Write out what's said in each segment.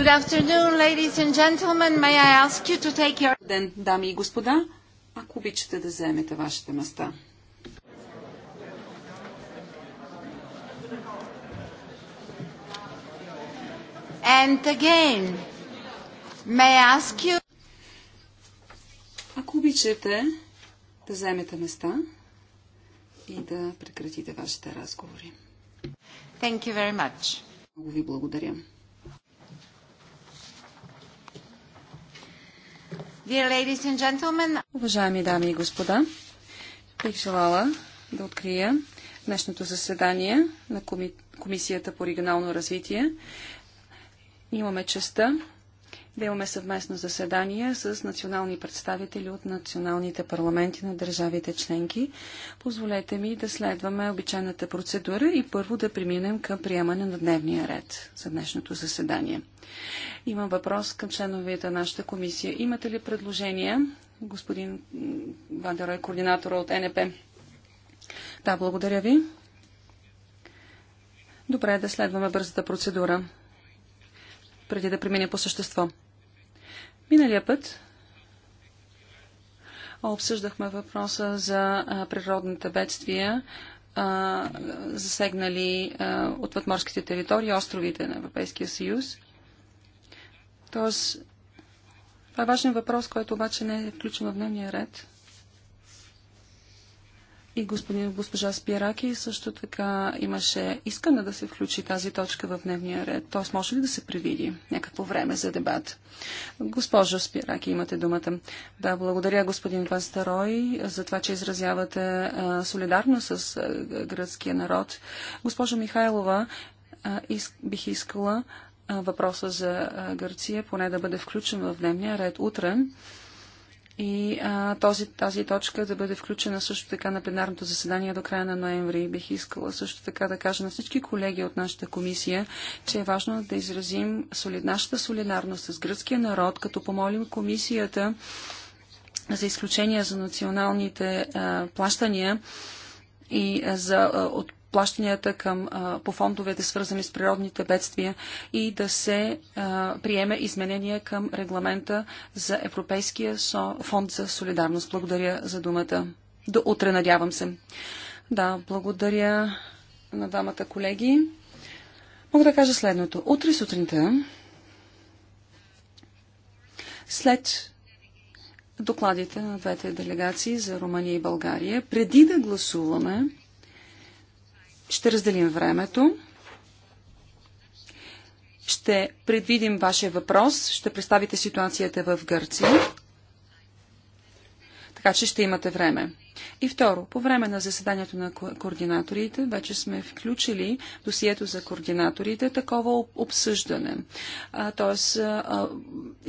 Good afternoon, ladies and gentlemen. May I ask you to take your... Ден, дами и господа, ако обичате да заемете вашите места. And again, may I ask you... Ако обичате да вземете места и да прекратите вашите разговори. Thank you very much. Много ви благодаря. Уважаеми дами и господа, бих желала да открия днешното заседание на Комисията по регионално развитие. Имаме честа да имаме съвместно заседание с национални представители от националните парламенти на държавите членки. Позволете ми да следваме обичайната процедура и първо да преминем към приемане на дневния ред за днешното заседание. Имам въпрос към членовете на нашата комисия. Имате ли предложения? Господин Вандерой, координатора от НП. Да, благодаря ви. Добре, да следваме бързата процедура преди да премине по същество. Миналия път обсъждахме въпроса за природните бедствия, засегнали отвъдморските територии, островите на Европейския съюз. Тоест, това е важен въпрос, който обаче не е включен в дневния ред – и господин, госпожа Спираки също така имаше искане да се включи тази точка в дневния ред. Т.е. може ли да се привиди някакво време за дебат? Госпожо Спираки, имате думата. Да, благодаря господин Пастарой за това, че изразявате солидарно с гръцкия народ. Госпожо Михайлова, бих искала въпроса за Гърция поне да бъде включен в дневния ред утре и а, този, тази точка да бъде включена също така на пленарното заседание до края на ноември. Бих искала също така да кажа на всички колеги от нашата комисия, че е важно да изразим солид, нашата солидарност с гръцкия народ, като помолим комисията за изключение за националните а, плащания и а, за а, от плащанията към, по фондовете, свързани с природните бедствия и да се приеме изменение към регламента за Европейския фонд за солидарност. Благодаря за думата. До утре, надявам се. Да, благодаря на двамата колеги. Мога да кажа следното. Утре сутринта, след докладите на двете делегации за Румъния и България, преди да гласуваме, ще разделим времето. Ще предвидим вашия въпрос. Ще представите ситуацията в Гърция. Така че ще имате време. И второ, по време на заседанието на ко координаторите вече сме включили досието за координаторите такова обсъждане. Т.е.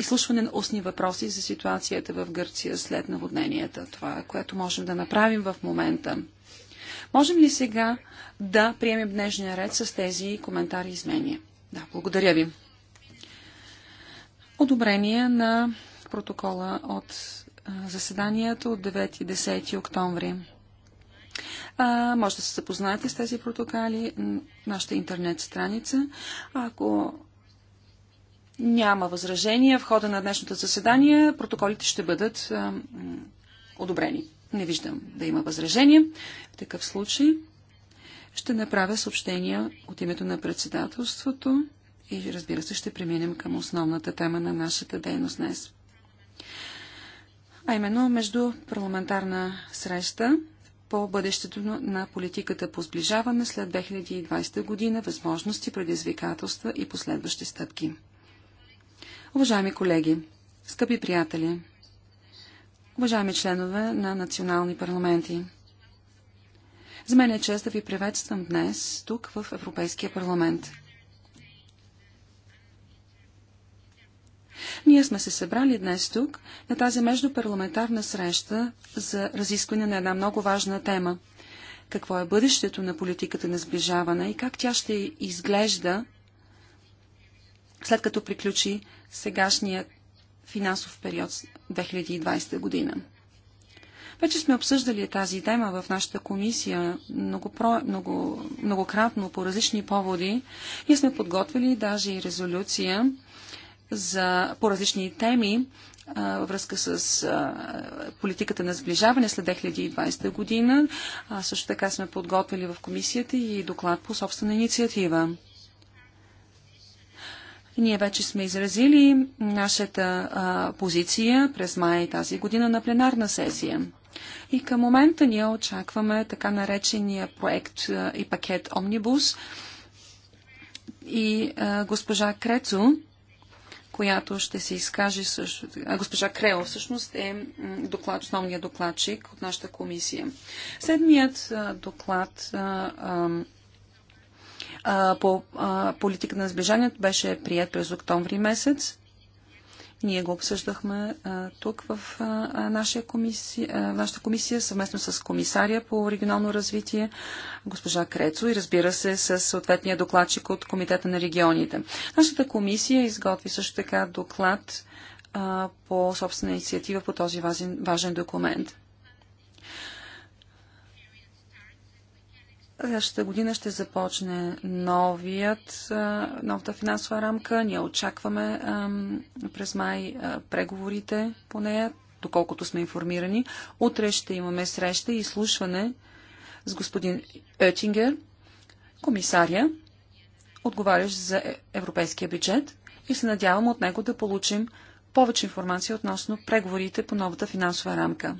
изслушване на устни въпроси за ситуацията в Гърция след наводненията. Това е което можем да направим в момента. Можем ли сега да приемем днешния ред с тези коментари и изменения? Да, благодаря ви. Одобрение на протокола от заседанието от 9 и 10 октомври. А, може да се запознаете с тези протоколи на нашата интернет страница. Ако няма възражения в хода на днешното заседание, протоколите ще бъдат а, одобрени. Не виждам да има възражение. В такъв случай ще направя съобщения от името на председателството и разбира се ще преминем към основната тема на нашата дейност днес. А именно между парламентарна среща по бъдещето на политиката по сближаване след 2020 година, възможности, предизвикателства и последващи стъпки. Уважаеми колеги, скъпи приятели, уважаеми членове на национални парламенти. За мен е чест да ви приветствам днес тук в Европейския парламент. Ние сме се събрали днес тук на тази междупарламентарна среща за разискване на една много важна тема. Какво е бъдещето на политиката на сближаване и как тя ще изглежда след като приключи сегашният финансов период 2020 година. Вече сме обсъждали тази тема в нашата комисия много, много, многократно по различни поводи. Ние сме подготвили даже и резолюция за, по различни теми а, във връзка с а, политиката на сближаване след 2020 година. А, също така сме подготвили в комисията и доклад по собствена инициатива. Ние вече сме изразили нашата а, позиция през май тази година на пленарна сесия. И към момента ние очакваме така наречения проект а, и пакет Омнибус. И а, госпожа Крецо, която ще се изкаже също. А, госпожа Крел всъщност е доклад, основният докладчик от нашата комисия. Седмият а, доклад. А, а, по политика на сближанието беше прият през октомври месец. Ние го обсъждахме а, тук в а, комисия, а, нашата комисия, съвместно с комисария по регионално развитие, госпожа Крецо и разбира се с съответния докладчик от Комитета на регионите. Нашата комисия изготви също така доклад а, по собствена инициатива по този важен, важен документ. Следващата година ще започне новият, новата финансова рамка. Ние очакваме през май преговорите по нея, доколкото сме информирани. Утре ще имаме среща и изслушване с господин Етингер, комисаря, отговарящ за е, европейския бюджет и се надявам от него да получим повече информация относно преговорите по новата финансова рамка.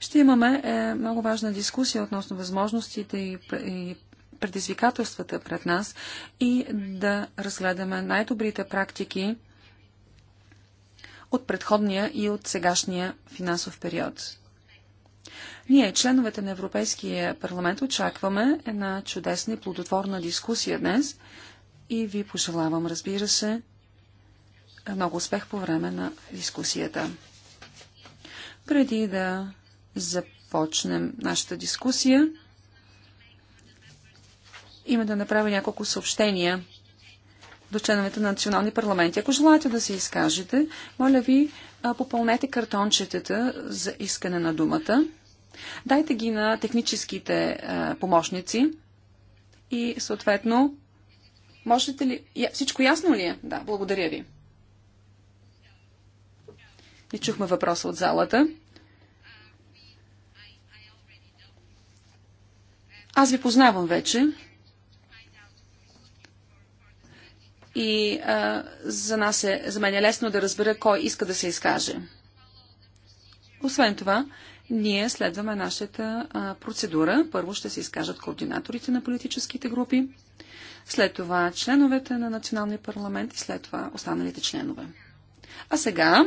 ще имаме е, много важна дискусия относно възможностите и, и предизвикателствата пред нас и да разгледаме най-добрите практики от предходния и от сегашния финансов период. Ние, членовете на Европейския парламент, очакваме една чудесна и плодотворна дискусия днес и ви пожелавам, разбира се, много успех по време на дискусията. Преди да започнем нашата дискусия. Има да направя няколко съобщения до членовете на национални парламенти. Ако желаете да се изкажете, моля ви, попълнете картончетата за искане на думата. Дайте ги на техническите помощници и съответно можете ли... Всичко ясно ли е? Да, благодаря ви. И чухме въпроса от залата. Аз ви познавам вече. И а, за, нас е, за мен е лесно да разбера кой иска да се изкаже. Освен това, ние следваме нашата а, процедура. Първо ще се изкажат координаторите на политическите групи, след това членовете на националния парламент и след това останалите членове. А сега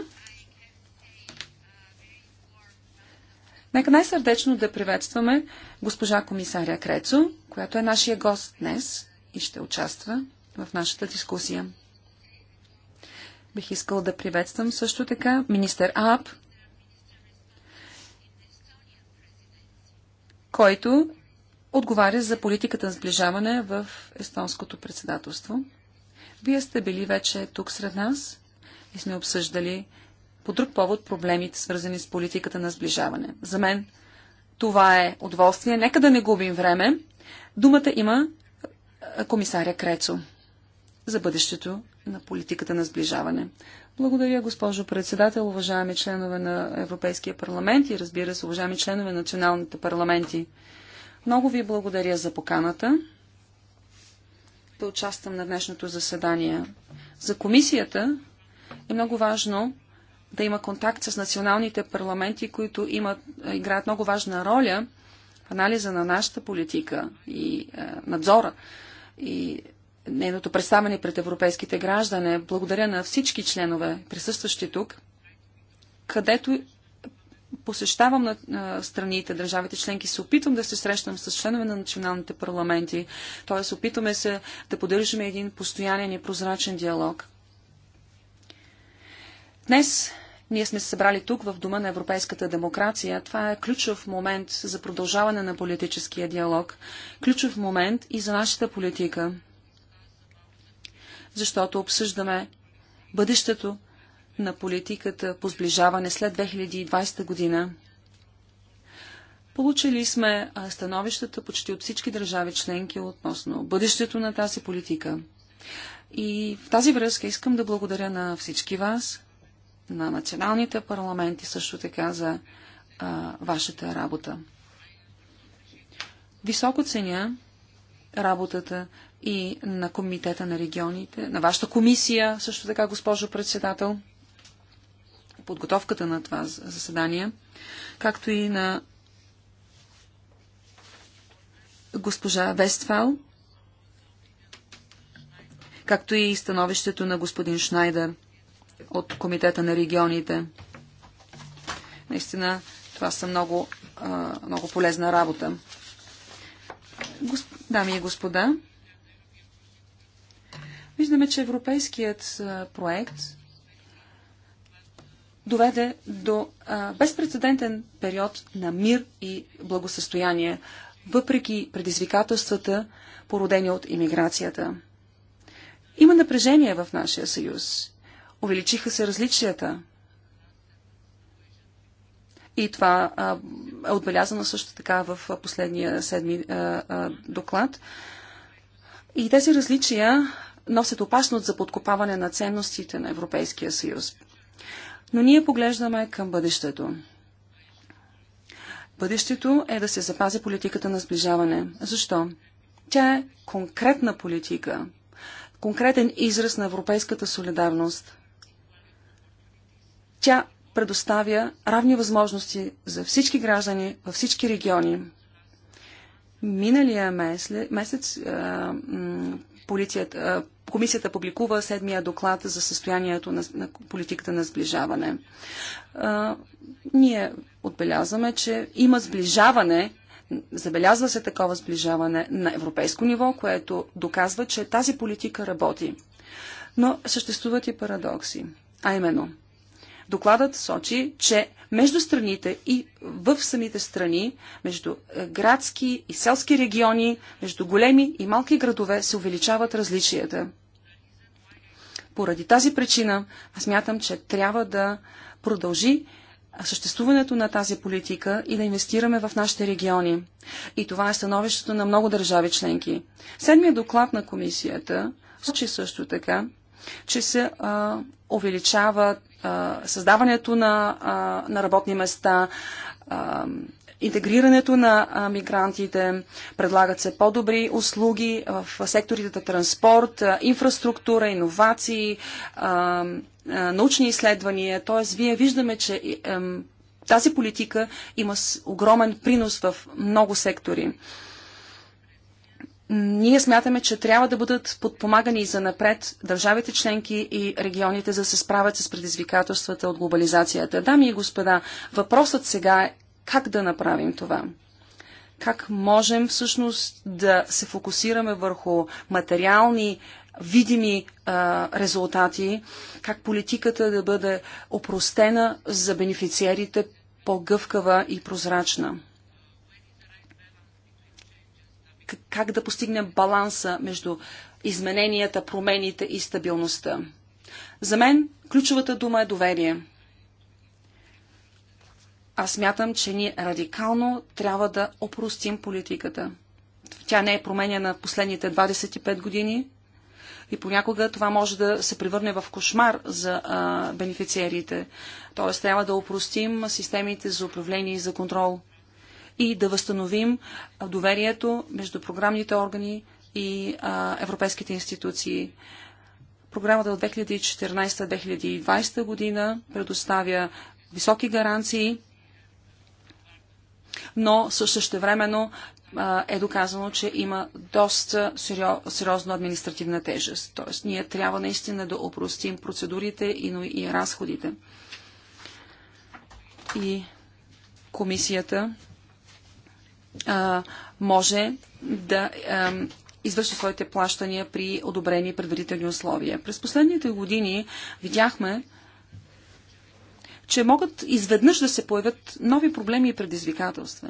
Нека най-сърдечно да приветстваме госпожа комисаря Крецо, която е нашия гост днес и ще участва в нашата дискусия. Бих искал да приветствам също така министър Ап, който отговаря за политиката на сближаване в естонското председателство. Вие сте били вече тук сред нас и сме обсъждали по друг повод проблемите, свързани с политиката на сближаване. За мен това е удоволствие. Нека да не губим време. Думата има комисаря Крецо за бъдещето на политиката на сближаване. Благодаря, госпожо председател, уважаеми членове на Европейския парламент и разбира се, уважаеми членове на националните парламенти. Много ви благодаря за поканата да участвам на днешното заседание. За комисията е много важно да има контакт с националните парламенти, които имат, играят много важна роля в анализа на нашата политика и е, надзора и нейното представяне пред европейските граждане. Благодаря на всички членове, присъстващи тук, където посещавам на, е, страните, държавите членки, се опитвам да се срещам с членове на националните парламенти, т.е. опитваме се да поддържаме един постоянен и прозрачен диалог. Днес ние сме се събрали тук в Дома на европейската демокрация. Това е ключов момент за продължаване на политическия диалог, ключов момент и за нашата политика, защото обсъждаме бъдещето на политиката по сближаване след 2020 година. Получили сме становищата почти от всички държави членки относно бъдещето на тази политика. И в тази връзка искам да благодаря на всички вас, на националните парламенти, също така за а, вашата работа. Високо ценя работата и на Комитета на регионите, на вашата комисия, също така, госпожо председател, подготовката на това заседание, както и на госпожа Вестфал, както и становището на господин Шнайдер от Комитета на регионите. Наистина, това са много, много полезна работа. Дами и господа, виждаме, че европейският проект доведе до безпредседентен период на мир и благосъстояние, въпреки предизвикателствата, породени от иммиграцията. Има напрежение в нашия съюз Увеличиха се различията. И това а, е отбелязано също така в последния седми а, а, доклад. И тези различия носят опасност за подкопаване на ценностите на Европейския съюз. Но ние поглеждаме към бъдещето. Бъдещето е да се запази политиката на сближаване. Защо? Тя е конкретна политика, конкретен израз на европейската солидарност. Тя предоставя равни възможности за всички граждани във всички региони. Миналия месец полицията, комисията публикува седмия доклад за състоянието на, на политиката на сближаване. А, ние отбелязваме, че има сближаване Забелязва се такова сближаване на европейско ниво, което доказва, че тази политика работи. Но съществуват и парадокси. А именно – Докладът сочи, че между страните и в самите страни, между е, градски и селски региони, между големи и малки градове се увеличават различията. Поради тази причина аз мятам, че трябва да продължи съществуването на тази политика и да инвестираме в нашите региони. И това е становището на много държави членки. Седмият доклад на комисията сочи също така, че се а, увеличават създаването на, на работни места, интегрирането на мигрантите, предлагат се по-добри услуги в секторите на транспорт, инфраструктура, иновации, научни изследвания. Т.е. вие виждаме, че тази политика има огромен принос в много сектори ние смятаме, че трябва да бъдат подпомагани и за напред държавите членки и регионите за да се справят с предизвикателствата от глобализацията. Дами и господа, въпросът сега е как да направим това? Как можем всъщност да се фокусираме върху материални, видими а, резултати, как политиката да бъде опростена за бенефициерите, по-гъвкава и прозрачна? как да постигнем баланса между измененията, промените и стабилността. За мен ключовата дума е доверие. Аз мятам, че ние радикално трябва да опростим политиката. Тя не е променена последните 25 години и понякога това може да се превърне в кошмар за а, бенефициерите. Тоест трябва да опростим системите за управление и за контрол – и да възстановим доверието между програмните органи и европейските институции. Програмата от 2014-2020 година предоставя високи гаранции, но същевременно е доказано, че има доста сериозна административна тежест. Тоест, ние трябва наистина да опростим процедурите и, но и разходите. И комисията а, може да а, извърши своите плащания при одобрени предварителни условия. През последните години видяхме, че могат изведнъж да се появят нови проблеми и предизвикателства.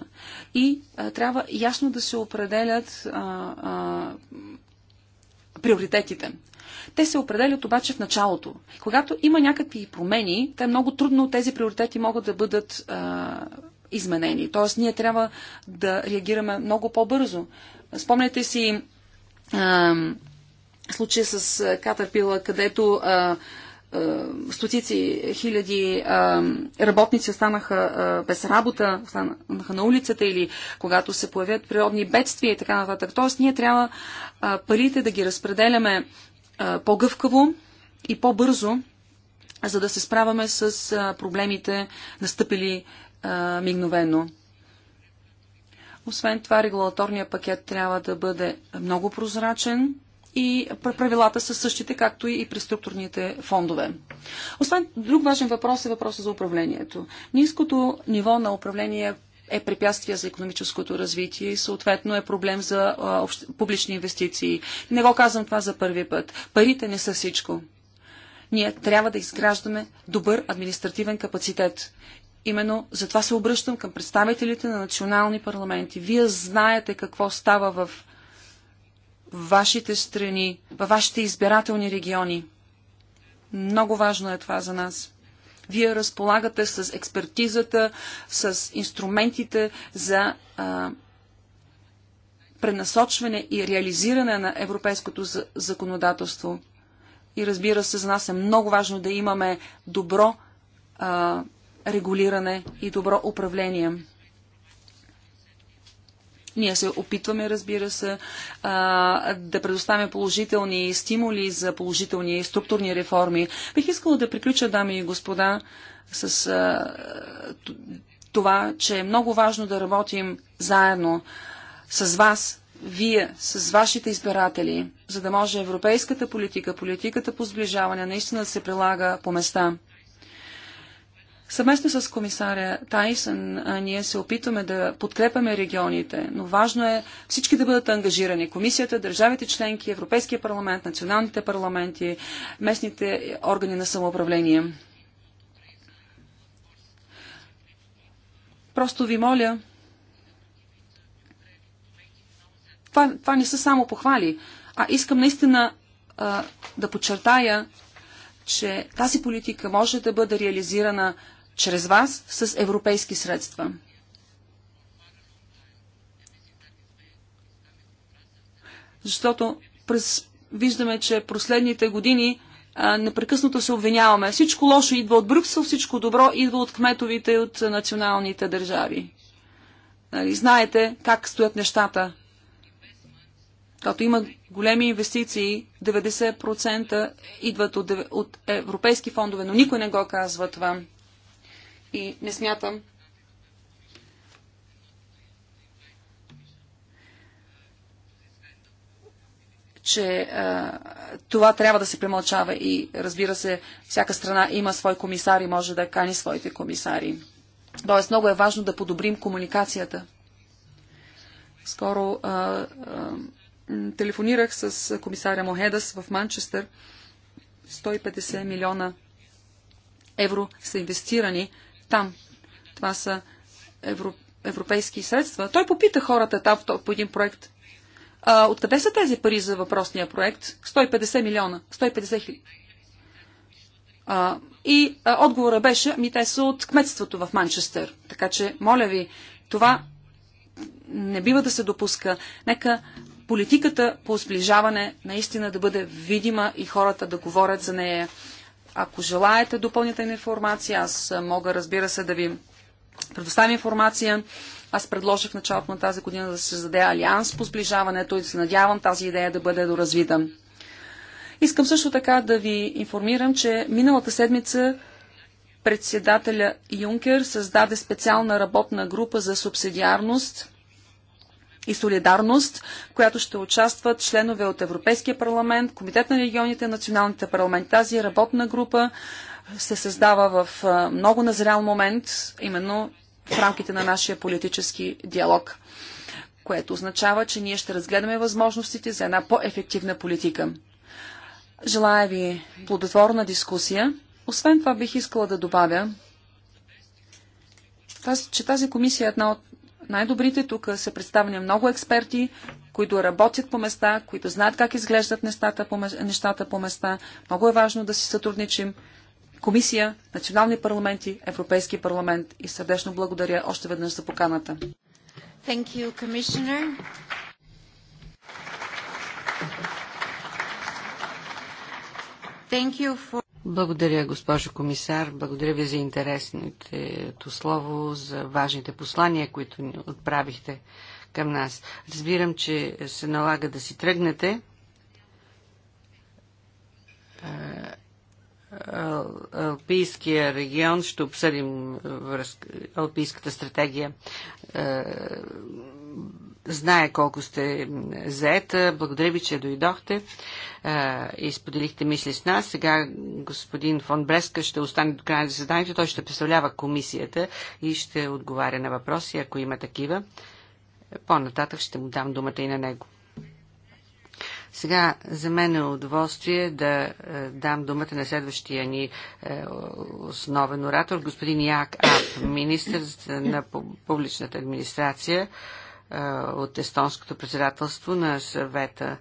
И а, трябва ясно да се определят а, а, приоритетите. Те се определят обаче в началото. Когато има някакви промени, те много трудно тези приоритети могат да бъдат а, изменени. Тоест, ние трябва да реагираме много по-бързо. Спомняте си а, случая с Катърпила, където а, а, стотици хиляди а, работници останаха а, без работа, останаха на улицата или когато се появят природни бедствия и така нататък. Тоест, ние трябва а, парите да ги разпределяме по-гъвкаво и по-бързо, за да се справяме с проблемите, настъпили а, мигновено. Освен това, регулаторният пакет трябва да бъде много прозрачен и правилата са същите, както и при структурните фондове. Освен друг важен въпрос е въпроса за управлението. Ниското ниво на управление е препятствие за економическото развитие и съответно е проблем за а, общ... публични инвестиции. Не го казвам това за първи път. Парите не са всичко. Ние трябва да изграждаме добър административен капацитет Именно затова се обръщам към представителите на национални парламенти. Вие знаете какво става в вашите страни, във вашите избирателни региони. Много важно е това за нас. Вие разполагате с експертизата, с инструментите за а, пренасочване и реализиране на европейското законодателство. И разбира се, за нас е много важно да имаме добро а, регулиране и добро управление. Ние се опитваме, разбира се, да предоставяме положителни стимули за положителни структурни реформи. Бих искала да приключа, дами и господа, с а, това, че е много важно да работим заедно с вас, вие, с вашите избиратели, за да може европейската политика, политиката по сближаване наистина да се прилага по места. Съвместно с комисаря Тайсън ние се опитваме да подкрепяме регионите, но важно е всички да бъдат ангажирани. Комисията, държавите членки, Европейския парламент, националните парламенти, местните органи на самоуправление. Просто ви моля, това, това не са само похвали, а искам наистина а, да подчертая, че тази политика може да бъде реализирана чрез вас с европейски средства. Защото през, виждаме, че последните години а, непрекъснато се обвиняваме. Всичко лошо идва от Брюксел, всичко добро идва от кметовите и от националните държави. Нали, знаете как стоят нещата. Като има големи инвестиции, 90% идват от, от европейски фондове, но никой не го казва това. И не смятам, че а, това трябва да се премълчава и разбира се, всяка страна има свой комисар и може да кани своите комисари. Тоест много е важно да подобрим комуникацията. Скоро а, а, телефонирах с комисаря Мохедас в Манчестър. 150 милиона евро са инвестирани там. Това са евро, европейски средства. Той попита хората там по един проект. А, откъде са тези пари за въпросния проект? 150 милиона. 150 хиляди. А, и а, отговора беше, ми те са от кметството в Манчестър. Така че, моля ви, това не бива да се допуска. Нека политиката по сближаване наистина да бъде видима и хората да говорят за нея. Ако желаете допълнителна информация, аз мога, разбира се, да ви предоставя информация. Аз предложих в началото на тази година да се създаде алианс по сближаването и се надявам тази идея да бъде доразвита. Искам също така да ви информирам, че миналата седмица председателя Юнкер създаде специална работна група за субсидиарност и солидарност, която ще участват членове от Европейския парламент, Комитет на регионите, националните парламенти. Тази работна група се създава в много назрял момент, именно в рамките на нашия политически диалог, което означава, че ние ще разгледаме възможностите за една по-ефективна политика. Желая ви плодотворна дискусия. Освен това бих искала да добавя, че тази комисия е една от най-добрите. Тук са представени много експерти, които работят по места, които знаят как изглеждат нещата по, нещата по места. Много е важно да си сътрудничим. Комисия, национални парламенти, Европейски парламент и сърдечно благодаря още веднъж за поканата. Thank you, Commissioner. Thank you for... Благодаря, госпожо комисар. Благодаря ви за интересното слово, за важните послания, които ни отправихте към нас. Разбирам, че се налага да си тръгнете. Е, Алпийския регион, ще обсъдим Алпийската стратегия. Е, знае колко сте заета. Благодаря ви, че дойдохте и споделихте мисли с нас. Сега господин фон Бреска ще остане до края на заседанието. Той ще представлява комисията и ще отговаря на въпроси, ако има такива. По-нататък ще му дам думата и на него. Сега за мен е удоволствие да е, дам думата на следващия ни е, основен оратор, господин Як Ап, министр на публичната администрация от естонското председателство на съвета.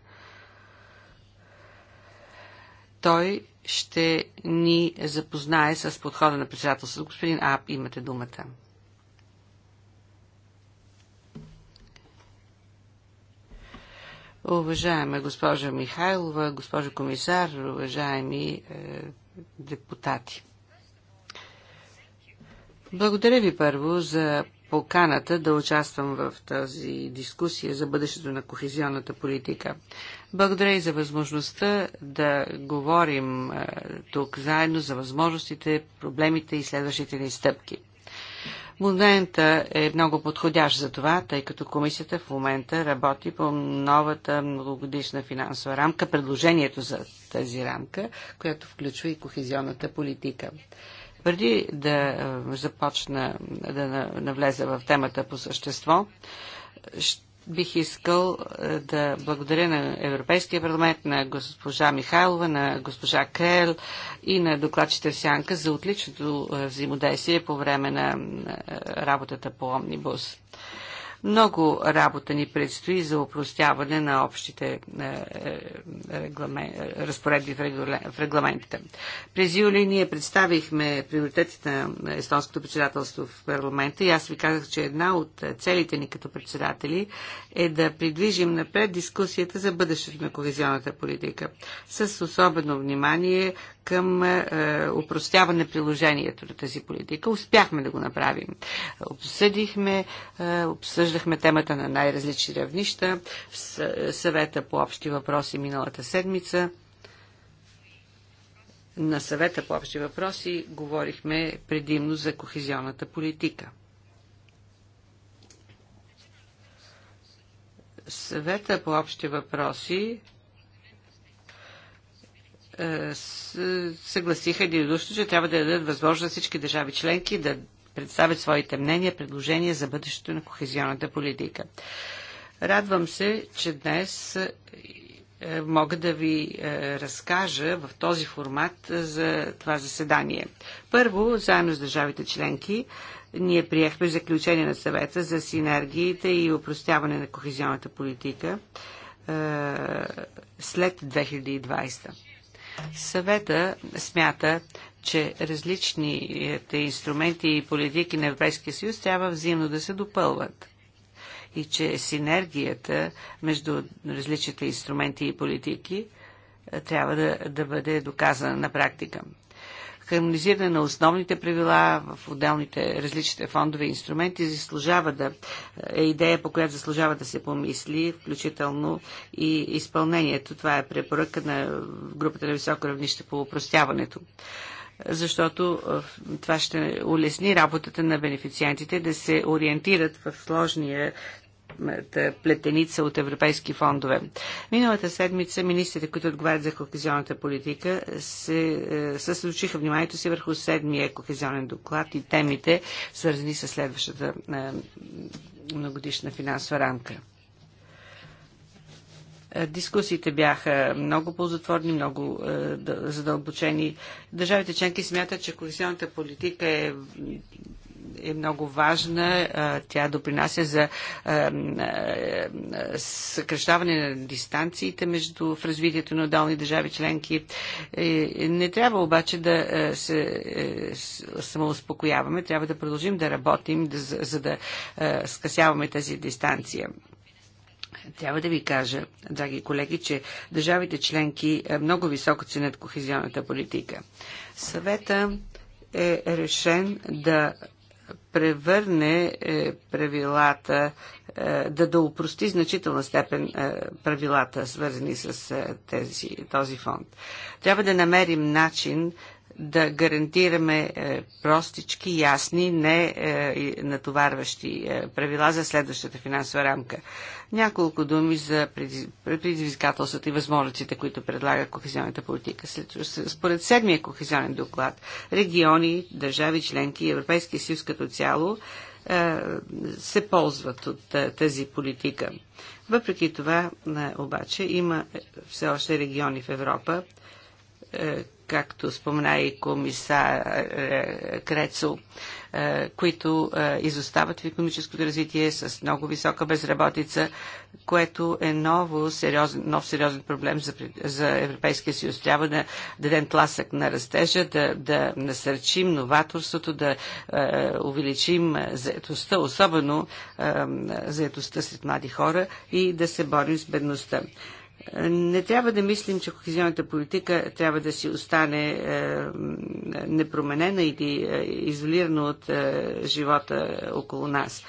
Той ще ни запознае с подхода на председателството. Господин Ап, имате думата. Уважаема госпожа Михайлова, госпожа комисар, уважаеми е, депутати. Благодаря ви първо за поканата да участвам в тази дискусия за бъдещето на кохезионната политика. Благодаря и за възможността да говорим е, тук заедно за възможностите, проблемите и следващите ни стъпки. Момента е много подходящ за това, тъй като комисията в момента работи по новата многогодишна финансова рамка, предложението за тази рамка, която включва и кохезионната политика. Преди да е, започна да навлеза в темата по същество, бих искал е, да благодаря на Европейския парламент, на госпожа Михайлова, на госпожа Крел и на докладчите Сянка за отличното е, взаимодействие по време на работата по Омнибус. Много работа ни предстои за упростяване на общите разпореди е, е, разпоредби в регламентите. През юли ние представихме приоритетите на естонското председателство в парламента и аз ви казах, че една от целите ни като председатели е да придвижим напред дискусията за бъдещето на кохезионната политика с особено внимание към е, е, упростяване приложението на тази политика. Успяхме да го направим. Обсъдихме, е, обсъждахме темата на най-различни равнища в съвета по общи въпроси миналата седмица. На съвета по общи въпроси говорихме предимно за кохезионната политика. Съвета по общи въпроси е, съгласиха единодушно, че трябва да дадат възможност на всички държави членки да представят своите мнения, предложения за бъдещето на кохезионната политика. Радвам се, че днес е, мога да ви е, разкажа в този формат за това заседание. Първо, заедно с държавите членки, ние приехме заключение на съвета за синергиите и упростяване на кохезионната политика след 2020. Съвета смята, че различните инструменти и политики на Европейския съюз трябва взаимно да се допълват и че синергията между различните инструменти и политики трябва да, да бъде доказана на практика хармонизиране на основните правила в отделните различните фондове и инструменти заслужава да е идея, по която заслужава да се помисли, включително и изпълнението. Това е препоръка на групата на високо равнище по упростяването защото е, това ще улесни работата на бенефициентите да се ориентират в сложния плетеница от европейски фондове. Миналата седмица министрите, които отговарят за кохезионната политика, се е, съсредоточиха вниманието си върху седмия кохезионен доклад и темите, свързани с следващата е, многодишна финансова рамка. Е, дискусиите бяха много ползотворни, много задълбочени. Държавите членки смятат, че кохезионната политика е е много важна. Тя допринася за съкрещаване на дистанциите между в развитието на отдални държави членки. Е, е, не трябва обаче да е, се самоуспокояваме. Трябва да продължим да работим, за да скъсяваме тази дистанция. Трябва да ви кажа, драги колеги, че държавите членки много високо ценят кохезионната политика. Съвета е решен да превърне е, правилата, е, да, да упрости значителна степен е, правилата, свързани с тези, този фонд. Трябва да намерим начин да гарантираме е, простички, ясни, не е, натоварващи е, правила за следващата финансова рамка. Няколко думи за предизвикателствата и възможностите, които предлага кохезионната политика. Според седмия кохезионен доклад, региони, държави, членки и Европейския съюз като цяло се ползват от тази политика. Въпреки това, обаче, има все още региони в Европа, както спомена и комисар е, Крецо, е, които е, изостават в економическото развитие с много висока безработица, което е ново, сериозен, нов сериозен проблем за, за Европейския съюз. Трябва да дадем тласък на растежа, да, да насърчим новаторството, да е, увеличим заетостта, особено е, заетостта сред млади хора и да се борим с бедността. Не трябва да мислим, че кохезионната политика трябва да си остане е, непроменена или е, изолирана от е, живота около нас.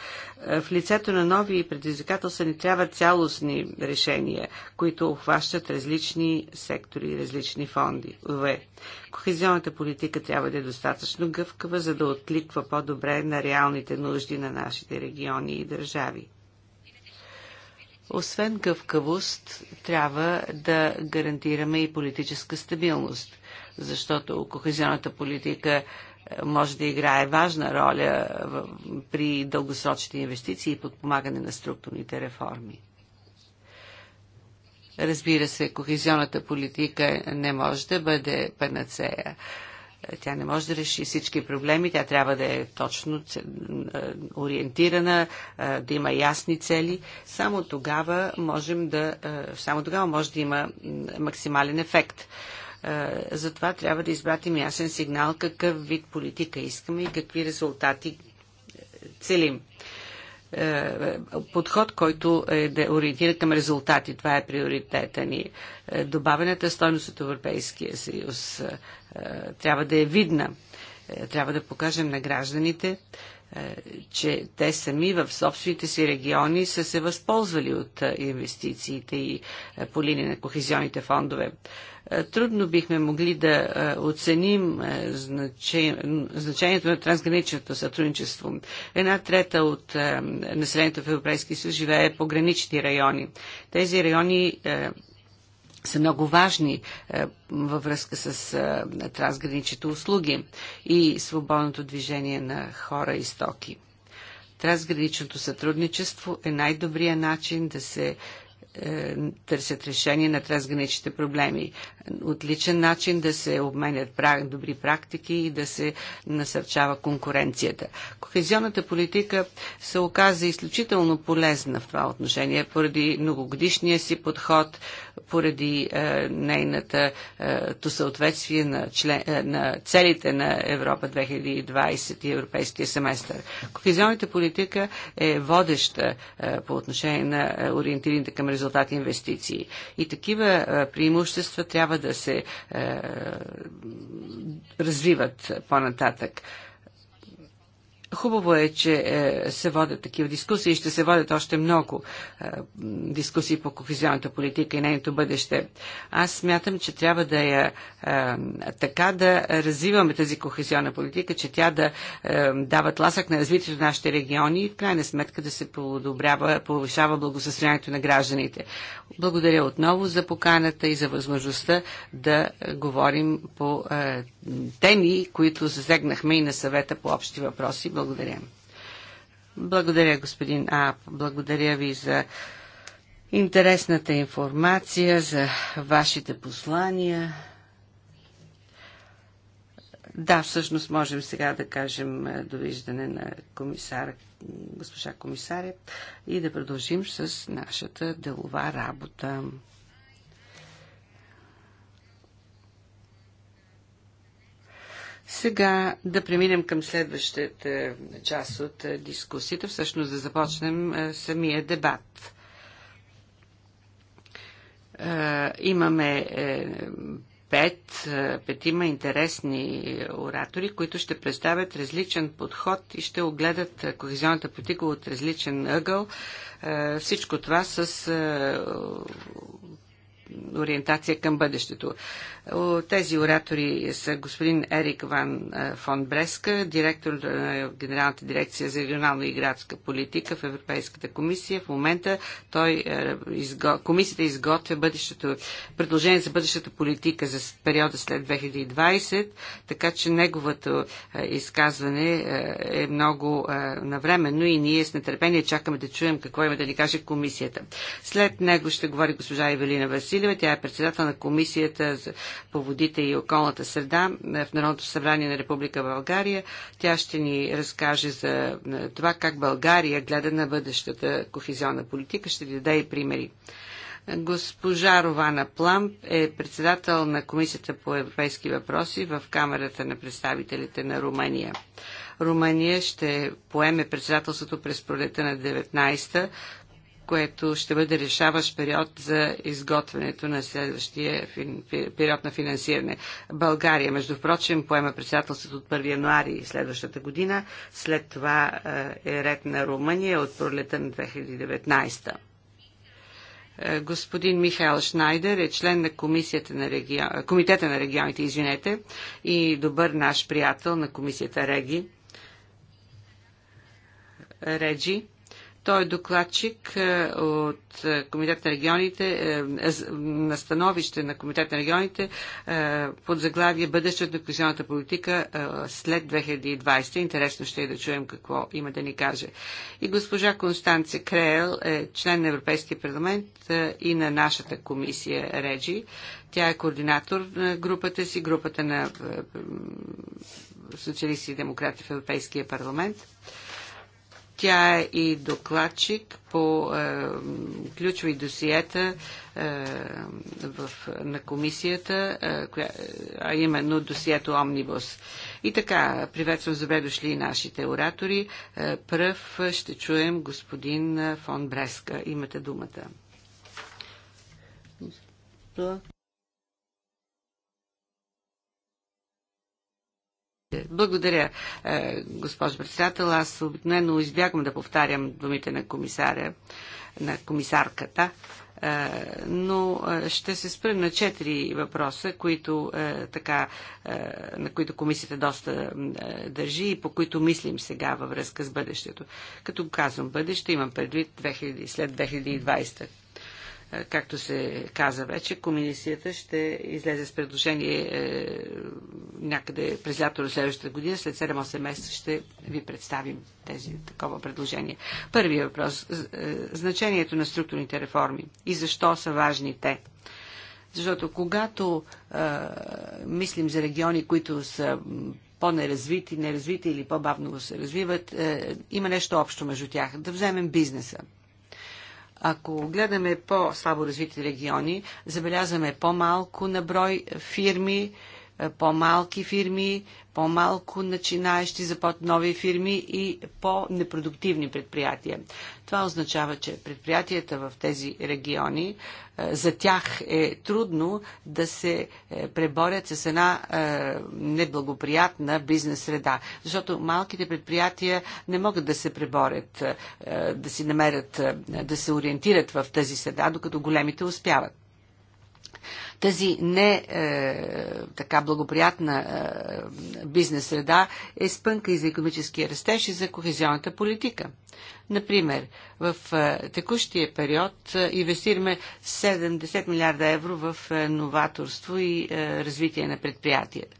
Е, в лицето на нови предизвикателства ни трябва цялостни решения, които обхващат различни сектори и различни фонди. Кохезионната политика трябва да е достатъчно гъвкава, за да откликва по-добре на реалните нужди на нашите региони и държави. Освен гъвкавост, трябва да гарантираме и политическа стабилност, защото кохезионната политика е, може да играе важна роля при дългосрочните инвестиции и подпомагане на структурните реформи. Разбира се, кохезионната политика не може да бъде панацея. Тя не може да реши всички проблеми, тя трябва да е точно е, ориентирана, е, да има ясни цели. Само тогава можем да, е, само тогава може да има максимален ефект. Затова трябва да избратим ясен сигнал какъв вид политика искаме и какви резултати целим. Е, подход, който е да ориентира към резултати. Това е приоритета ни. Е, добавената стойност от Европейския съюз е, трябва да е видна. Трябва да покажем на гражданите, че те сами в собствените си региони са се възползвали от инвестициите и по линия на кохезионните фондове. Е, трудно бихме могли да е, оценим е, значението на трансграничното сътрудничество. Една трета от населението в Европейския съюз живее по гранични райони. Тези райони са много важни във връзка с трансграничните услуги и свободното движение на хора и стоки. Трансграничното сътрудничество е най-добрият начин да се е, търсят решение на трансграничните проблеми. Отличен начин да се обменят добри практики и да се насърчава конкуренцията. Кохезионната политика се оказа изключително полезна в това отношение поради многогодишния си подход, поради е, нейната е, то съответствие на, член, е, на целите на Европа 2020 и Европейския семестър. Кохезионната политика е водеща по отношение на ориентираните към резултати инвестиции. И такива преимущества трябва да се развиват по-нататък. Хубаво е, че е, се водят такива дискусии и ще се водят още много е, дискусии по кохезионната политика и нейното бъдеще. Аз смятам, че трябва да я е, така да развиваме тази кохезионна политика, че тя да дава тласък на развитието на нашите региони и в крайна сметка да се подобрява, повишава благосъстоянието на гражданите. Благодаря отново за поканата и за възможността да говорим по теми, които засегнахме и на съвета по общи въпроси. Благодаря. Благодаря, господин Ап. Благодаря ви за интересната информация, за вашите послания. Да, всъщност можем сега да кажем е, довиждане на комисар, госпожа комисаря и да продължим с нашата делова работа. Сега да преминем към следващата част от е, дискусията, всъщност да започнем е, самия дебат. Е, имаме пет, петима интересни оратори, които ще представят различен подход и ще огледат кохезионната политика от различен ъгъл. Всичко това с ориентация към бъдещето. Тези оратори са господин Ерик Ван е, фон Бреска, директор на е, Генералната дирекция за регионална и градска политика в Европейската комисия. В момента той, е, комисията изготвя бъдещето, предложение за бъдещата политика за периода след 2020, така че неговото изказване е много навременно и ние с нетърпение чакаме да чуем какво има да ни каже комисията. След него ще говори госпожа Евелина Василия Василева. Тя е председател на Комисията по водите и околната среда в Народното събрание на Република България. Тя ще ни разкаже за това как България гледа на бъдещата кохизионна политика. Ще ви даде и примери. Госпожа Рована Пламп е председател на Комисията по европейски въпроси в Камерата на представителите на Румъния. Румъния ще поеме председателството през пролета на 19-та, което ще бъде решаващ период за изготвянето на следващия период на финансиране. България, между прочим, поема председателството от 1 януари следващата година. След това е, е ред на Румъния от пролета на 2019. Е, господин Михаил Шнайдер е член на комисията на регион... Комитета на регионите, извинете, и добър наш приятел на комисията Реги. Реджи той е докладчик е, от е, Комитет на регионите, е, на становище на Комитет на регионите под заглавие Бъдещето на кохезионната политика след 2020. Интересно ще е да чуем какво има да ни каже. И госпожа Констанция Креел е член на Европейския парламент и на нашата комисия Реджи. Тя е координатор на групата си, групата на социалисти и демократи в Европейския парламент. Тя е и докладчик по е, ключови досиета е, в, на комисията, е, коя, а именно досието Омнибус. И така, приветствам за дошли и нашите оратори. Е, пръв ще чуем господин е, фон Бреска. Имате думата. Е, благодаря, е, госпожо председател. Аз обикновено избягвам да повтарям думите на комисаря, на комисарката, е, но ще се спрем на четири въпроса, които, така, на които комисията доста държи и по които мислим сега във връзка с бъдещето. Като казвам бъдеще, имам предвид 2000, след 2020 е, както се каза вече, комисията ще излезе с предложение е, някъде през лято следващата година. След 7-8 месеца ще ви представим тези такова предложение. Първият въпрос. Е, значението на структурните реформи и защо са важни те? Защото когато е, мислим за региони, които са по-неразвити, неразвити или по-бавно се развиват, е, има нещо общо между тях. Да вземем бизнеса. Ако гледаме по-слабо развити региони, забелязваме по-малко на брой фирми, по-малки фирми, по-малко начинаещи под нови фирми и по-непродуктивни предприятия. Това означава, че предприятията в тези региони, е, за тях е трудно да се е, преборят с една е, неблагоприятна бизнес среда, защото малките предприятия не могат да се преборят, да си намерят, да се ориентират в тази среда, докато големите успяват. Тази не е, така благоприятна е, бизнес среда е спънка и за економическия растеж и за кохезионната политика. Например, в е, текущия период е, инвестираме 70 милиарда евро в е, новаторство и е, развитие на предприятията.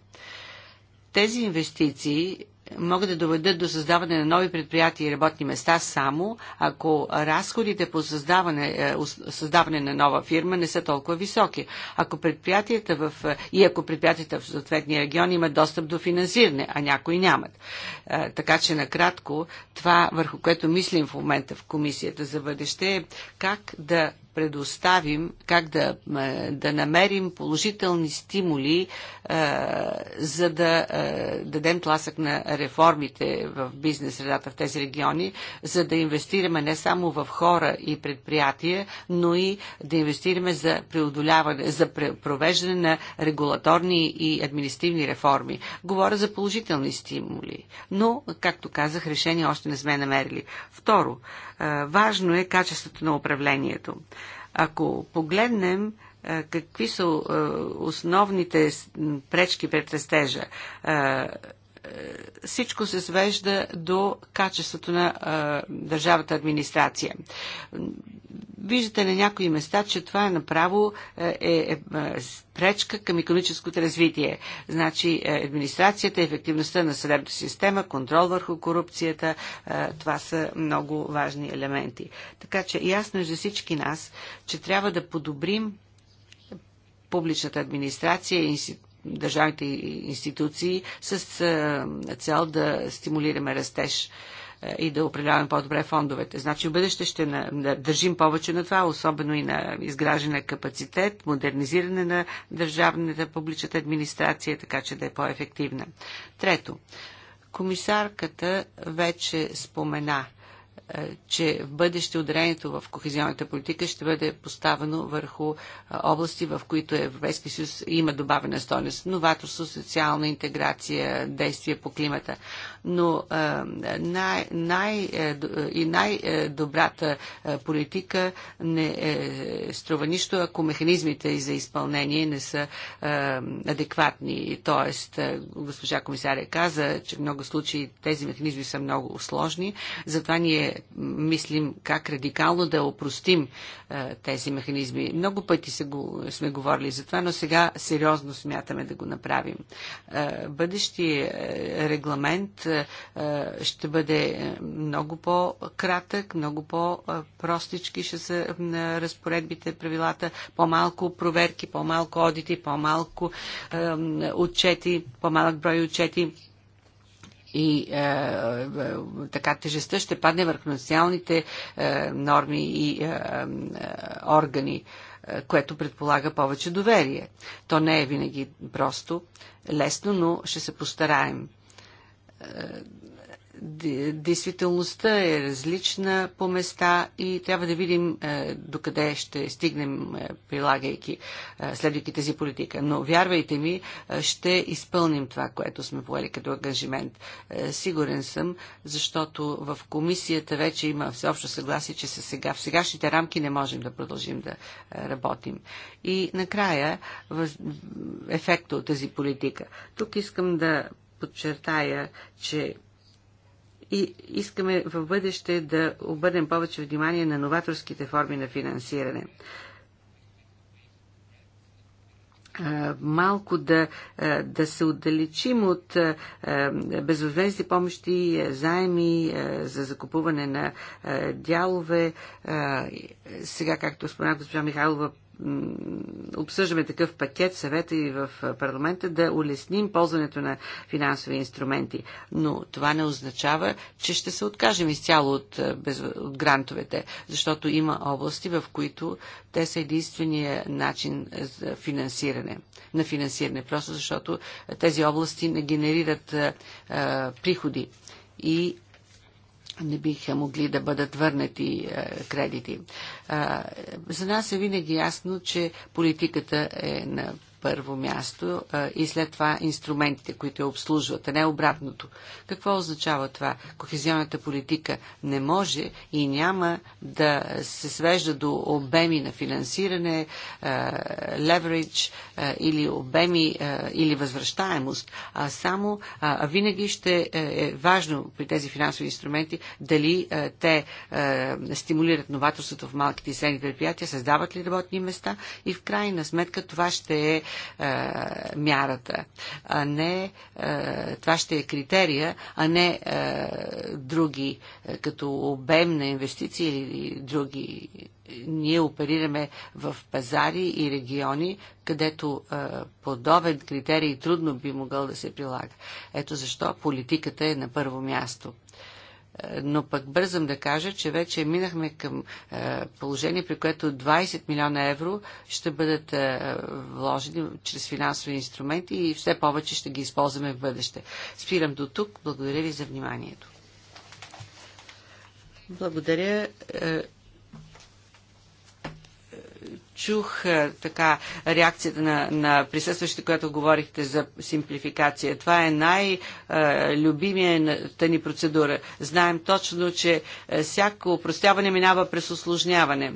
Тези инвестиции могат да доведат до създаване на нови предприятия и работни места само ако разходите по създаване, е, създаване на нова фирма не са толкова високи. Ако предприятията в, е, и ако предприятията в съответния регион имат достъп до финансиране, а някои нямат. Е, така че накратко, това върху което мислим в момента в комисията за бъдеще е как да предоставим, как да, е, да намерим положителни стимули, е, за да е, дадем тласък на реформите в бизнес средата в тези региони, за да инвестираме не само в хора и предприятия, но и да инвестираме за преодоляване, за провеждане на регулаторни и административни реформи. Говоря за положителни стимули, но, както казах, решение още не сме намерили. Второ, важно е качеството на управлението. Ако погледнем какви са основните пречки пред растежа? всичко се свежда до качеството на а, държавната администрация. Виждате на някои места, че това е направо е, е, е, е пречка към економическото развитие. Значи е, администрацията, ефективността на съдебната система, контрол върху корупцията, е, това са много важни елементи. Така че ясно е за всички нас, че трябва да подобрим публичната администрация и институт държавните институции с цел да стимулираме растеж и да управляваме по-добре фондовете. Значи в бъдеще ще на, на, държим повече на това, особено и на изграждане на капацитет, модернизиране на държавната публичната администрация, така че да е по-ефективна. Трето, комисарката вече спомена – е, че в бъдеще ударението в кохезионната политика ще бъде поставено върху е, области, в които Европейски съюз има добавена стойност. Новаторство, социална интеграция, действия по климата. Но е, най- най- и най-добрата политика не е струва нищо, ако механизмите и за изпълнение не са адекватни. Тоест, госпожа комисаря каза, че в много случаи тези механизми са много сложни, затова ние ние мислим как радикално да опростим а, е, тези механизми. Много пъти се го, сме говорили за това, но сега сериозно смятаме да го направим. А, е, бъдещи е, регламент а, ще бъде много по-кратък, много по-простички ще са на разпоредбите, правилата, по-малко проверки, по-малко одити, по-малко отчети, по-малък брой отчети и е, е, така тежестта ще падне върху националните е, норми и е, е, органи, е, което предполага повече доверие. То не е винаги просто, лесно, но ще се постараем. Е, действителността е различна по места и трябва да видим е, докъде ще стигнем, е, прилагайки, е, следвайки тази политика. Но вярвайте ми, ще изпълним това, което сме поели като ангажимент. Сигурен съм, защото в комисията вече има всеобщо съгласие, че сега, в сегашните рамки не можем да продължим да работим. И накрая ефекта от тази политика. Тук искам да подчертая, че и искаме в бъдеще да обърнем повече внимание на новаторските форми на финансиране малко да, да се отдалечим от безвъзвестни помощи, заеми за закупуване на дялове. Сега, както спомена госпожа Михайлова, обсъждаме такъв пакет съвета и в парламента да улесним ползването на финансови инструменти. Но това не означава, че ще се откажем изцяло от, е, без, от грантовете, защото има области, в които те са единствения начин за финансиране, на финансиране, просто защото тези области не генерират а, е, е, приходи. И не биха могли да бъдат върнати е, кредити. Е, за нас е винаги ясно, че политиката е на първо място и след това инструментите, които я обслужват, а не обратното. Какво означава това? Кохезионната политика не може и няма да се свежда до обеми на финансиране, леверидж или обеми или възвръщаемост, а само а винаги ще е, е важно при тези финансови инструменти дали те стимулират новаторството в малките и средни предприятия, създават ли работни места и в крайна сметка това ще е а, е, мярата, а не а, е, това ще е критерия, а не а, е, други, а, като обем на инвестиции или други. Ние оперираме в пазари и региони, където а, подобен критерий трудно би могъл да се прилага. Ето защо политиката е на първо място но пък бързам да кажа, че вече минахме към е, положение, при което 20 милиона евро ще бъдат е, вложени чрез финансови инструменти и все повече ще ги използваме в бъдеще. Спирам до тук. Благодаря ви за вниманието. Благодаря. Е, чух е, така реакцията на, на присъстващите, която говорихте за симплификация. Това е най-любимията е, ни процедура. Знаем точно, че е, всяко упростяване минава през осложняване.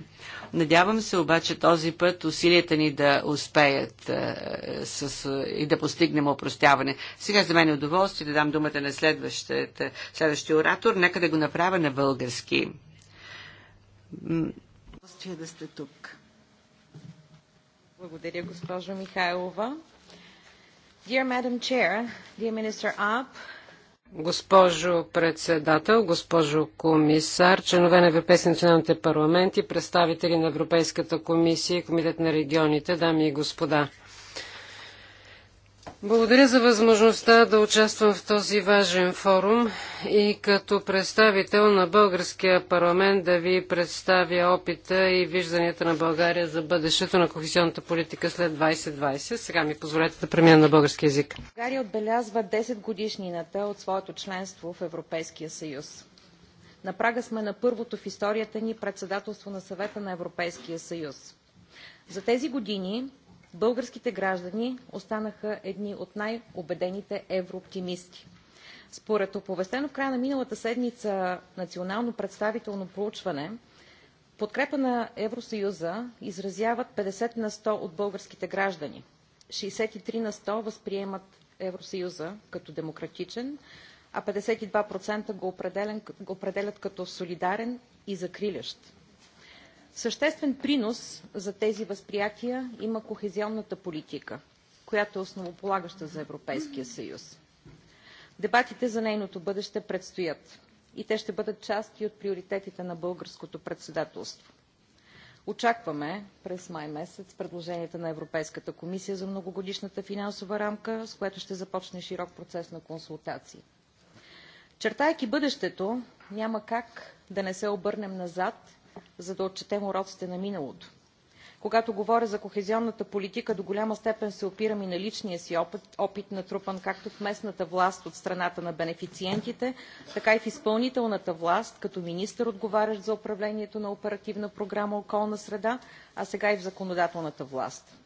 Надявам се обаче този път усилията ни да успеят а, с, и да постигнем опростяване. Сега за мен е удоволствие да дам думата на следващия оратор. Нека да го направя на български. Удоволствие да сте тук. Благодаря, госпожо Михайлова. Dear Madam Chair, dear Minister Up, Госпожо председател, госпожо комисар, членове на Европейските националните парламенти, представители на Европейската комисия и Комитет на регионите, дами и господа. Благодаря за възможността да участвам в този важен форум и като представител на българския парламент да ви представя опита и вижданията на България за бъдещето на кохесионната политика след 2020. Сега ми позволете да премина на български язик. България отбелязва 10 годишнината от своето членство в Европейския съюз. На прага сме на първото в историята ни председателство на съвета на Европейския съюз. За тези години Българските граждани останаха едни от най-убедените еврооптимисти. Според оповестено в края на миналата седмица национално представително проучване, подкрепа на Евросъюза изразяват 50 на 100 от българските граждани. 63 на 100 възприемат Евросъюза като демократичен, а 52% го определят като солидарен и закрилящ. Съществен принос за тези възприятия има кохезионната политика, която е основополагаща за Европейския съюз. Дебатите за нейното бъдеще предстоят и те ще бъдат част и от приоритетите на българското председателство. Очакваме през май месец предложенията на Европейската комисия за многогодишната финансова рамка, с което ще започне широк процес на консултации. Чертайки бъдещето, няма как да не се обърнем назад за да отчетем уроците на миналото. Когато говоря за кохезионната политика, до голяма степен се опирам и на личния си опит, опит натрупан както в местната власт от страната на бенефициентите, така и в изпълнителната власт, като министър отговарящ за управлението на оперативна програма «Околна среда», а сега и в законодателната власт.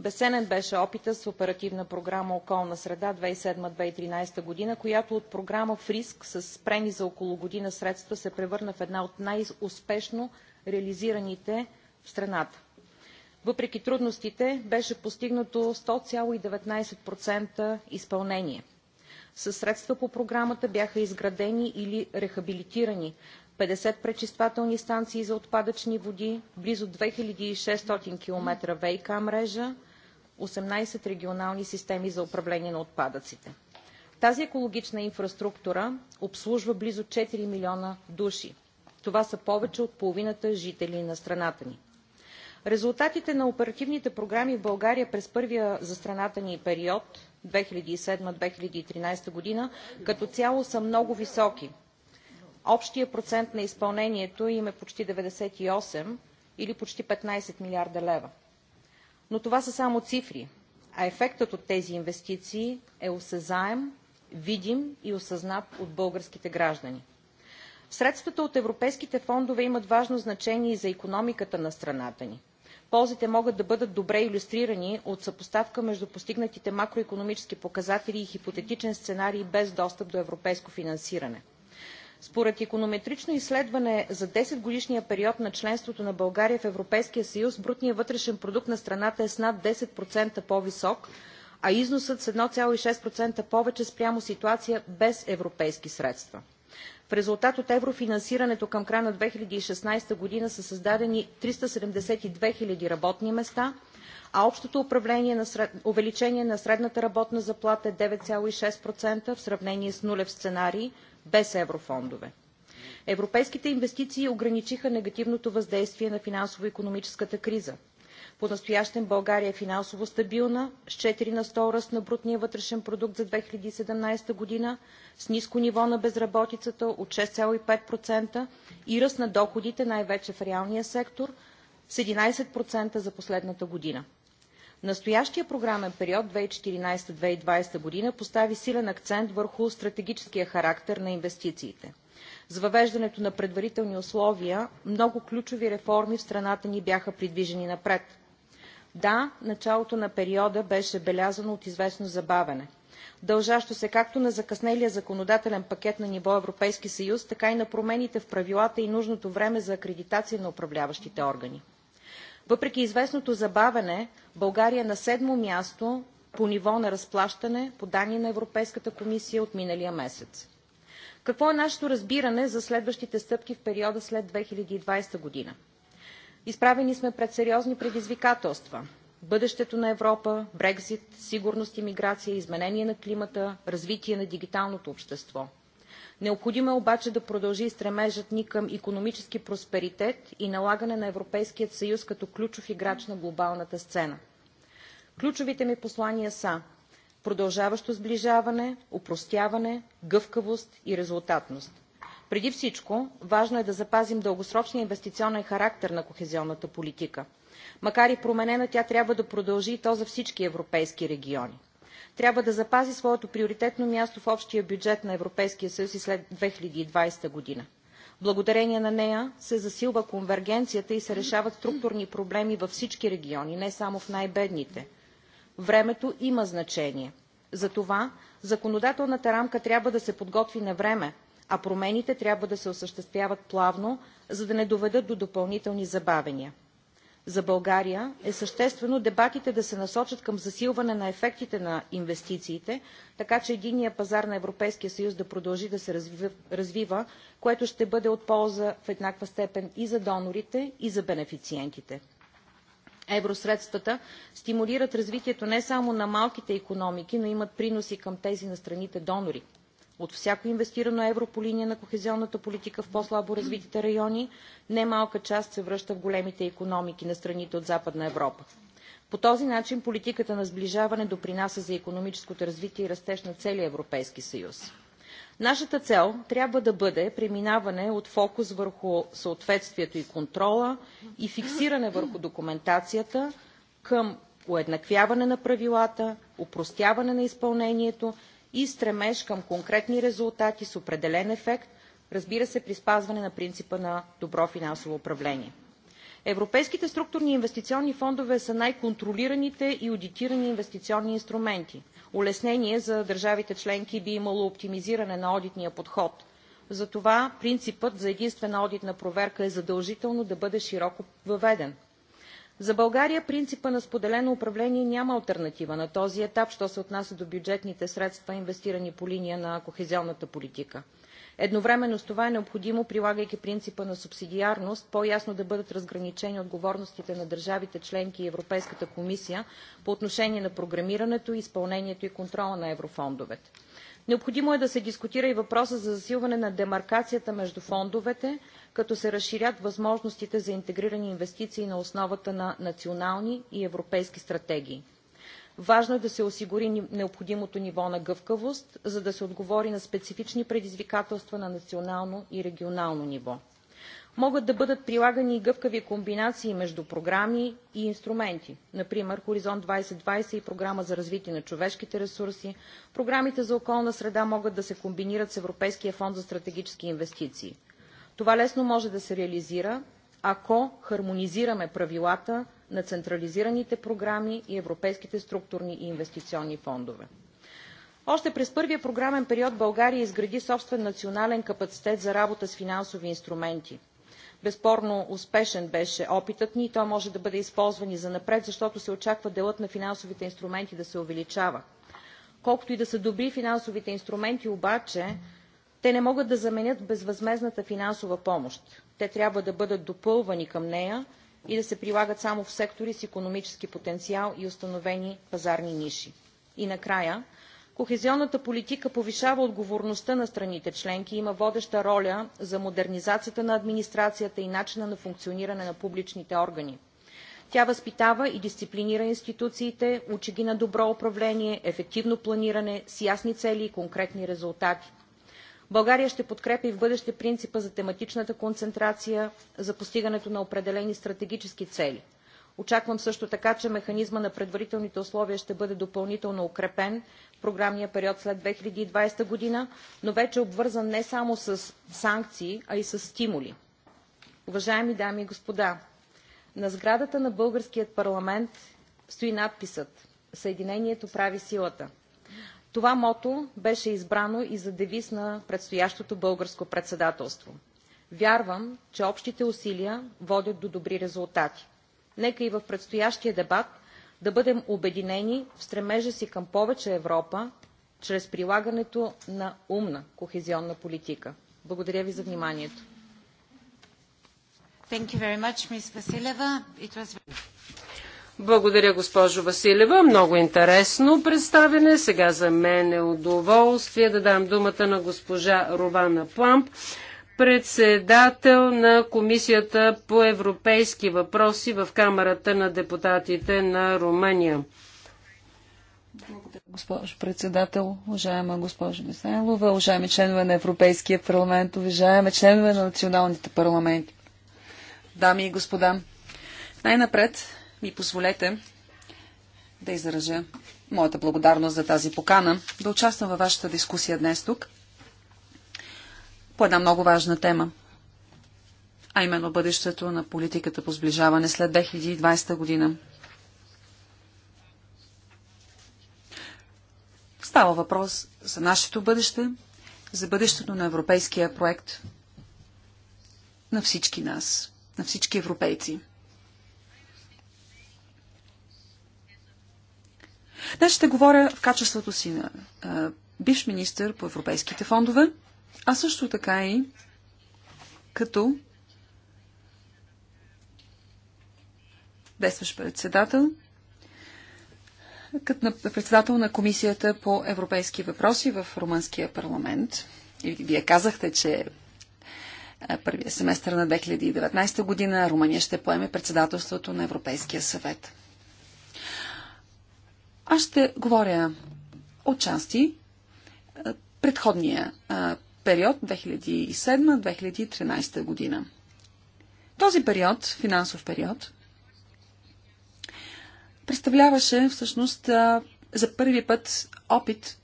Безценен беше опитът с оперативна програма Околна среда 2007-2013 г., която от програма в риск с спрени за около година средства се превърна в една от най-успешно реализираните в страната. Въпреки трудностите беше постигнато 100,19% изпълнение. Със средства по програмата бяха изградени или рехабилитирани 50 пречиствателни станции за отпадъчни води, близо 2600 км ВиК мрежа, 18 регионални системи за управление на отпадъците. Тази екологична инфраструктура обслужва близо 4 милиона души. Това са повече от половината жители на страната ни. Резултатите на оперативните програми в България през първия за страната ни период 2007-2013 година като цяло са много високи Общият процент на изпълнението им е почти 98 или почти 15 милиарда лева. Но това са само цифри, а ефектът от тези инвестиции е осезаем, видим и осъзнат от българските граждани. Средствата от европейските фондове имат важно значение и за икономиката на страната ни. Ползите могат да бъдат добре иллюстрирани от съпоставка между постигнатите макроекономически показатели и хипотетичен сценарий без достъп до европейско финансиране според иконометрично изследване за 10-годишния период на членството на България в Европейския съюз брутният вътрешен продукт на страната е с над 10% по-висок, а износът с 1,6% повече спрямо ситуация без европейски средства. В резултат от еврофинансирането към края на 2016 г. са създадени 372 000 работни места, а общото на сред... увеличение на средната работна заплата е 9,6% в сравнение с нулев сценарий без еврофондове. Европейските инвестиции ограничиха негативното въздействие на финансово-економическата криза. По-настоящен България е финансово стабилна, с 4 на 100 ръст на брутния вътрешен продукт за 2017 година, с ниско ниво на безработицата от 6,5% и ръст на доходите най-вече в реалния сектор с 11% за последната година. Настоящия програмен период 2014-2020 година постави силен акцент върху стратегическия характер на инвестициите. С въвеждането на предварителни условия много ключови реформи в страната ни бяха придвижени напред. Да, началото на периода беше белязано от известно забавене, дължащо се както на закъснелия законодателен пакет на ниво Европейски съюз, така и на промените в правилата и нужното време за акредитация на управляващите органи. Въпреки известното забавяне, България е на седмо място по ниво на разплащане по данни на Европейската комисия от миналия месец. Какво е нашето разбиране за следващите стъпки в периода след 2020 година? Изправени сме пред сериозни предизвикателства. Бъдещето на Европа, Брекзит, сигурност и миграция, изменение на климата, развитие на дигиталното общество – Необходимо е обаче да продължи и стремежът ни към икономически просперитет и налагане на Европейския съюз като ключов играч на глобалната сцена. Ключовите ми послания са продължаващо сближаване, упростяване, гъвкавост и резултатност. Преди всичко, важно е да запазим дългосрочния инвестиционен характер на кохезионната политика. Макар и променена, тя трябва да продължи и то за всички европейски региони трябва да запази своето приоритетно място в общия бюджет на Европейския съюз и след 2020 година. Благодарение на нея се засилва конвергенцията и се решават структурни проблеми във всички региони, не само в най-бедните. Времето има значение. Затова законодателната рамка трябва да се подготви на време, а промените трябва да се осъществяват плавно, за да не доведат до допълнителни забавения за България е съществено дебатите да се насочат към засилване на ефектите на инвестициите, така че единният пазар на Европейския съюз да продължи да се развива, което ще бъде от полза в еднаква степен и за донорите, и за бенефициентите. Евросредствата стимулират развитието не само на малките икономики, но имат принос и към тези на страните донори – от всяко инвестирано евро по линия на кохезионната политика в по-слабо развитите райони, немалка част се връща в големите економики на страните от Западна Европа. По този начин политиката на сближаване допринася за економическото развитие и растеж на целия Европейски съюз. Нашата цел трябва да бъде преминаване от фокус върху съответствието и контрола и фиксиране върху документацията към уеднаквяване на правилата, упростяване на изпълнението, и стремеж към конкретни резултати с определен ефект, разбира се, при спазване на принципа на добро финансово управление. Европейските структурни инвестиционни фондове са най-контролираните и аудитирани инвестиционни инструменти. Улеснение за държавите членки би имало оптимизиране на одитния подход. Затова принципът за единствена одитна проверка е задължително да бъде широко въведен, за България принципът на споделено управление няма алтернатива на този етап, що се отнася до бюджетните средства, инвестирани по линия на кохезионната политика. Едновременно с това е необходимо, прилагайки принципа на субсидиарност, по-ясно да бъдат разграничени отговорностите на държавите членки и Европейската комисия по отношение на програмирането, изпълнението и контрола на еврофондовете. Необходимо е да се дискутира и въпроса за засилване на демаркацията между фондовете, като се разширят възможностите за интегрирани инвестиции на основата на национални и европейски стратегии. Важно е да се осигури необходимото ниво на гъвкавост, за да се отговори на специфични предизвикателства на национално и регионално ниво. Могат да бъдат прилагани и гъвкави комбинации между програми и инструменти, например Хоризонт 2020 и Програма за развитие на човешките ресурси. Програмите за околна среда могат да се комбинират с Европейския фонд за стратегически инвестиции. Това лесно може да се реализира, ако хармонизираме правилата на централизираните програми и европейските структурни и инвестиционни фондове. Още през първия програмен период България изгради собствен национален капацитет за работа с финансови инструменти. Безспорно успешен беше опитът ни и той може да бъде използван и занапред, защото се очаква делът на финансовите инструменти да се увеличава. Колкото и да са добри финансовите инструменти обаче, те не могат да заменят безвъзмезната финансова помощ. Те трябва да бъдат допълвани към нея и да се прилагат само в сектори с економически потенциал и установени пазарни ниши. И накрая, Кохезионната политика повишава отговорността на страните членки и има водеща роля за модернизацията на администрацията и начина на функциониране на публичните органи. Тя възпитава и дисциплинира институциите, учи ги на добро управление, ефективно планиране, с ясни цели и конкретни резултати. България ще подкрепя и в бъдеще принципа за тематичната концентрация за постигането на определени стратегически цели. Очаквам също така, че механизма на предварителните условия ще бъде допълнително укрепен в програмния период след 2020 година, но вече обвързан не само с санкции, а и с стимули. Уважаеми дами и господа, на сградата на българския парламент стои надписът Съединението прави силата. Това мото беше избрано и за девиз на предстоящото българско председателство. Вярвам, че общите усилия водят до добри резултати. Нека и в предстоящия дебат да бъдем обединени в стремежа си към повече Европа чрез прилагането на умна кохезионна политика. Благодаря ви за вниманието. Благодаря, госпожо Василева. Много интересно представене. Сега за мен е удоволствие да дам думата на госпожа Рована Пламп председател на Комисията по европейски въпроси в Камерата на депутатите на Румъния. Благодаря, госпожо председател, уважаема госпожо Мисайлова, уважаеми членове на Европейския парламент, уважаеми членове на националните парламенти. Дами и господа, най-напред ми позволете да изража моята благодарност за тази покана, да участвам във вашата дискусия днес тук по една много важна тема, а именно бъдещето на политиката по сближаване след 2020 година. Става въпрос за нашето бъдеще, за бъдещето на европейския проект, на всички нас, на всички европейци. Днес ще говоря в качеството си на а, бивш министър по европейските фондове – а също така и като действащ председател, като председател на Комисията по европейски въпроси в Румънския парламент. И вие казахте, че е, първия семестър на 2019 година Румъния ще поеме председателството на Европейския съвет. Аз ще говоря отчасти е, предходния е, период 2007-2013 година. Този период, финансов период, представляваше всъщност за първи път опит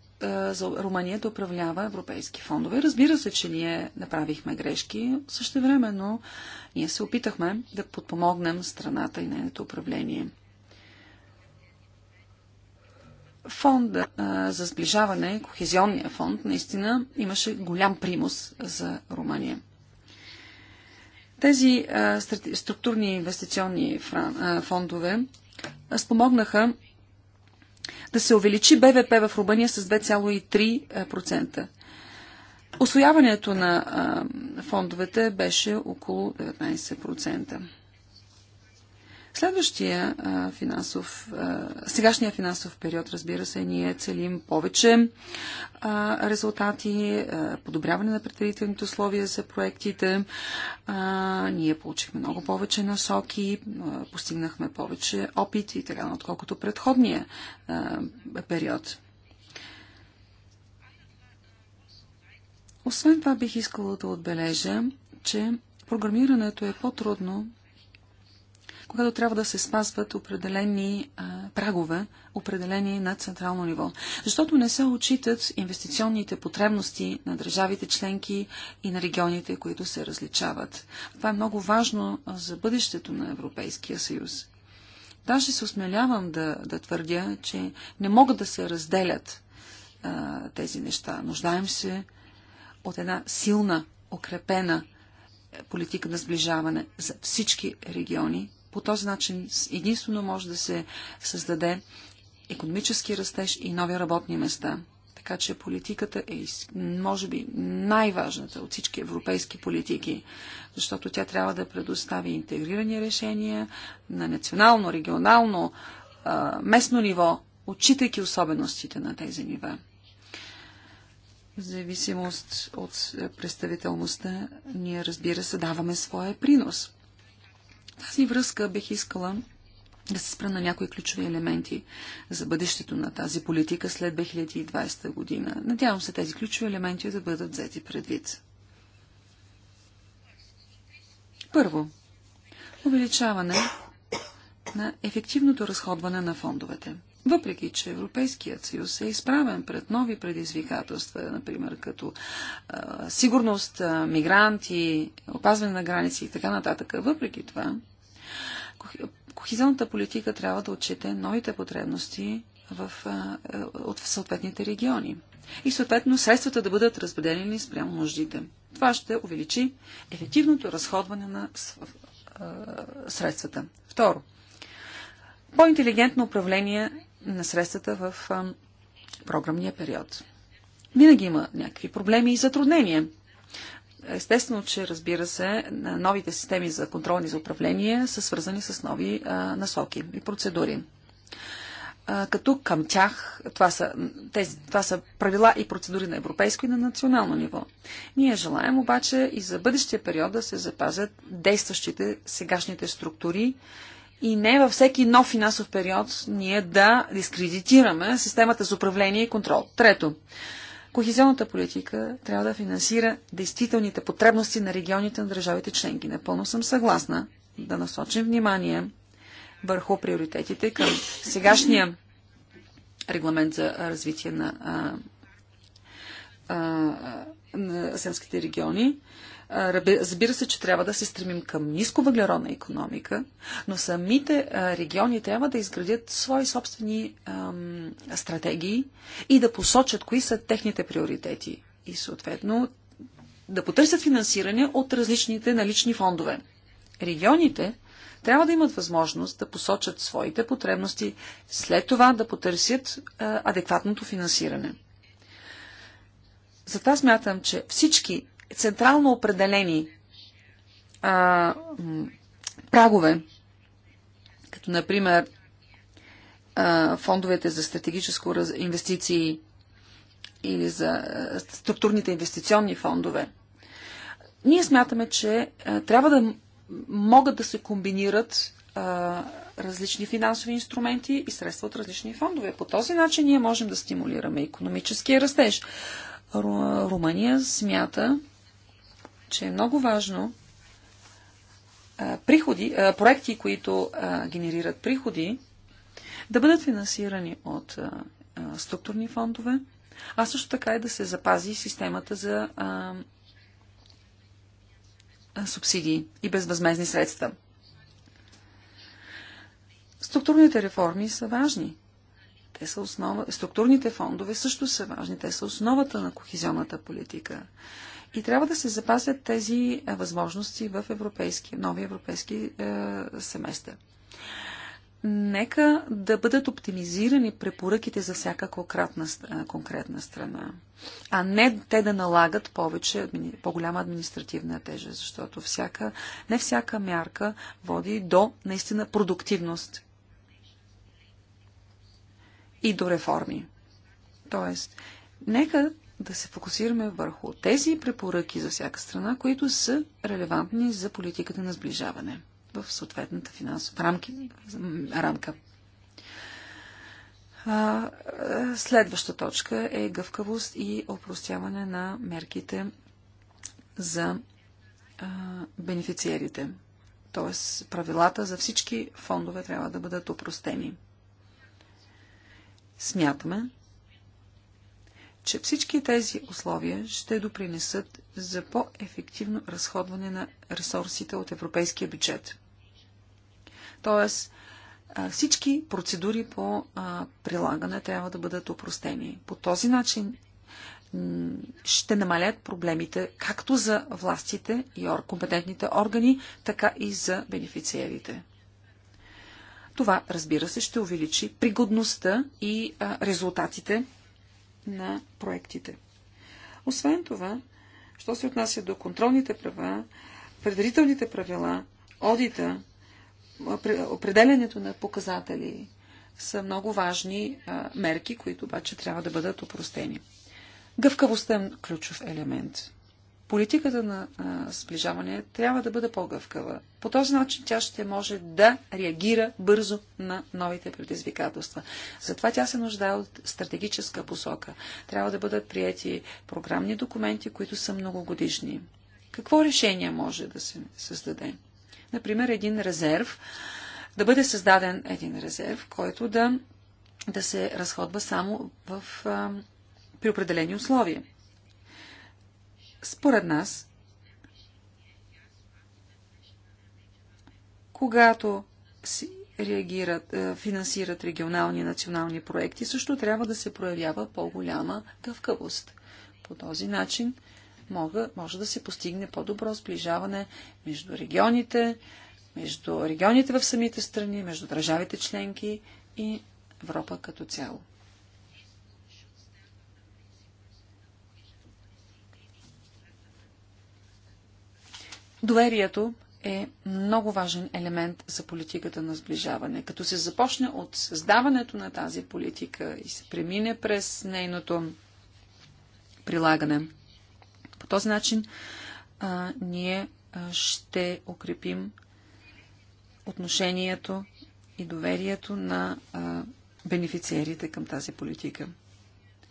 за Румъния да управлява европейски фондове. Разбира се, че ние направихме грешки. Същевременно ние се опитахме да подпомогнем страната и нейното управление – фонда за сближаване, кохезионния фонд, наистина имаше голям примус за Румъния. Тези а, структурни инвестиционни фран, а, фондове а, спомогнаха да се увеличи БВП в Румъния с 2,3%. Освояването на фондовете беше около 19%. Следващия а, финансов, а, сегашния финансов период, разбира се, ние целим повече а, резултати, а, подобряване на предварителните условия за проектите. А, ние получихме много повече насоки, а, постигнахме повече опит и така, отколкото предходния а, период. Освен това бих искала да отбележа, че програмирането е по-трудно когато трябва да се спазват определени а, прагове, определени на централно ниво. Защото не се отчитат инвестиционните потребности на държавите членки и на регионите, които се различават. Това е много важно за бъдещето на Европейския съюз. Даже се осмелявам да, да твърдя, че не могат да се разделят а, тези неща. Нуждаем се от една силна, укрепена е, политика на сближаване за всички региони по този начин единствено може да се създаде економически растеж и нови работни места. Така че политиката е, може би, най-важната от всички европейски политики, защото тя трябва да предостави интегрирани решения на национално, регионално, местно ниво, отчитайки особеностите на тези нива. В зависимост от представителността, ние, разбира се, даваме своя принос тази връзка бих искала да се спра на някои ключови елементи за бъдещето на тази политика след 2020 година. Надявам се тези ключови елементи да бъдат взети предвид. Първо, увеличаване на ефективното разходване на фондовете. Въпреки, че Европейският съюз е изправен пред нови предизвикателства, например като а, сигурност, а, мигранти, опазване на граници и така нататък, въпреки това, Кохизионната политика трябва да отчете новите потребности в, от съответните региони. И съответно средствата да бъдат разпределени спрямо нуждите. Това ще увеличи ефективното разходване на средствата. Второ, по-интелигентно управление на средствата в програмния период. Винаги има някакви проблеми и затруднения. Естествено, че разбира се, новите системи за контролни за управление са свързани с нови насоки и процедури. като към тях това са, тези, това са правила и процедури на европейско и на национално ниво. Ние желаем обаче и за бъдещия период да се запазят действащите сегашните структури и не във всеки нов финансов период ние да дискредитираме системата за управление и контрол. Трето, Кохизионната политика трябва да финансира действителните потребности на регионите на държавите членки. Напълно съм съгласна да насочим внимание върху приоритетите към сегашния регламент за развитие на, а, а, на селските региони Разбира се, че трябва да се стремим към ниско въглеродна економика, но самите региони трябва да изградят свои собствени ам, стратегии и да посочат кои са техните приоритети и съответно да потърсят финансиране от различните налични фондове. Регионите трябва да имат възможност да посочат своите потребности, след това да потърсят а, адекватното финансиране. Затова смятам, че всички централно определени а, прагове, като например а, фондовете за стратегическо раз... инвестиции или за а, структурните инвестиционни фондове, ние смятаме, че а, трябва да могат да се комбинират а, различни финансови инструменти и средства от различни фондове. По този начин ние можем да стимулираме економическия растеж. Ру, Румъния смята, че е много важно а, приходи, а, проекти, които а, генерират приходи, да бъдат финансирани от структурни фондове, а също така и да се запази системата за субсидии и безвъзмезни средства. Структурните реформи са важни. Те са основа... Структурните фондове също са важни. Те са основата на кохезионната политика. И трябва да се запасят тези възможности в европейски, нови европейски е, семестър. Нека да бъдат оптимизирани препоръките за всяка конкретна, конкретна страна, а не те да налагат повече, по-голяма административна тежест, защото всяка, не всяка мярка води до наистина продуктивност и до реформи. Тоест, нека да се фокусираме върху тези препоръки за всяка страна, които са релевантни за политиката на сближаване в съответната финансова рамки, рамка. А, следваща точка е гъвкавост и опростяване на мерките за а, бенефициерите. Тоест, правилата за всички фондове трябва да бъдат опростени. Смятаме, че всички тези условия ще допринесат за по-ефективно разходване на ресурсите от европейския бюджет. Тоест, всички процедури по прилагане трябва да бъдат опростени. По този начин ще намалят проблемите както за властите и компетентните органи, така и за бенефициерите. Това, разбира се, ще увеличи пригодността и резултатите на проектите. Освен това, що се отнася до контролните права, предварителните правила, одита, определянето на показатели са много важни мерки, които обаче трябва да бъдат опростени. Гъвкавостта е ключов елемент политиката на а, сближаване трябва да бъде по-гъвкава. По този начин тя ще може да реагира бързо на новите предизвикателства. Затова тя се нуждае от стратегическа посока. Трябва да бъдат приети програмни документи, които са многогодишни. Какво решение може да се създаде? Например, един резерв, да бъде създаден един резерв, който да, да се разходва само в, а, при определени условия. Според нас, когато си реагират, е, финансират регионални и национални проекти, също трябва да се проявява по-голяма гъвкавост. По този начин мога, може да се постигне по-добро сближаване между регионите, между регионите в самите страни, между държавите членки и Европа като цяло. Доверието е много важен елемент за политиката на сближаване. Като се започне от създаването на тази политика и се премине през нейното прилагане, по този начин а, ние а, ще укрепим отношението и доверието на а, бенефициерите към тази политика.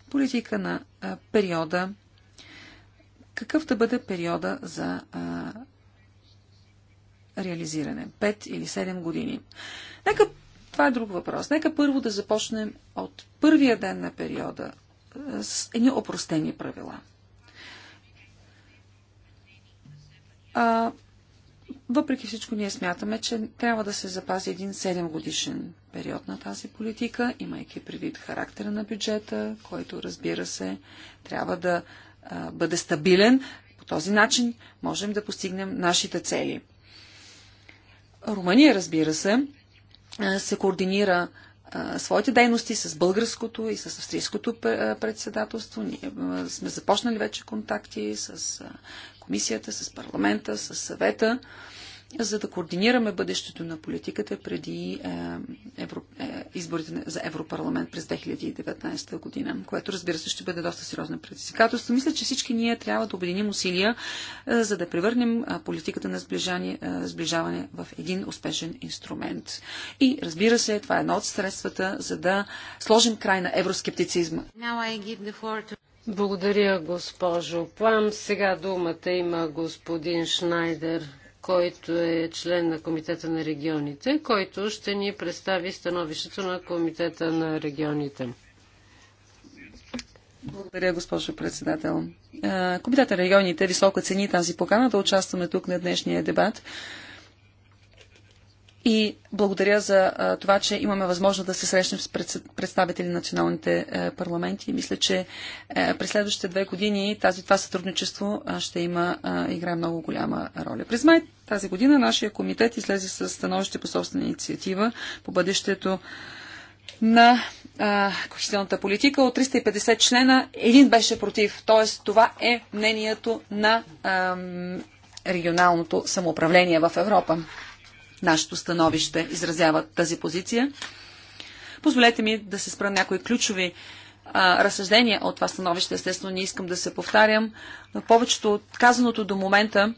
Политика на а, периода. Какъв да бъде периода за а, реализиране. 5 или 7 години. Нека, това е друг въпрос. Нека първо да започнем от първия ден на периода е, с едни опростени правила. А, въпреки всичко, ние смятаме, че трябва да се запази един 7 годишен период на тази политика, имайки предвид характера на бюджета, който, разбира се, трябва да а, бъде стабилен. По този начин можем да постигнем нашите цели. Румъния, разбира се, се координира своите дейности с българското и с австрийското председателство. Ние сме започнали вече контакти с комисията, с парламента, с съвета за да координираме бъдещето на политиката преди е, евро, е, изборите за Европарламент през 2019 година, което разбира се ще бъде доста сериозно предизвикателство. Мисля, че всички ние трябва да обединим усилия, е, за да превърнем политиката на сближаване в един успешен инструмент. И разбира се, това е едно от средствата, за да сложим край на евроскептицизма. Благодаря, госпожо Плам. Сега думата има господин Шнайдер който е член на Комитета на регионите, който ще ни представи становището на Комитета на регионите. Благодаря, госпожо председател. Комитета на регионите високо цени тази покана да участваме тук на днешния дебат. И благодаря за това, че имаме възможност да се срещнем с представители на националните парламенти. Мисля, че през следващите две години тази, това сътрудничество ще има, играе много голяма роля. През май тази година нашия комитет излезе с становище по собствена инициатива по бъдещето на кохезионната политика. От 350 члена един беше против. Тоест, това е мнението на а, регионалното самоуправление в Европа. Нашето становище изразява тази позиция. Позволете ми да се спра някои ключови а, разсъждения от това становище. Естествено, не искам да се повтарям, но повечето от казаното до момента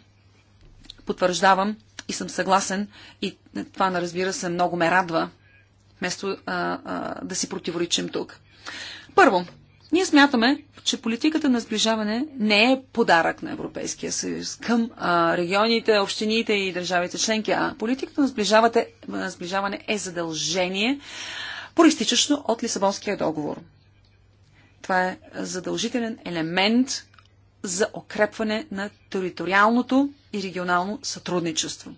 потвърждавам и съм съгласен и това, на разбира се, много ме радва, вместо а, а, да си противоречим тук. Първо, ние смятаме, че политиката на сближаване не е подарък на Европейския съюз към а, регионите, общините и държавите членки, а политиката на сближаване е задължение, проистичащо от Лисабонския договор. Това е задължителен елемент за укрепване на териториалното и регионално сътрудничество.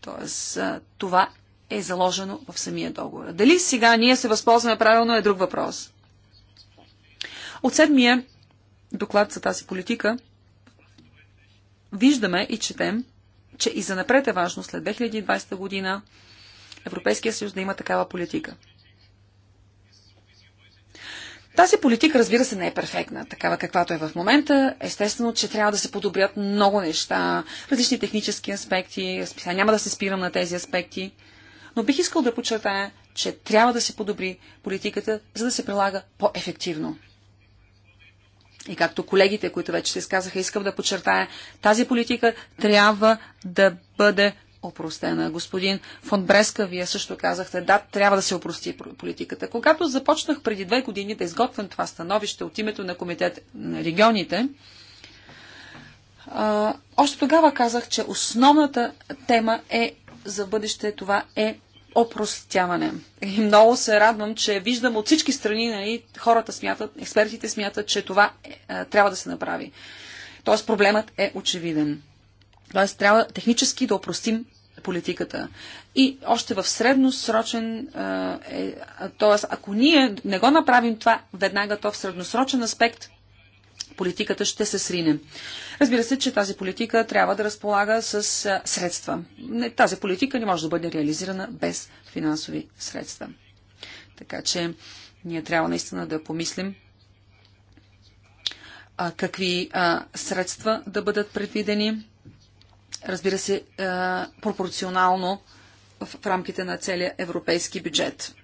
Тоест, това е заложено в самия договор. Дали сега ние се възползваме правилно е друг въпрос. От седмия доклад за тази политика виждаме и четем, че и за напред е важно след 2020 година Европейския съюз да има такава политика. Тази политика, разбира се, не е перфектна, такава каквато е в момента. Естествено, че трябва да се подобрят много неща, различни технически аспекти. няма да се спирам на тези аспекти. Но бих искал да подчертая, че трябва да се подобри политиката, за да се прилага по-ефективно. И както колегите, които вече се изказаха, искам да подчертая, тази политика трябва да бъде опростена. Господин фон Бреска, вие също казахте, да, трябва да се опрости политиката. Когато започнах преди две години да изготвям това становище от името на Комитет на регионите, още тогава казах, че основната тема е за бъдеще това е опростяване. И много се радвам, че виждам от всички страни, нали, хората смятат, експертите смятат, че това е, е, трябва да се направи. Тоест проблемът е очевиден. Тоест трябва технически да опростим политиката. И още в средносрочен, т.е. ако ние не го направим това веднага, то в средносрочен аспект политиката ще се срине. Разбира се, че тази политика трябва да разполага с средства. Тази политика не може да бъде реализирана без финансови средства. Така че ние трябва наистина да помислим а, какви а, средства да бъдат предвидени разбира се, пропорционално в рамките на целия европейски бюджет.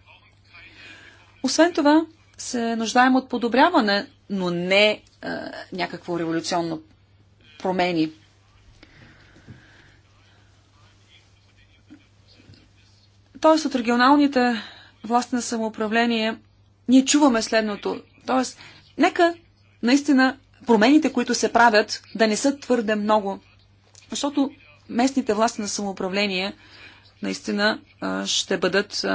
Освен това, се нуждаем от подобряване, но не а, някакво революционно промени. Тоест от регионалните власти на самоуправление ние чуваме следното. Тоест, нека наистина промените, които се правят, да не са твърде много защото местните власти на самоуправление наистина ще бъдат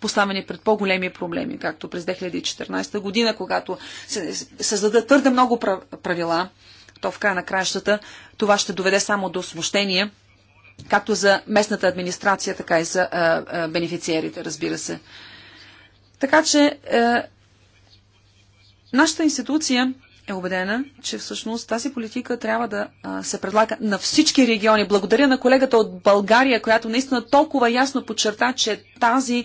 поставени пред по-големи проблеми, както през 2014 година, когато се създадат твърде много правила, то в края на краищата това ще доведе само до смущение, както за местната администрация, така и за бенефициерите, разбира се. Така че е, нашата институция е убедена, че всъщност тази политика трябва да а, се предлага на всички региони. Благодаря на колегата от България, която наистина толкова ясно подчерта, че тази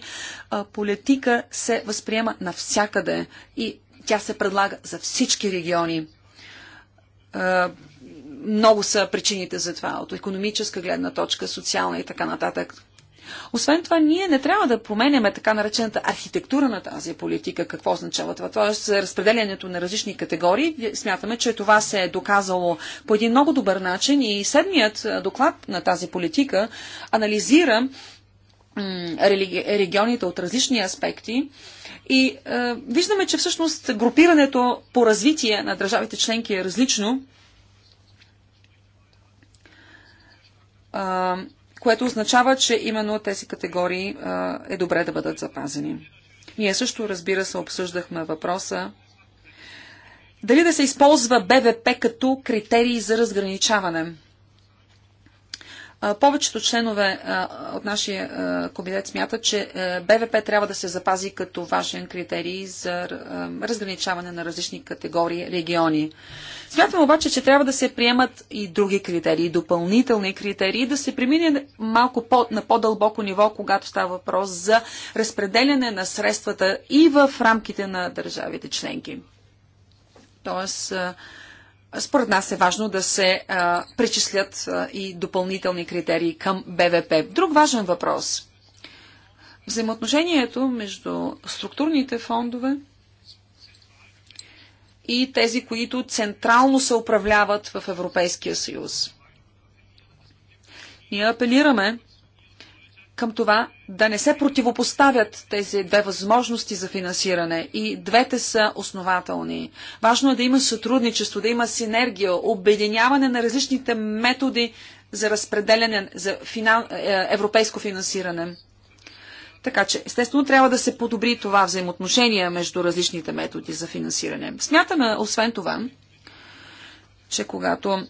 а, политика се възприема навсякъде и тя се предлага за всички региони. А, много са причините за това, от економическа гледна точка, социална и така нататък. Освен това, ние не трябва да променяме така наречената архитектура на тази политика. Какво означава това? Това е разпределянето на различни категории. Смятаме, че това се е доказало по един много добър начин и седмият доклад на тази политика анализира регионите от различни аспекти. И е, виждаме, че всъщност групирането по развитие на държавите членки е различно. Е, което означава, че именно тези категории а, е добре да бъдат запазени. Ние също, разбира се, обсъждахме въпроса дали да се използва БВП като критерий за разграничаване повечето членове от нашия комитет смятат, че БВП трябва да се запази като важен критерий за разграничаване на различни категории региони. Смятам обаче, че трябва да се приемат и други критерии, допълнителни критерии, да се премине малко по, на по-дълбоко ниво, когато става въпрос за разпределяне на средствата и в рамките на държавите членки. Тоест, според нас е важно да се а, причислят а, и допълнителни критерии към БВП. Друг важен въпрос. Взаимоотношението между структурните фондове и тези, които централно се управляват в Европейския съюз. Ние апелираме към това да не се противопоставят тези две възможности за финансиране. И двете са основателни. Важно е да има сътрудничество, да има синергия, обединяване на различните методи за разпределяне, за финал, е, е, европейско финансиране. Така че, естествено, трябва да се подобри това взаимоотношение между различните методи за финансиране. Смятаме, освен това, че когато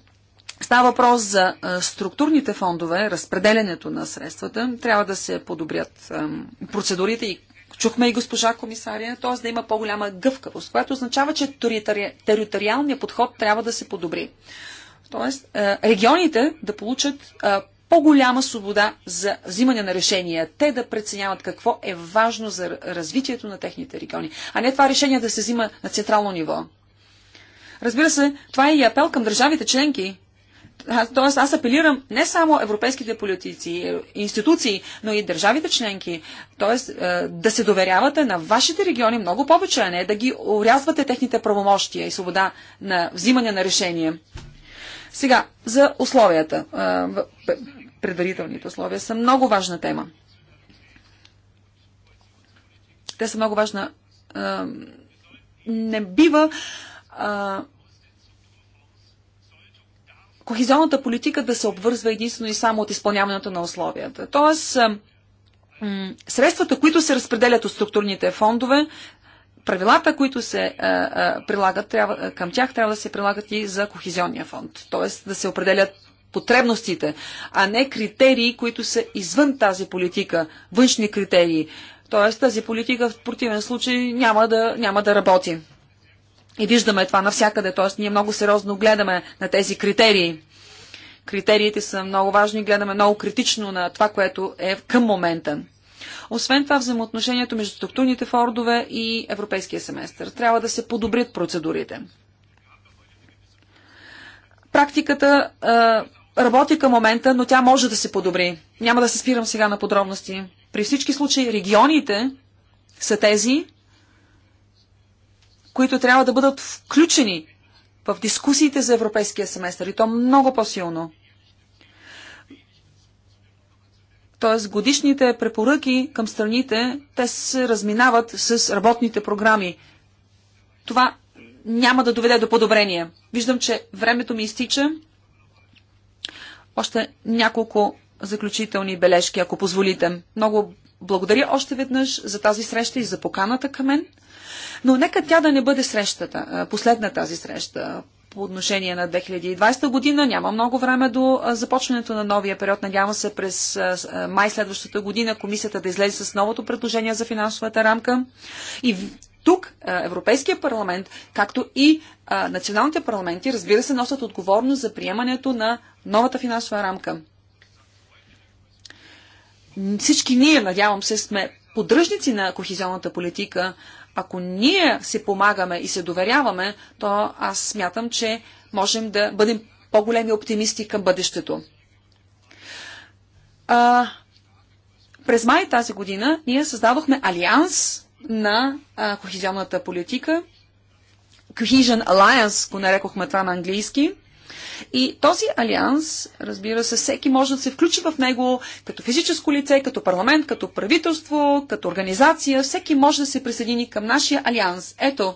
Става въпрос за структурните фондове, разпределенето на средствата. Трябва да се подобрят процедурите и чухме и госпожа комисария, т.е. да има по-голяма гъвкавост, което означава, че териториалният подход трябва да се подобри. Тоест, регионите да получат по-голяма свобода за взимане на решения. Те да преценяват какво е важно за развитието на техните региони, а не това решение да се взима на централно ниво. Разбира се, това е и апел към държавите членки Тоест, аз апелирам не само европейските политици, е, институции, но и държавите членки. Тоест, е, да се доверявате на вашите региони много повече, а не да ги урязвате техните правомощия и свобода на взимане на решение. Сега, за условията. Е, предварителните условия са много важна тема. Те са много важна. Не бива кохизионната политика да се обвързва единствено и само от изпълняването на условията. Тоест, средствата, които се разпределят от структурните фондове, правилата, които се а, а, прилагат трябва, към тях, трябва да се прилагат и за кохизионния фонд. Тоест да се определят потребностите, а не критерии, които са извън тази политика, външни критерии. Тоест тази политика в противен случай няма да, няма да работи. И виждаме това навсякъде, т.е. ние много сериозно гледаме на тези критерии. Критериите са много важни, гледаме много критично на това, което е към момента. Освен това, взаимоотношението между структурните фордове и европейския семестър. Трябва да се подобрят процедурите. Практиката е, работи към момента, но тя може да се подобри. Няма да се спирам сега на подробности. При всички случаи регионите са тези, които трябва да бъдат включени в дискусиите за европейския семестър и то много по-силно. Тоест годишните препоръки към страните, те се разминават с работните програми. Това няма да доведе до подобрение. Виждам, че времето ми изтича. Още няколко заключителни бележки, ако позволите. Много благодаря още веднъж за тази среща и за поканата към мен. Но нека тя да не бъде срещата, последна тази среща по отношение на 2020 година. Няма много време до започването на новия период. Надявам се през май следващата година комисията да излезе с новото предложение за финансовата рамка. И тук Европейския парламент, както и националните парламенти, разбира се, носят отговорност за приемането на новата финансова рамка. Всички ние, надявам се, сме поддръжници на кохизионната политика, ако ние си помагаме и се доверяваме, то аз смятам, че можем да бъдем по-големи оптимисти към бъдещето. А, през май тази година ние създадохме алианс на а, кохезионната политика. Cohesion Alliance го нарекохме това на английски – и този алианс, разбира се, всеки може да се включи в него като физическо лице, като парламент, като правителство, като организация. Всеки може да се присъедини към нашия алианс. Ето,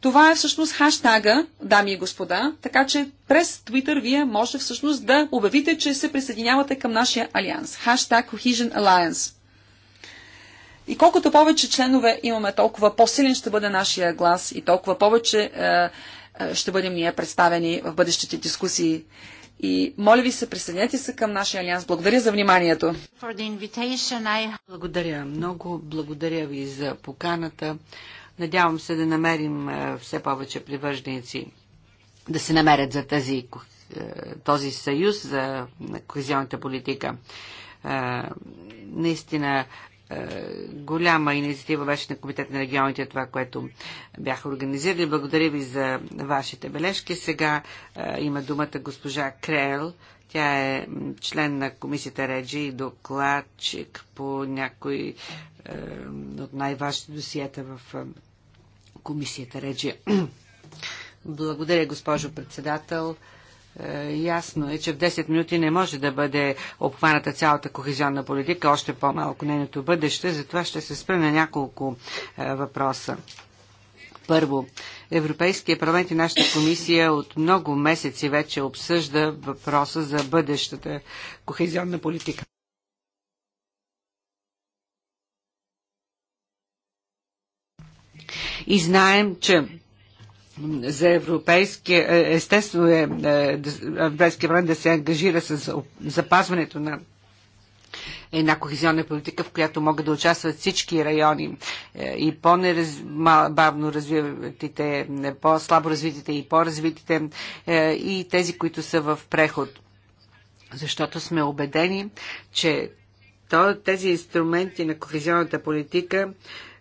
това е всъщност хаштага, дами и господа, така че през Twitter вие може всъщност да обявите, че се присъединявате към нашия алианс. Хаштаг Cohesion Alliance. И колкото повече членове имаме, толкова по-силен ще бъде нашия глас и толкова повече е, е, ще бъдем ние представени в бъдещите дискусии. И моля ви се, присъединете се към нашия алианс. Благодаря за вниманието. I... Благодаря много. Благодаря ви за поканата. Надявам се да намерим е, все повече привърженици да се намерят за тази, е, този съюз за кохезионната политика наистина е, голяма инициатива беше на Комитет на регионите, това, което бяха организирали. Благодаря ви за вашите бележки. Сега е, има думата госпожа Крел. Тя е член на комисията Реджи и докладчик по някои е, от най-важните досиета в е, комисията Реджи. Благодаря, госпожо председател. Е, ясно е, че в 10 минути не може да бъде обхваната цялата кохезионна политика, още по-малко нейното бъдеще, затова ще се спра на няколко е, въпроса. Първо, Европейския парламент и нашата комисия от много месеци вече обсъжда въпроса за бъдещата кохезионна политика. И знаем, че за европейския, е, естествено е, е европейския парламент да се ангажира с запазването на една кохезионна политика, в която могат да участват всички райони е, и по-бавно развитите, по-слабо развитите и по-развитите и тези, които са в преход. Защото сме убедени, че тези инструменти на кохезионната политика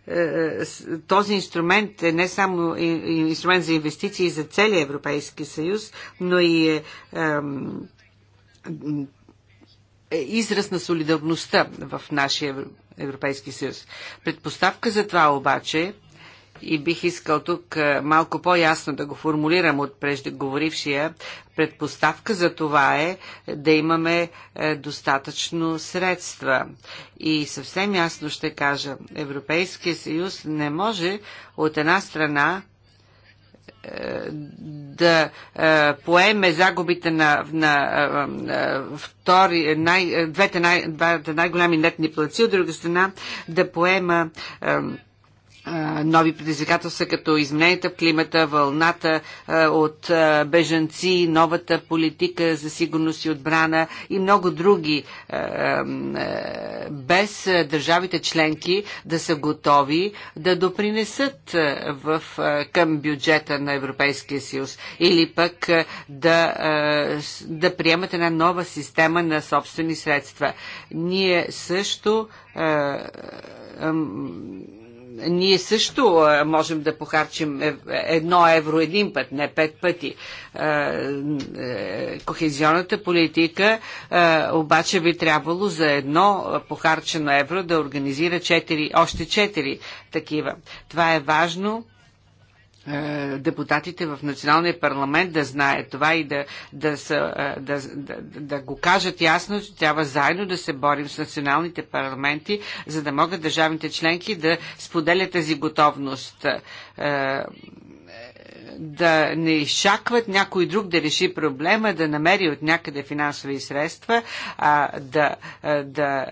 е, е, този инструмент е не само инструмент за инвестиции за целия Европейски съюз, но и е, е израз на солидарността в нашия Европейски съюз. Предпоставка за това обаче и бих искал тук е, малко по-ясно да го формулирам от преждеговорившия. Предпоставка за това е да имаме е, достатъчно средства. И съвсем ясно ще кажа, Европейския съюз не може от една страна е, да поеме загубите на, на, на втори, най, двете, най, двете най-големи нетни плаци, от друга страна да поема нови предизвикателства, като измененията в климата, вълната от бежанци, новата политика за сигурност и отбрана и много други, без държавите членки да са готови да допринесат в, към бюджета на Европейския съюз или пък да, да приемат една нова система на собствени средства. Ние също ние също можем да похарчим е, едно евро един път, не пет пъти. Е, кохезионната политика обаче би трябвало за едно похарчено евро да организира 4, още четири такива. Това е важно е, депутатите в националния парламент да знаят това и да, да, са, е, да, да, да го кажат ясно, че трябва заедно да се борим с националните парламенти, за да могат държавните членки да споделят тази готовност е, да не изчакват някой друг да реши проблема, да намери от някъде финансови средства, а да, да,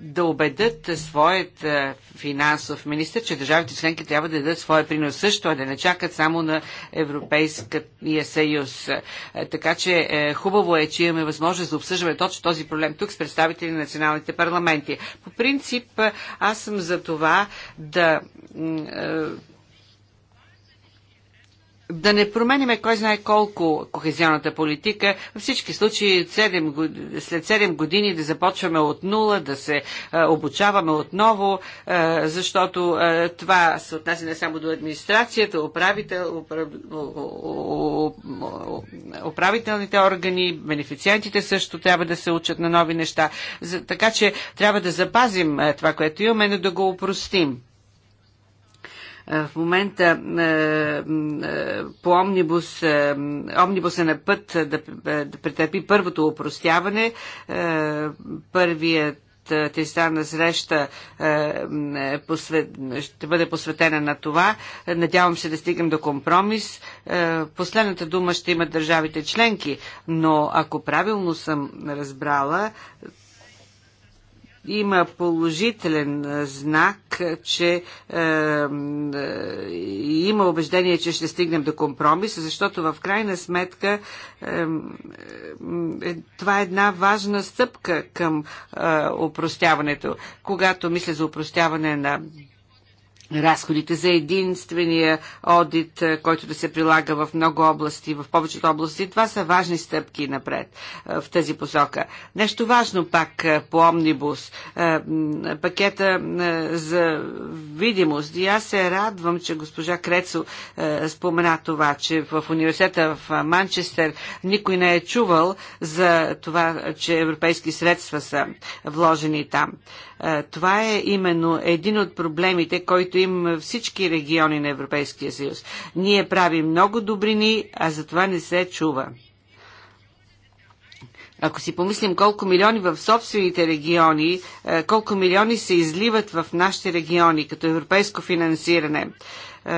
да убедят своят е, финансов министр, че държавите членки трябва да дадат своя принос също, а е да не чакат само на Европейския съюз. Е, така че хубаво е, че имаме възможност да обсъждаме точно този проблем тук с представители на националните парламенти. По принцип, аз съм за това да да не променяме кой знае колко кохезионната политика. Във всички случаи 7 след 7 години да започваме от нула, да се обучаваме отново, защото това се отнася не само до администрацията, управител, управ... управителните органи, бенефициентите също трябва да се учат на нови неща. За, така че трябва да запазим това, което имаме, но да го упростим. Е, в момента е, е, по омнибус, омнибус е на път да, да претърпи първото упростяване. Първият на среща ще бъде посветена на това. Надявам се да стигнем до компромис. последната дума ще имат държавите членки, но ако правилно съм разбрала, има положителен знак, че е, е, има убеждение, че ще стигнем до компромис, защото в крайна сметка е, е, това е една важна стъпка към е, упростяването. Когато мисля за упростяване на разходите за единствения одит, е, който да се прилага в много области, в повечето области. Това са важни стъпки напред е, в тази посока. Нещо важно пак е, по Омнибус, пакета за видимост. И аз се радвам, че госпожа Крецо спомена това, че в университета в Манчестър никой не е чувал за това, че европейски средства са вложени там. Е, това е именно един от проблемите, който имаме всички региони на Европейския съюз. Ние правим много добрини, а за това не се чува. Ако си помислим колко милиони в собствените региони, е, колко милиони се изливат в нашите региони като европейско финансиране, е,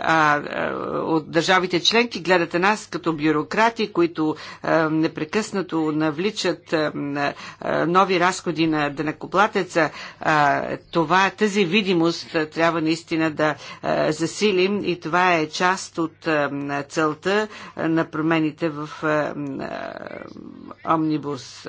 а е, от държавите членки гледат нас като бюрократи, които е, непрекъснато навличат нови разходи на денакоплатеца. Това, тази видимост трябва наистина да засилим и това е част от целта на промените в Омнибус.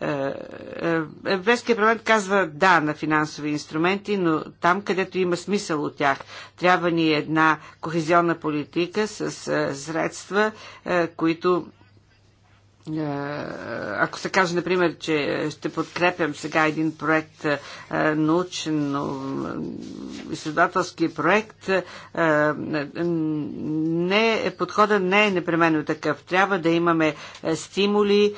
Е, е, Европейския парламент казва да на финансови инструменти, но там, където има смисъл от тях, трябва ни една кохезионна политика с е, средства, които е, ако се каже, например, че ще подкрепям сега един проект, е, научен е, изследователски проект, не е не е непременно такъв. Трябва да имаме стимули,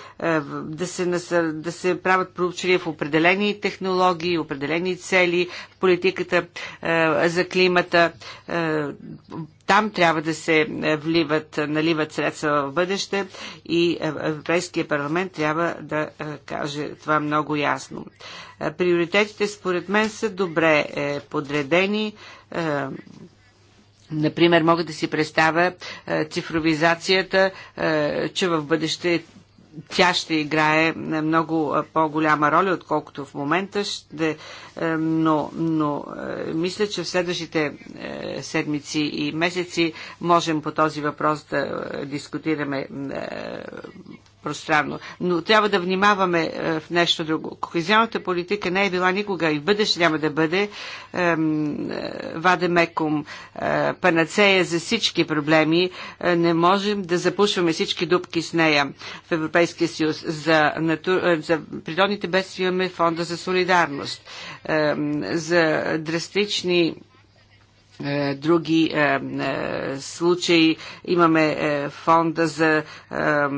да се, да се правят проучвания в определени технологии, определени цели в политиката за климата, там трябва да се е, вливат, е, наливат средства в бъдеще и е, Европейския парламент трябва да каже това много ясно. Приоритетите според мен са добре подредени. Например, мога да си представя цифровизацията, че в бъдеще тя ще играе много по-голяма роля, отколкото в момента, ще, е, но, но е, мисля, че в следващите е, седмици и месеци можем по този въпрос да дискутираме пространно. Но трябва да внимаваме е, в нещо друго. Кохезионната политика не е била никога и в бъдеще няма да бъде е, вадемекум е, панацея за всички проблеми. Не можем да запушваме всички дупки с нея в Европейския съюз. За, натур... за природните бедствия имаме фонда за солидарност. За драстични е, други е, е, случаи. Имаме е, фонда за е, е,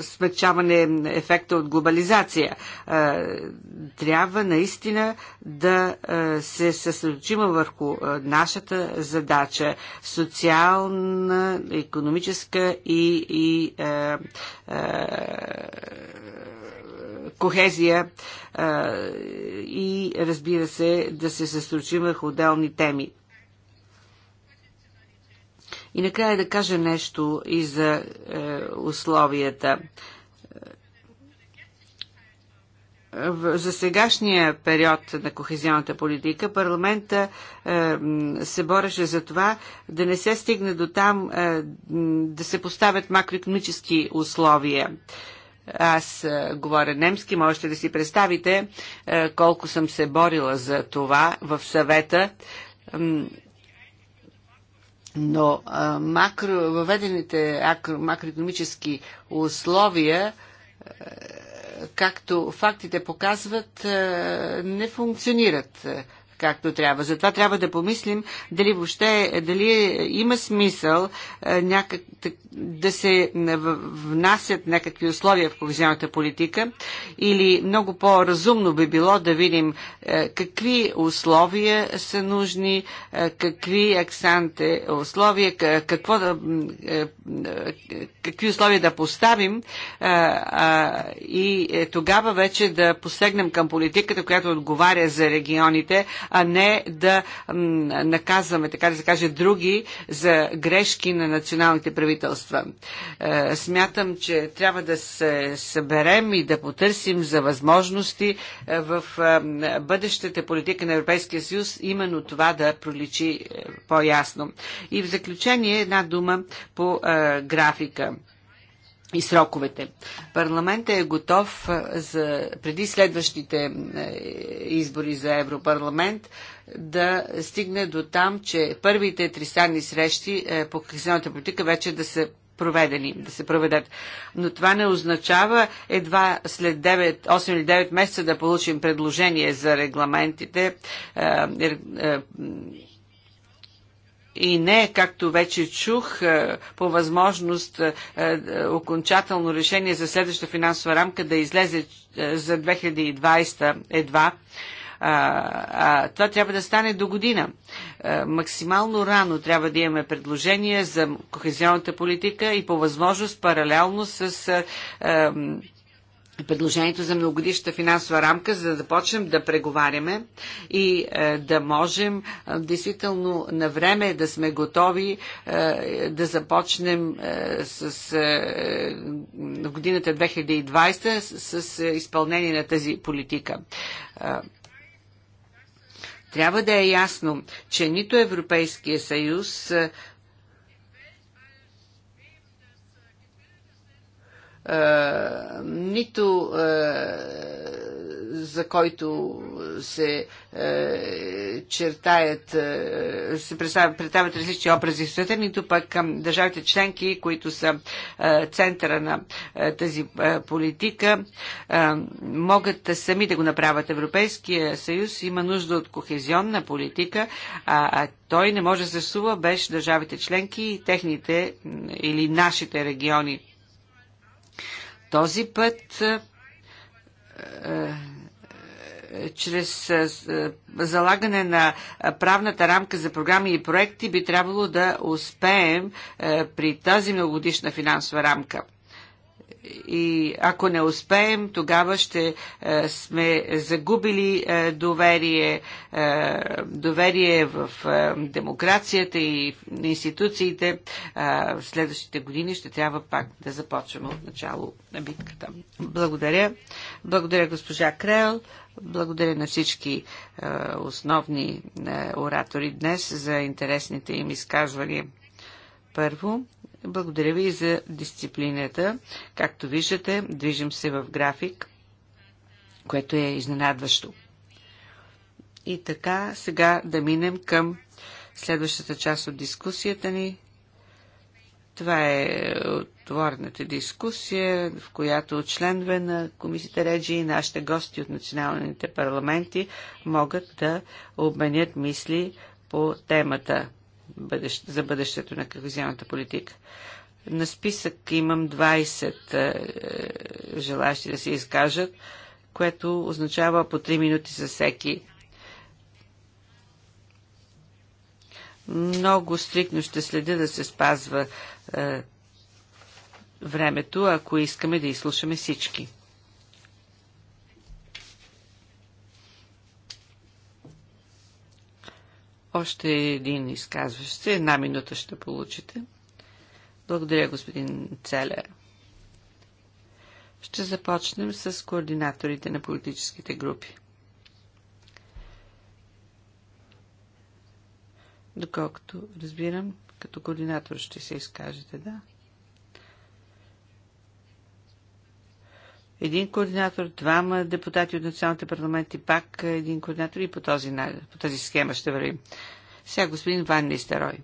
смечаване ефекта от глобализация. Трябва наистина да се съсредоточим върху нашата задача социална, економическа и, и кохезия и разбира се да се състрочим върху отделни теми. И накрая да кажа нещо и за е, условията за сегашния период на кохезионната политика парламента е, се бореше за това да не се стигне до там е, да се поставят макроекономически условия. Е, аз е, говоря немски, можете да си представите е, колко съм се борила за това в съвета. Но е, макро, въведените макроекономически условия, както фактите показват, не функционират както трябва. Затова трябва да помислим дали въобще дали има смисъл е, някак, да се внасят някакви условия в кохезионната политика или много по-разумно би било да видим е, какви условия са нужни, е, какви акценти условия, какво да, какви условия да поставим и тогава вече да посегнем към политиката, която отговаря за регионите, а не да наказваме, така да се каже, други за грешки на националните правителства. Е, смятам, че трябва да се съберем и да потърсим за възможности е, в е, бъдещата политика на Европейския съюз именно това да проличи по-ясно. И в заключение една дума по графика и сроковете. Парламентът е готов за, преди следващите е, избори за Европарламент да стигне до там, че първите тристранни срещи е, по кризисната политика вече да са проведени, да се проведат. Но това не означава едва след 9, 8 или 9 месеца да получим предложение за регламентите, е, е, и не, както вече чух, е, по възможност е, е, окончателно решение за следваща финансова рамка да излезе за 2020 едва. А, а, това трябва да стане до година. А, максимално рано трябва да имаме предложение за кохезионната политика и по възможност паралелно с а, а, предложението за многогодишната финансова рамка, за да започнем да преговаряме и е, да можем е, действително на време да сме готови е, да започнем с годината 2020 с изпълнение на тази политика. Трябва да е ясно, че нито Европейския съюз, Е, нито е, за който се е, чертаят, се представят, различни образи в света, нито пък към държавите членки, които са центъра на тази политика, могат сами да го направят. Европейския съюз има нужда от кохезионна политика, а, а той не може да съществува без държавите членки и техните или нашите региони този път е, е, е, чрез залагане на правната рамка за програми и проекти би трябвало да успеем при тази многогодишна финансова рамка и ако не успеем, тогава ще е, сме загубили е, доверие, е, доверие в е, демокрацията и в институциите. Е, в следващите години ще трябва пак да започваме от начало на битката. Благодаря. Благодаря госпожа Крел. Благодаря на всички е, основни оратори днес за интересните им изказвания. Първо, благодаря ви за дисциплината. Както виждате, движим се в график, което е изненадващо. И така, сега да минем към следващата част от дискусията ни. Това е отворената дискусия, в която членове на комисията Реджи и нашите гости от националните парламенти могат да обменят мисли по темата за бъдещето на кохезионната политика. На списък имам 20 е, е, желащи да се изкажат, което означава по 3 минути за всеки. Много стрикно ще следя да се спазва е, времето, ако искаме да изслушаме всички. Още един изказващ се. Една минута ще получите. Благодаря, господин Целер. Ще започнем с координаторите на политическите групи. Доколкото разбирам, като координатор ще се изкажете, да? един координатор, двама депутати от националните парламенти, пак един координатор и по, този, по тази схема ще вървим. Сега господин Ван Нистерой.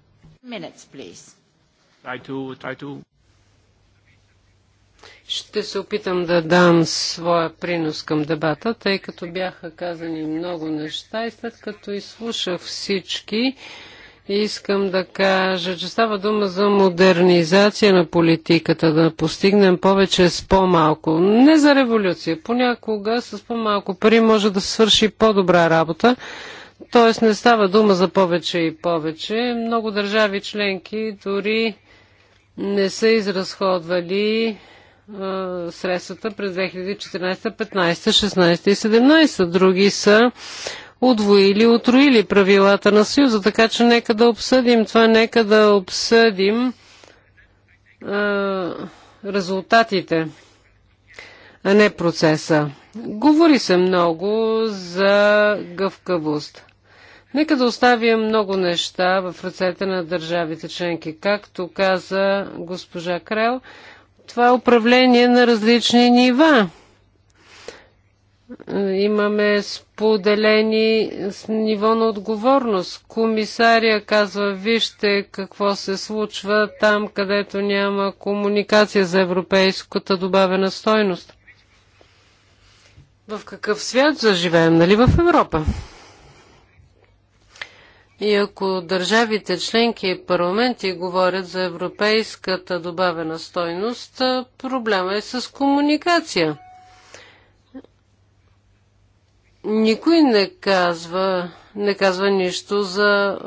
Ще се опитам да дам своя принос към дебата, тъй като бяха казани много неща и след като изслушах всички, Искам да кажа, че става дума за модернизация на политиката, да постигнем повече с по-малко. Не за революция. Понякога с по-малко пари може да свърши по-добра работа. Тоест не става дума за повече и повече. Много държави членки дори не са изразходвали е, средствата през 2014, 15, 16 и 17. Други са удвоили, отруили правилата на Съюза, така че нека да обсъдим това, нека да обсъдим а, резултатите, а не процеса. Говори се много за гъвкавост. Нека да оставим много неща в ръцете на държавите членки. Както каза госпожа Крел, това е управление на различни нива имаме споделени с ниво на отговорност. Комисария казва, вижте какво се случва там, където няма комуникация за европейската добавена стойност. В какъв свят заживеем, нали в Европа? И ако държавите членки и парламенти говорят за европейската добавена стойност, проблема е с комуникация. Никой не казва, не казва нищо за.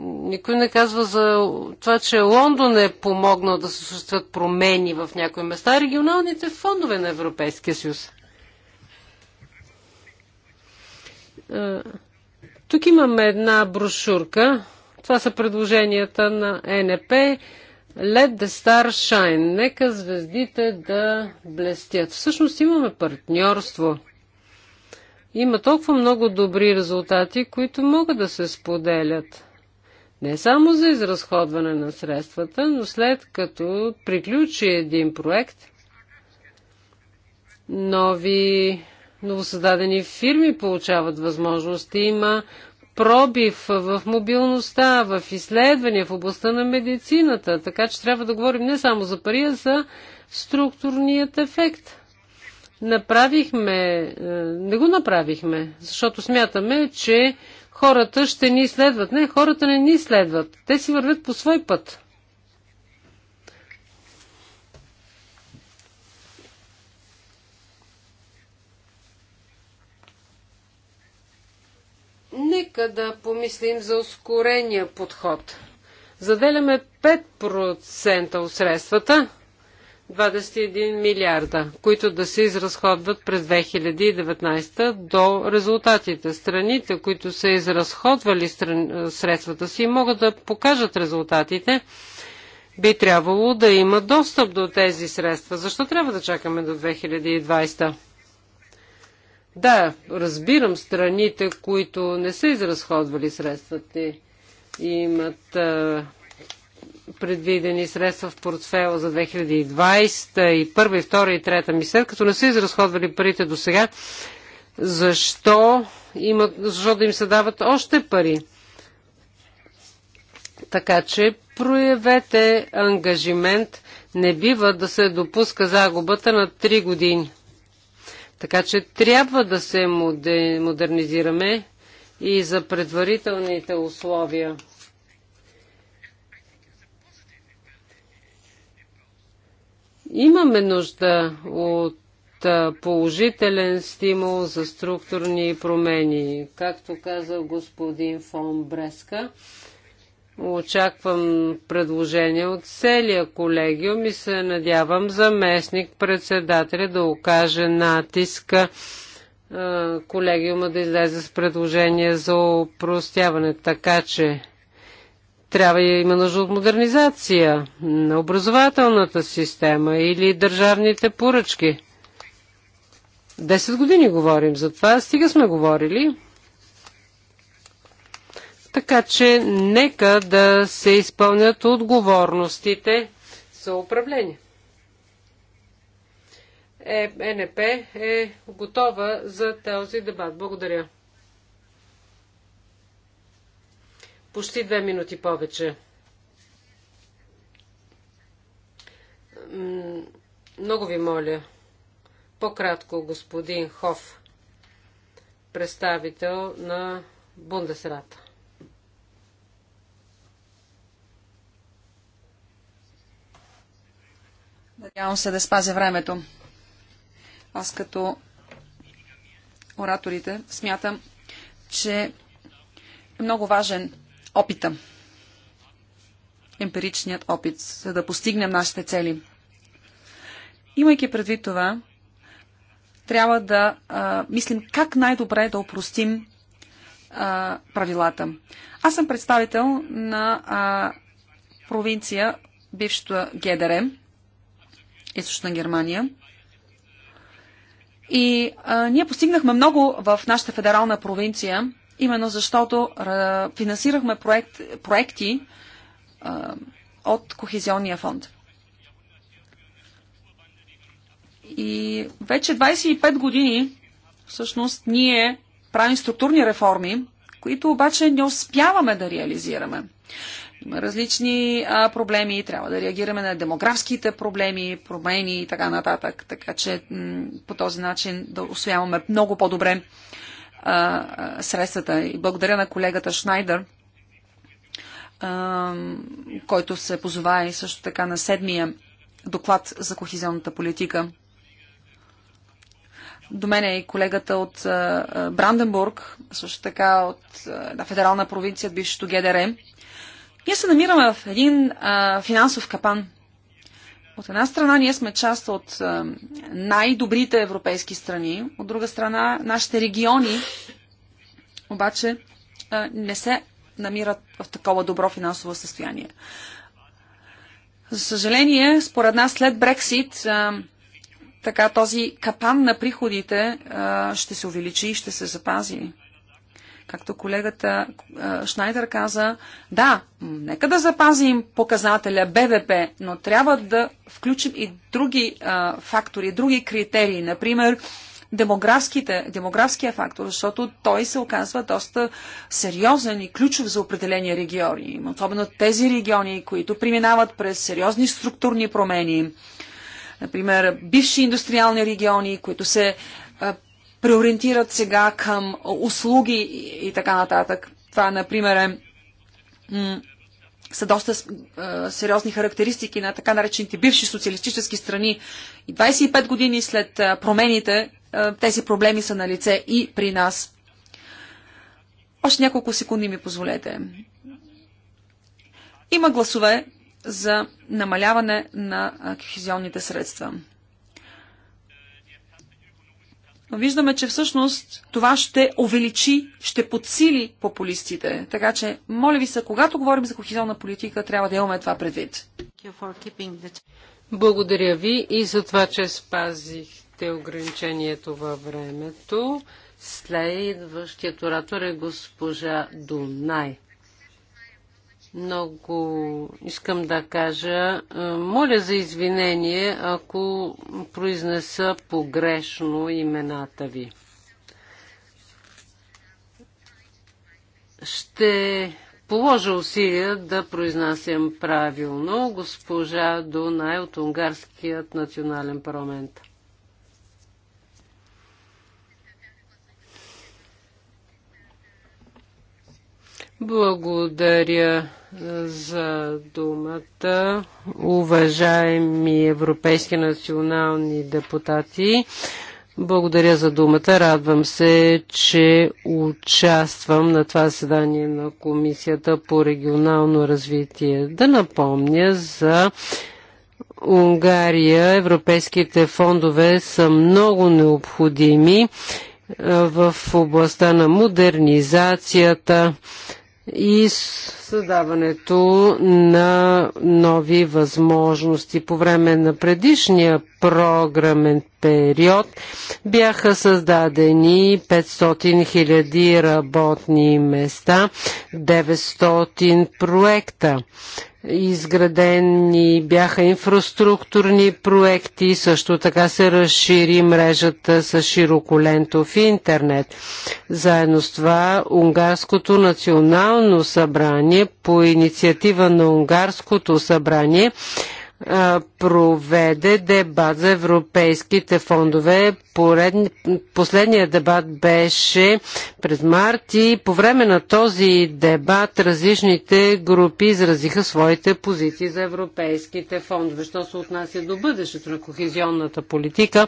Никой не казва за това, че Лондон е помогнал да се съществят промени в някои места, регионалните фондове на Европейския съюз. Тук имаме една брошурка. Това са предложенията на НП. Let the star shine. Нека звездите да блестят. Всъщност имаме партньорство – има толкова много добри резултати, които могат да се споделят. Не само за изразходване на средствата, но след като приключи един проект, нови новосъздадени фирми получават възможности. Има пробив в мобилността, в изследвания, в областта на медицината. Така че трябва да говорим не само за пари, а за структурният ефект направихме, е, не го направихме, защото смятаме, че хората ще ни следват. Не, хората не ни следват. Те си вървят по свой път. Нека да помислим за ускорения подход. Заделяме 5% от средствата. 21 милиарда, които да се изразходват през 2019 до резултатите. Страните, които са изразходвали средствата си, могат да покажат резултатите. Би трябвало да има достъп до тези средства. Защо трябва да чакаме до 2020? Да, разбирам страните, които не са изразходвали средствата, имат предвидени средства в портфела за 2020 и първа и втора и трета ми след като не са изразходвали парите до сега, защо, имат, защо да им се дават още пари? Така че проявете ангажимент. Не бива да се допуска загубата на 3 години. Така че трябва да се модернизираме и за предварителните условия. Имаме нужда от положителен стимул за структурни промени. Както каза господин Фон Бреска, очаквам предложение от целия колегиум и се надявам заместник председателя да окаже натиска колегиума да излезе с предложение за упростяване. Така че трябва и има нужда от модернизация на образователната система или държавните поръчки. Десет години говорим за това, стига сме говорили. Така че нека да се изпълнят отговорностите за управление. ЕНП е, е готова за този дебат. Благодаря. Почти две минути повече. Много ви моля. По-кратко, господин Хоф, представител на Бундесрата. Надявам се да спазя времето. Аз като ораторите смятам, че е много важен опита, емпиричният опит, за да постигнем нашите цели. Имайки предвид това, трябва да а, мислим как най-добре да упростим а, правилата. Аз съм представител на а, провинция, бившата ГДР, източна Германия. И а, ние постигнахме много в нашата федерална провинция именно защото финансирахме проект, проекти а, от Кохезионния фонд. И вече 25 години всъщност ние правим структурни реформи, които обаче не успяваме да реализираме. Има различни а, проблеми, трябва да реагираме на демографските проблеми, промени и така нататък, така че по този начин да успяваме много по-добре а, средствата. И благодаря на колегата Шнайдер, а, който се позова и също така на седмия доклад за кохизионната политика. До мен е и колегата от а, Бранденбург, също така от а, федерална провинция, бившето ГДР. Ние се намираме в един а, финансов капан – от една страна ние сме част от е, най-добрите европейски страни, от друга страна нашите региони обаче е, не се намират в такова добро финансово състояние. За съжаление, според нас след Брексит, е, така този капан на приходите ще се увеличи и ще се запази. Както колегата Шнайдер каза, да, нека да запазим показателя БВП, но трябва да включим и други фактори, други критерии, например демографския фактор, защото той се оказва доста сериозен и ключов за определени региони, особено тези региони, които преминават през сериозни структурни промени например, бивши индустриални региони, които се а, преориентират сега към услуги и така нататък. Това, например, е, са доста е, сериозни характеристики на така наречените бивши социалистически страни. И 25 години след е, промените е, тези проблеми са на лице и при нас. Още няколко секунди ми позволете. Има гласове за намаляване на е, кохезионните средства. Но виждаме, че всъщност това ще увеличи, ще подсили популистите. Така че, моля ви се, когато говорим за кохизионна политика, трябва да имаме това предвид. Благодаря ви и за това, че спазихте ограничението във времето. Следващият оратор е госпожа Дунай. Много искам да кажа. Е, моля за извинение, ако произнеса погрешно имената ви. Ще положа усилия да произнасям правилно госпожа Дунай от Унгарският национален парламент. Благодаря е, за думата, уважаеми европейски национални депутати. Благодаря за думата. Радвам се, че участвам на това заседание на Комисията по регионално развитие. Да напомня за Унгария. Европейските фондове са много необходими е, в областта на модернизацията, и създаването на нови възможности. По време на предишния програмен период бяха създадени 500 000 работни места, 900 проекта. Изградени бяха инфраструктурни проекти, също така се разшири мрежата с широколентов интернет. Заедно с това Унгарското национално събрание събрание по инициатива на Унгарското събрание проведе дебат за европейските фондове. Поред... Последният дебат беше през март и по време на този дебат различните групи изразиха своите позиции за европейските фондове. Що се отнася до бъдещето на кохезионната политика,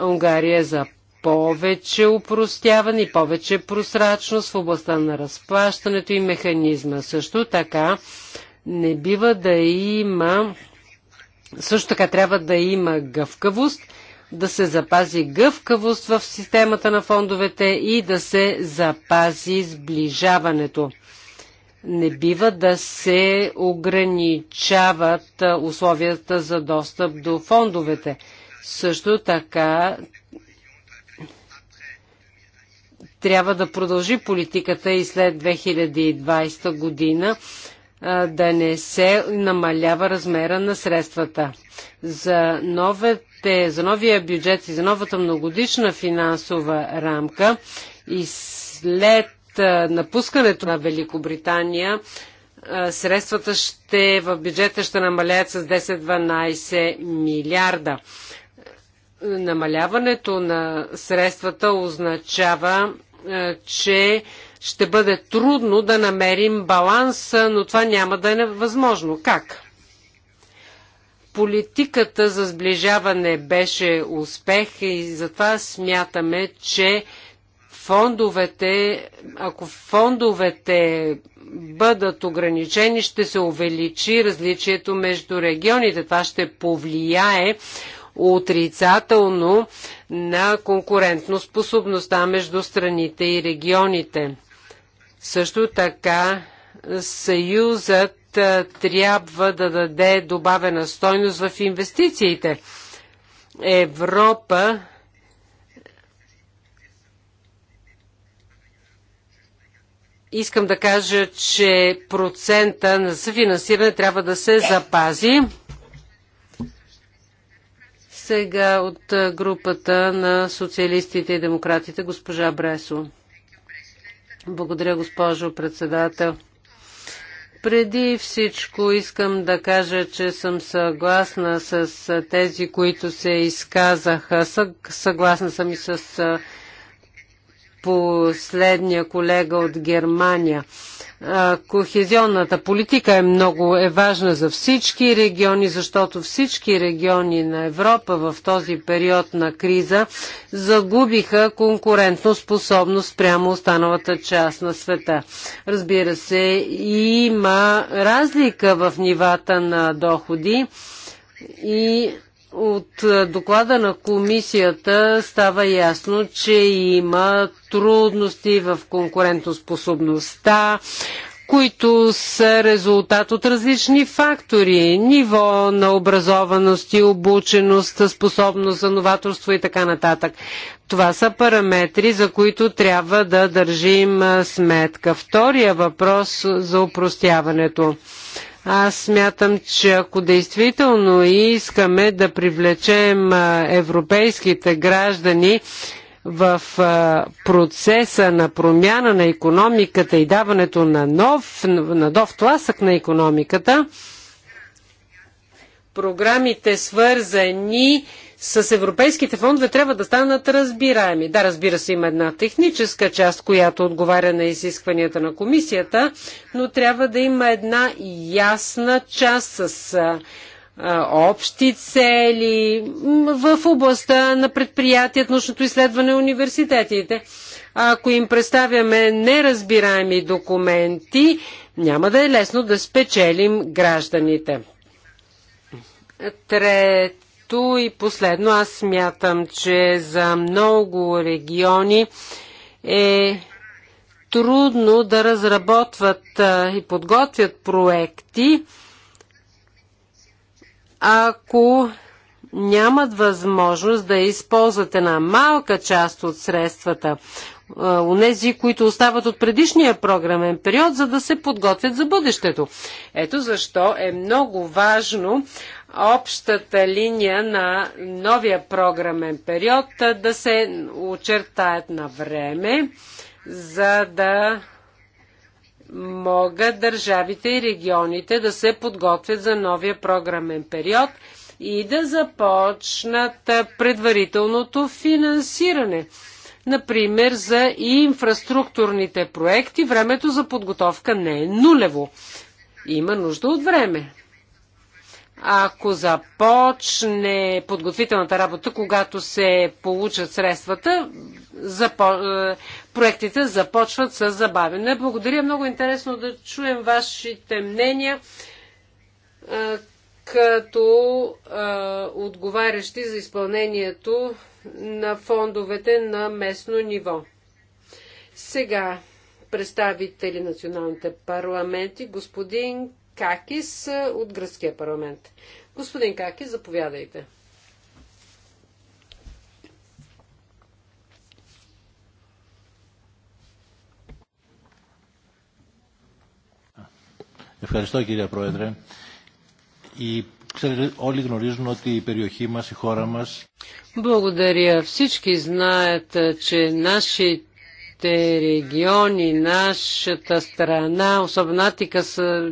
Унгария е за повече упростяване и повече прозрачност в областта на разплащането и механизма. Също така не бива да има също така трябва да има гъвкавост, да се запази гъвкавост в системата на фондовете и да се запази сближаването. Не бива да се ограничават условията за достъп до фондовете. Също така трябва да продължи политиката и след 2020 година да не се намалява размера на средствата. За, новете, за новия бюджет и за новата многодишна финансова рамка и след напускането на Великобритания средствата ще, в бюджета ще намалят с 10-12 милиарда. Намаляването на средствата означава е, че ще бъде трудно да намерим баланса, но това няма да е невъзможно. Как? Политиката за сближаване беше успех и затова смятаме, че фондовете, ако фондовете бъдат ограничени, ще се увеличи различието между регионите. Това ще повлияе отрицателно на конкурентноспособността между страните и регионите. Също така Съюзът трябва да даде добавена стойност в инвестициите. Европа Искам да кажа, че процента на съфинансиране трябва да се запази. Сега от групата на социалистите и демократите, госпожа Бресо. Благодаря, госпожо председател. Преди всичко искам да кажа, че съм съгласна с тези, които се изказаха. Съгласна съм и с последния колега от Германия. Кохезионната политика е много е важна за всички региони, защото всички региони на Европа в този период на криза загубиха конкурентно способност прямо останалата част на света. Разбира се, има разлика в нивата на доходи и от е, доклада на комисията става ясно, че има трудности в конкурентоспособността, които са резултат от различни фактори. Ниво на образованост и обученост, способност за новаторство и така нататък. Това са параметри, за които трябва да държим е, сметка. Втория въпрос за упростяването. Аз смятам, че ако действително искаме да привлечем европейските граждани в процеса на промяна на економиката и даването на нов, на нов тласък на економиката, програмите свързани с европейските фондове трябва да станат разбираеми. Да, разбира се, има една техническа част, която отговаря на изискванията на комисията, но трябва да има една ясна част с а, общи цели в областта на предприятият, научното изследване, на университетите. Ако им представяме неразбираеми документи, няма да е лесно да спечелим гражданите. Трет Трето и последно, аз смятам, че за много региони е трудно да разработват и подготвят проекти, ако нямат възможност да използват една малка част от средствата, нези, които остават от предишния програмен период, за да се подготвят за бъдещето. Ето защо е много важно общата линия на новия програмен период да се очертаят на време, за да могат държавите и регионите да се подготвят за новия програмен период и да започнат предварителното финансиране. Например, за инфраструктурните проекти времето за подготовка не е нулево. Има нужда от време. Ако започне подготвителната работа, когато се получат средствата, запо... Е, проектите започват с забавене. Благодаря, много интересно да чуем вашите мнения е, като а, е, отговарящи за изпълнението на фондовете на местно ниво. Сега представители националните парламенти, господин Какис е, от гръцкия парламент. Господин Какис, заповядайте. Ευχαριστώ κύριε Πρόεδρε. Η Ξέρετε, όλοι γνωρίζουν ότι η περιοχή μας, η χώρα μας... Благодаря. Всички знаят, че нашите нашите региони, нашата страна, особено Атика,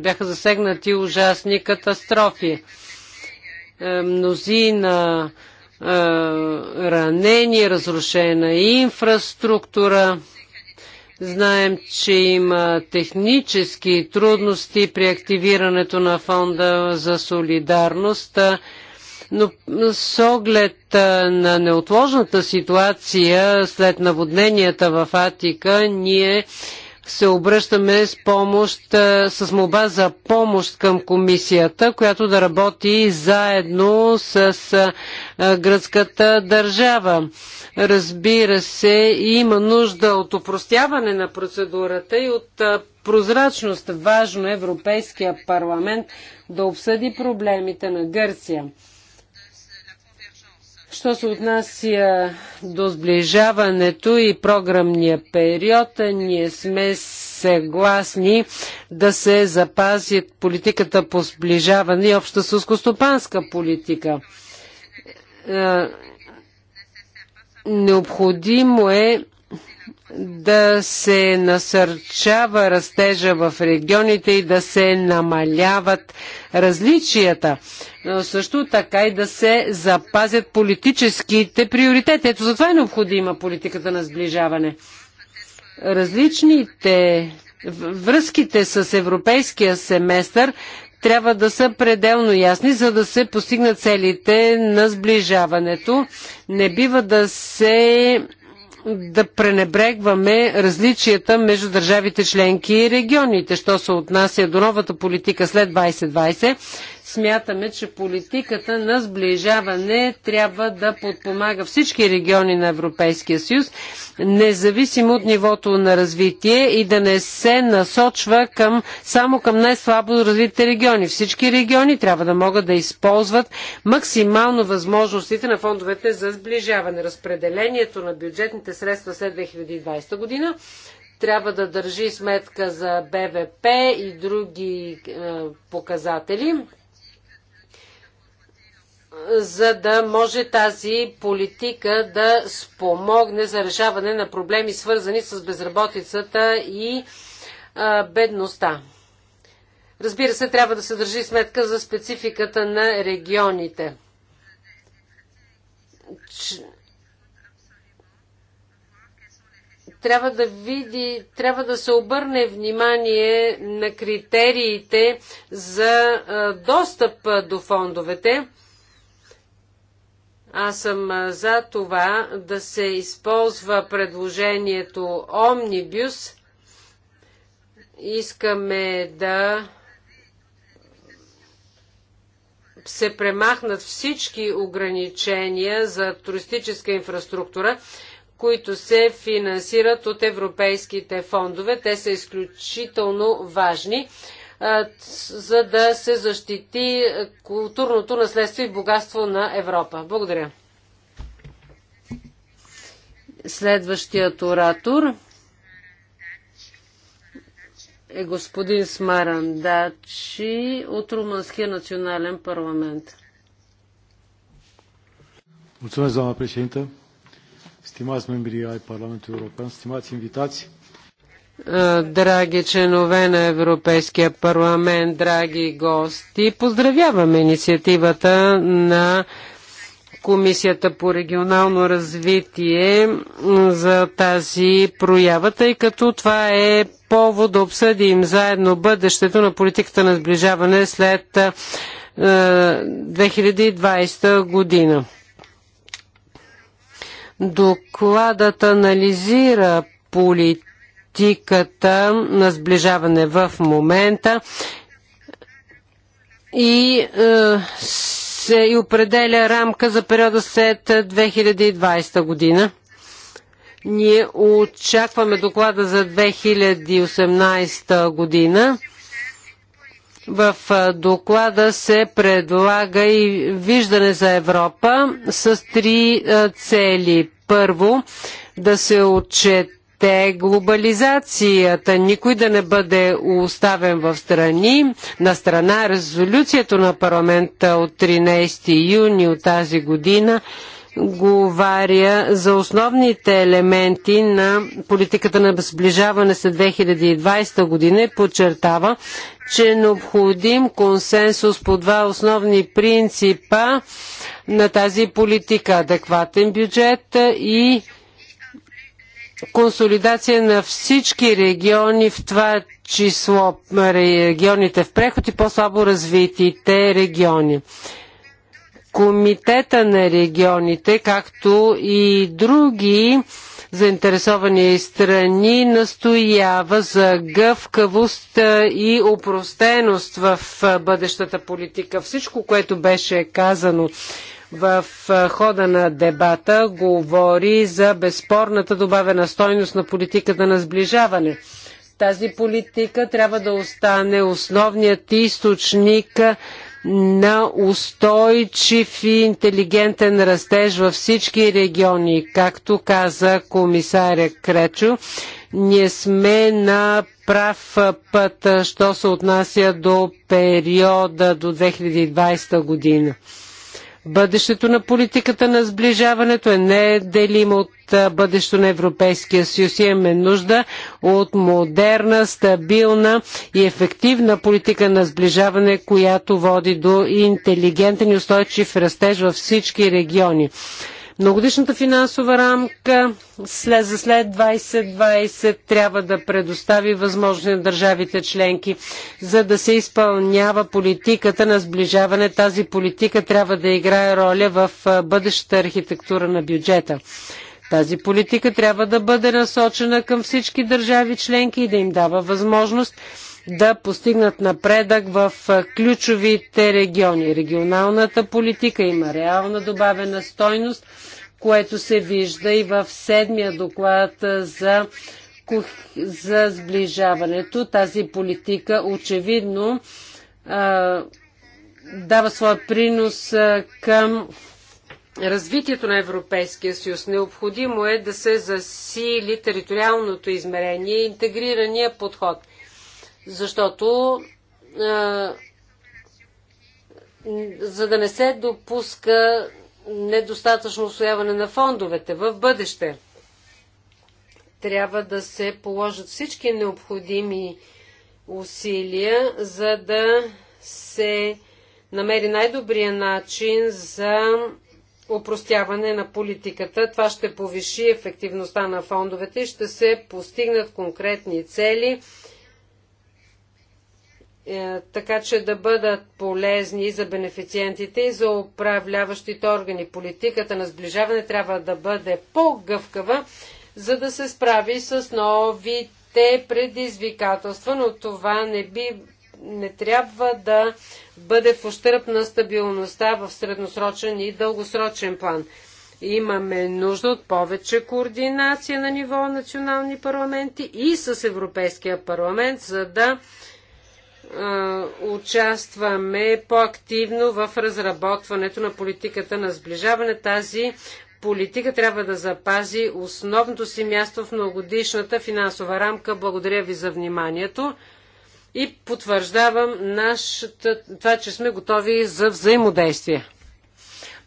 бяха засегнати ужасни катастрофи. Е, мнозина е, ранени, разрушена инфраструктура. Знаем, че има технически трудности при активирането на фонда за солидарност но с оглед на неотложната ситуация след наводненията в Атика, ние се обръщаме с помощ, с молба за помощ към комисията, която да работи заедно с гръцката държава. Разбира се, има нужда от упростяване на процедурата и от прозрачност. Важно е Европейския парламент да обсъди проблемите на Гърция. Що се отнася до сближаването и програмния период, ние сме съгласни да се запази политиката по сближаване и обща сълскостопанска политика. Е, необходимо е да се насърчава растежа в регионите и да се намаляват различията, но също така и да се запазят политическите приоритети. Ето затова е необходима политиката на сближаване. Различните връзките с европейския семестър трябва да са пределно ясни, за да се постигнат целите на сближаването. Не бива да се да пренебрегваме различията между държавите членки и регионите, що се отнася до новата политика след 2020 Смятаме, че политиката на сближаване трябва да подпомага всички региони на Европейския съюз, независимо от нивото на развитие и да не се насочва към, само към най-слабо развитите региони. Всички региони трябва да могат да използват максимално възможностите на фондовете за сближаване. Разпределението на бюджетните средства след 2020 година трябва да държи сметка за БВП и други е, показатели за да може тази политика да спомогне за решаване на проблеми, свързани с безработицата и а, бедността. Разбира се, трябва да се държи сметка за спецификата на регионите. Ч... Трябва да види, трябва да се обърне внимание на критериите за достъп до фондовете аз съм за това да се използва предложението Омнибюс. Искаме да се премахнат всички ограничения за туристическа инфраструктура, които се финансират от европейските фондове. Те са изключително важни за да се защити културното наследство и богатство на Европа. Благодаря. Следващият оратор е господин Смаран Дачи от Румънския национален парламент. Mulțumesc, doamna președintă, stimați membrii ai Parlamentului European, stimați invitați. Е, драги членове на Европейския парламент, драги гости. Поздравяваме инициативата на Комисията по регионално развитие за тази проява, тъй като това е повод да обсъдим заедно бъдещето на политиката на сближаване след 2020 е, година. Докладът анализира политиката политиката на сближаване в момента и е, се и определя рамка за периода след 2020 е, година. Ние очакваме доклада за 2018 година. В е, доклада се предлага и виждане за Европа с три цели. Първо, да се отчете е глобализацията, никой да не бъде оставен в страни. На страна резолюцията на парламента от 13 юни от тази година говоря за основните елементи на политиката на сближаване след 2020 година и подчертава, че е необходим консенсус по два основни принципа на тази политика – адекватен бюджет и консолидация на всички региони, в това число регионите в преход и по-слабо развитите региони. Комитета на регионите, както и други заинтересовани страни, настоява за гъвкавост и упростеност в бъдещата политика. Всичко, което беше казано в хода на дебата говори за безспорната добавена стойност на политиката на сближаване. Тази политика трябва да остане основният източник на устойчив и интелигентен растеж във всички региони. Както каза комисаря Кречо, ние сме на прав път, що се отнася до периода до 2020 година. Бъдещето на политиката на сближаването е неделимо от бъдещето на Европейския съюз. Имаме нужда от модерна, стабилна и ефективна политика на сближаване, която води до интелигентен и устойчив растеж във всички региони. Многодишната финансова рамка след, за след 2020 трябва да предостави възможност на държавите членки, за да се изпълнява политиката на сближаване. Тази политика трябва да играе роля в бъдещата архитектура на бюджета. Тази политика трябва да бъде насочена към всички държави членки и да им дава възможност да постигнат напредък в ключовите региони. Регионалната политика има реална добавена стойност, което се вижда и в седмия доклад за, за сближаването. Тази политика очевидно а, дава своя принос а, към развитието на Европейския съюз. Необходимо е да се засили териториалното измерение и интегрирания подход – защото за да не се допуска недостатъчно освояване на фондовете в бъдеще. Трябва да се положат всички необходими усилия, за да се намери най-добрия начин за упростяване на политиката. Това ще повиши ефективността на фондовете и ще се постигнат конкретни цели е, така че да бъдат полезни за бенефициентите и за управляващите органи. Политиката на сближаване трябва да бъде по-гъвкава, за да се справи с новите предизвикателства, но това не би не трябва да бъде в ущърп на стабилността в средносрочен и дългосрочен план. Имаме нужда от повече координация на ниво национални парламенти и с Европейския парламент, за да участваме по-активно в разработването на политиката на сближаване. Тази политика трябва да запази основното си място в многогодишната финансова рамка. Благодаря ви за вниманието и потвърждавам нашата, това, че сме готови за взаимодействие.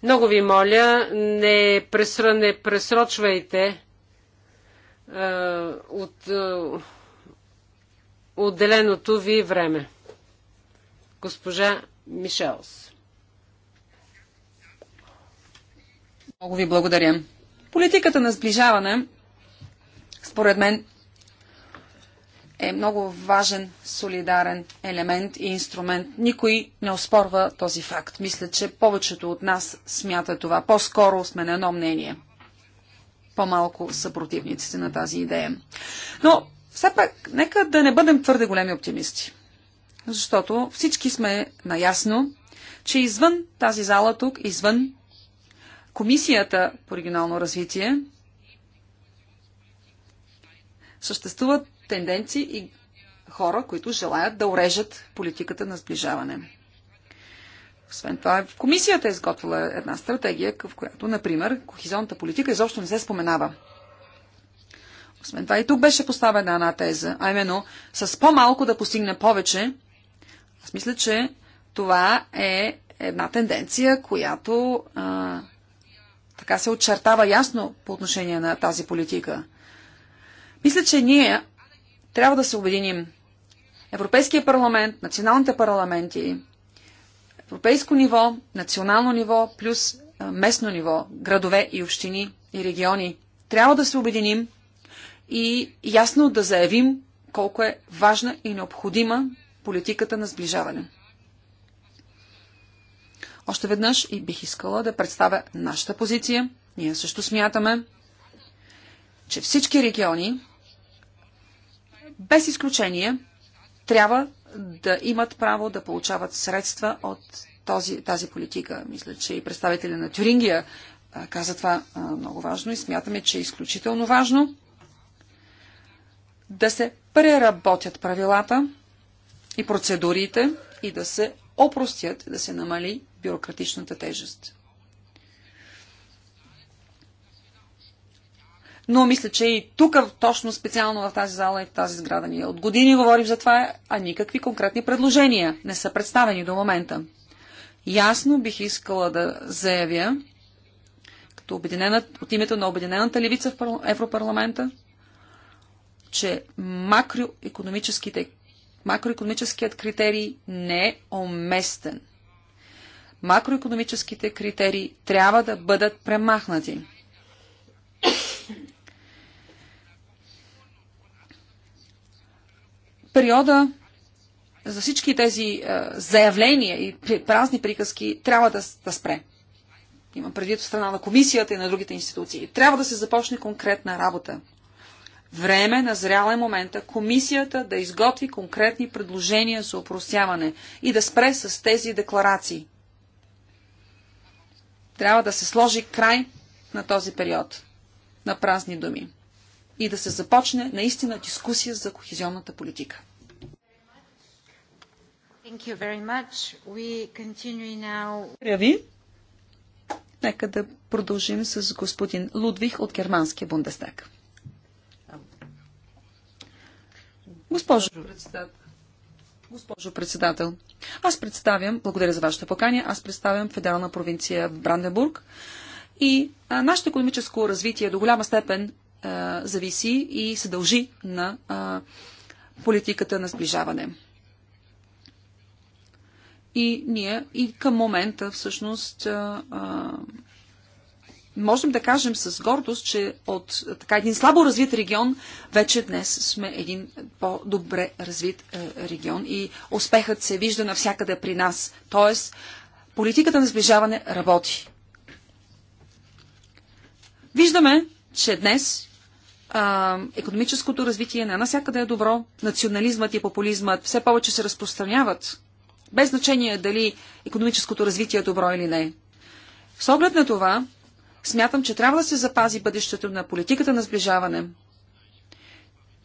Много ви моля, не, преср... не пресрочвайте е, от. Е, отделеното ви време. Госпожа Мишелс. Много ви благодаря. Политиката на сближаване, според мен, е много важен солидарен елемент и инструмент. Никой не оспорва този факт. Мисля, че повечето от нас смята това. По-скоро сме на едно мнение. По-малко са противниците на тази идея. Но все пак, нека да не бъдем твърде големи оптимисти. Защото всички сме наясно, че извън тази зала тук, извън Комисията по регионално развитие, съществуват тенденции и хора, които желаят да урежат политиката на сближаване. Освен това, комисията е изготвила една стратегия, в която, например, кохизионната политика изобщо не се споменава. Освен това и тук беше поставена една теза, а именно с по-малко да постигне повече. Аз мисля, че това е една тенденция, която а, така се очертава ясно по отношение на тази политика. Мисля, че ние трябва да се обединим. Европейския парламент, националните парламенти, европейско ниво, национално ниво, плюс местно ниво, градове и общини и региони. Трябва да се обединим и ясно да заявим колко е важна и необходима политиката на сближаване. Още веднъж и бих искала да представя нашата позиция. Ние също смятаме, че всички региони, без изключение, трябва да имат право да получават средства от този, тази политика. Мисля, че и представителя на Тюрингия каза това много важно и смятаме, че е изключително важно да се преработят правилата и процедурите и да се опростят, да се намали бюрократичната тежест. Но мисля, че и тук, точно специално в тази зала и в тази сграда, ние от години говорим за това, а никакви конкретни предложения не са представени до момента. Ясно бих искала да заявя, като от името на Обединената левица в Европарламента, че макроекономическите, макроекономическият критерий не е уместен. Макроекономическите критерии трябва да бъдат премахнати. Периода за всички тези е, заявления и празни приказки трябва да, да спре. Имам предвид от страна на комисията и на другите институции. Трябва да се започне конкретна работа време, зрял е момента комисията да изготви конкретни предложения за опростяване и да спре с тези декларации. Трябва да се сложи край на този период на празни думи и да се започне наистина дискусия за кохезионната политика. Нека да продължим с господин Лудвих от Германския Бундестаг. Госпожо председател. Госпожо председател, аз представям, благодаря за вашето поканя, аз представям федерална провинция Бранденбург и а, нашето економическо развитие до голяма степен а, зависи и се дължи на а, политиката на сближаване. И ние и към момента всъщност а, а, можем да кажем с гордост, че от така един слабо развит регион, вече днес сме един по-добре развит е, регион и успехът се вижда навсякъде при нас. Тоест, политиката на сближаване работи. Виждаме, че днес а, економическото развитие на е насякъде е добро, национализмът и популизмът все повече се разпространяват, без значение дали економическото развитие е добро или не. С оглед на това, Смятам, че трябва да се запази бъдещето на политиката на сближаване.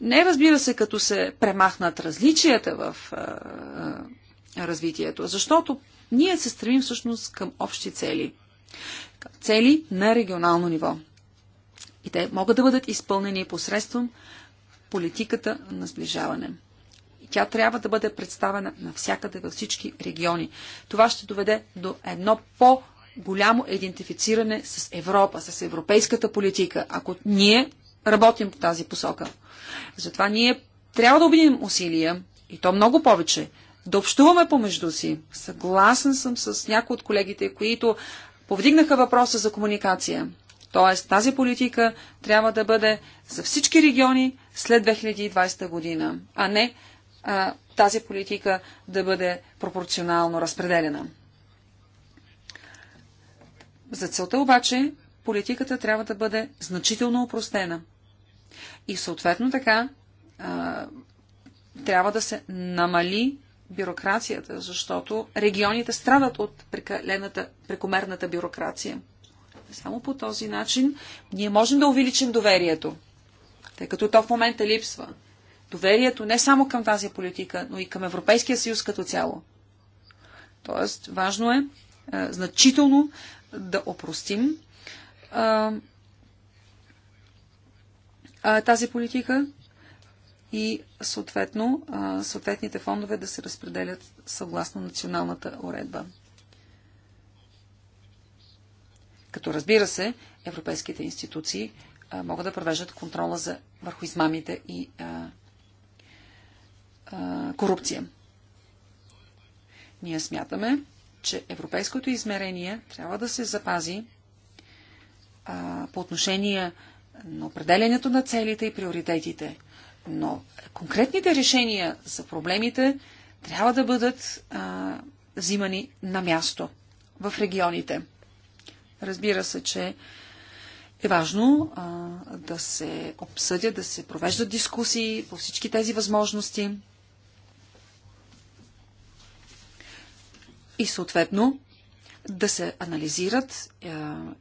Не разбира се, като се премахнат различията в а, а, развитието, защото ние се стремим всъщност към общи цели. Към цели на регионално ниво. И те могат да бъдат изпълнени посредством политиката на сближаване. И тя трябва да бъде представена навсякъде във всички региони. Това ще доведе до едно по- голямо идентифициране с Европа, с европейската политика, ако ние работим в тази посока. Затова ние трябва да обединим усилия, и то много повече, да общуваме помежду си. Съгласен съм с някои от колегите, които повдигнаха въпроса за комуникация. Тоест тази политика трябва да бъде за всички региони след 2020 година, а не а, тази политика да бъде пропорционално разпределена. За целта обаче политиката трябва да бъде значително упростена. И съответно така а, трябва да се намали бюрокрацията, защото регионите страдат от прекомерната бюрокрация. Само по този начин ние можем да увеличим доверието, тъй като то в момента липсва. Доверието не само към тази политика, но и към Европейския съюз като цяло. Тоест, важно е, е значително да опростим а, а, тази политика и съответно а, съответните фондове да се разпределят съгласно националната уредба. Като разбира се, европейските институции а, могат да провеждат контрола за, върху измамите и а, а, корупция. Ние смятаме, че европейското измерение трябва да се запази а, по отношение на определенето на целите и приоритетите. Но конкретните решения за проблемите трябва да бъдат а, взимани на място в регионите. Разбира се, че е важно а, да се обсъдят, да се провеждат дискусии по всички тези възможности и съответно да се анализират е,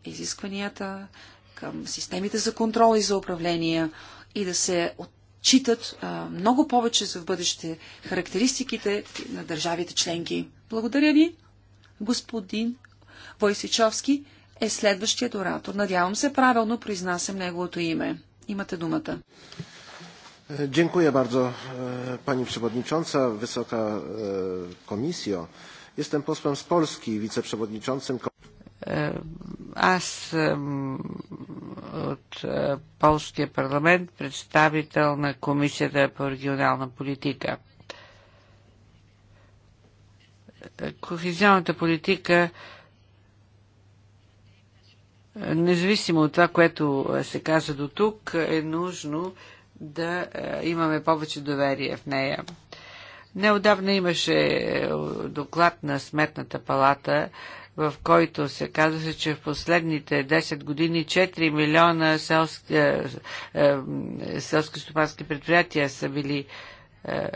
изискванията към системите за контрол и за управление и да се отчитат е, много повече за в бъдеще характеристиките на държавите членки. Благодаря ви, господин Войсичовски е следващият оратор. Надявам се правилно произнасям неговото име. Имате думата. Dziękuję bardzo Pani Przewodnicząca, Wysoka Komisjo. Jestem posłem z Polski i wiceprzewodniczącym e, аз съм от e, Полския парламент представител на Комисията по регионална политика. Е, Кохезионната политика, е, независимо от това, което е, се каза до тук, е нужно да имаме повече доверие в нея. Неодавна имаше е, доклад на Сметната палата, в който се казваше, че в последните 10 години 4 милиона селски, е, е, селски стопански предприятия са били е,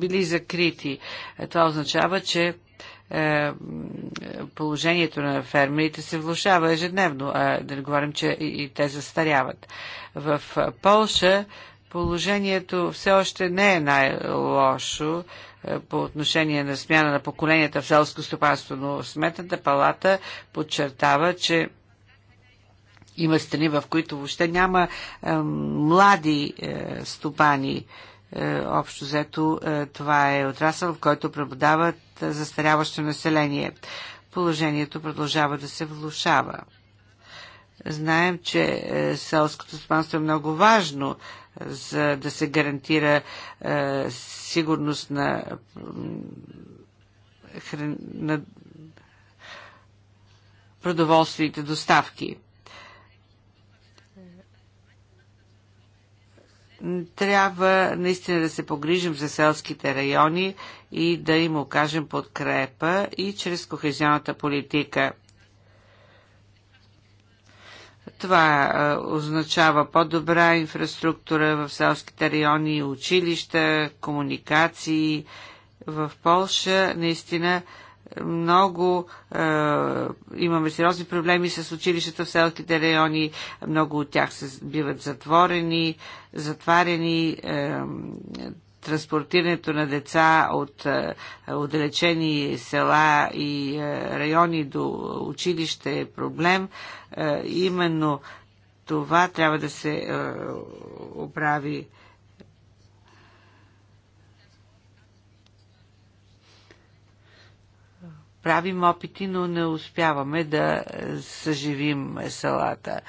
били закрити. Е, това означава, че е, положението на фермерите се влушава ежедневно, а да не говорим, че и те застаряват. В Полша Положението все още не е най-лошо е, по отношение на смяна на поколенията в селско стопанство, но Сметната палата подчертава, че има страни, в които въобще няма е, млади е, стопани. Е, общо взето е, това е отрасъл, в който преподават е, застаряващо население. Положението продължава да се влушава. Знаем, че е, селското стопанство е много важно е, за да се гарантира е, сигурност на, на продоволствените доставки. трябва наистина да се погрижим за селските райони и да им окажем подкрепа и чрез кохезионната политика. Това означава по-добра инфраструктура в селските райони, училища, комуникации. В Полша наистина много е, имаме сериозни проблеми с училищата в селските райони. Много от тях се биват затворени, затварени. Е, транспортирането на деца от е, отдалечени села и е, райони до училище е проблем. Е, именно това трябва да се оправи. Правим опити, но не успяваме да съживим селата.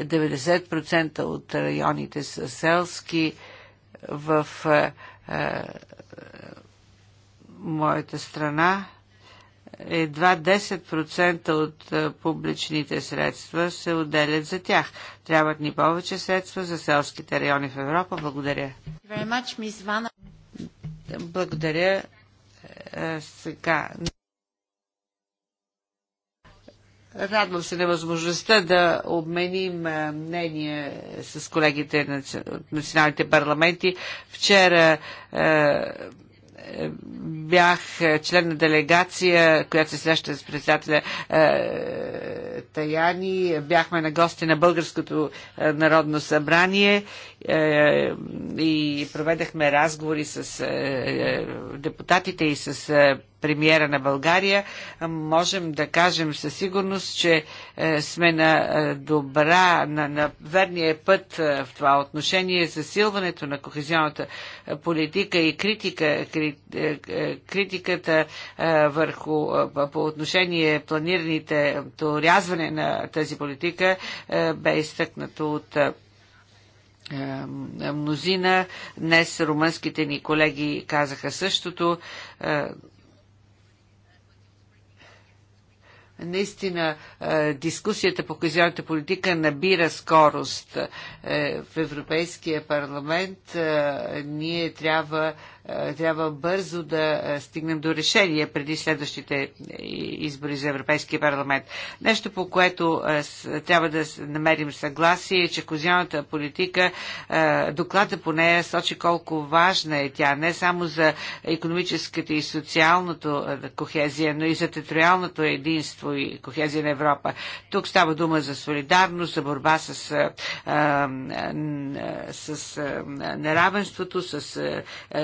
90% от районите са селски в е, е, моята страна едва 10% от е, публичните средства се отделят за тях. Трябват ни повече средства за селските райони в Европа. Благодаря. Благодаря. Е, сега. Радвам се на възможността да обменим мнение с колегите от националните парламенти. Вчера е, бях член на делегация, която се среща с председателя Таяни. Бяхме на гости на Българското народно събрание е, и проведахме разговори с е, депутатите и с премиера на България, можем да кажем със сигурност, че е, сме на е, добра, на, на верния път е, в това отношение. Засилването на кохезионната политика и критика, критиката върху по отношение планираните то рязване на тази политика бе изтъкнато от мнозина. Днес румънските ни колеги казаха същото. Наистина е, дискусията по казионната политика набира скорост е, в Европейския парламент. Е, ние трябва е, трябва бързо да е, стигнем до решение преди следващите е, избори за Европейския парламент. Нещо, по което трябва да намерим съгласие, е, че козионната политика, доклада по нея сочи колко важна е тя, не само за економическата и социалното кохезия, но и за териториалното единство и кохезия на Европа. Тук става дума за солидарност, за борба с, с неравенството, с,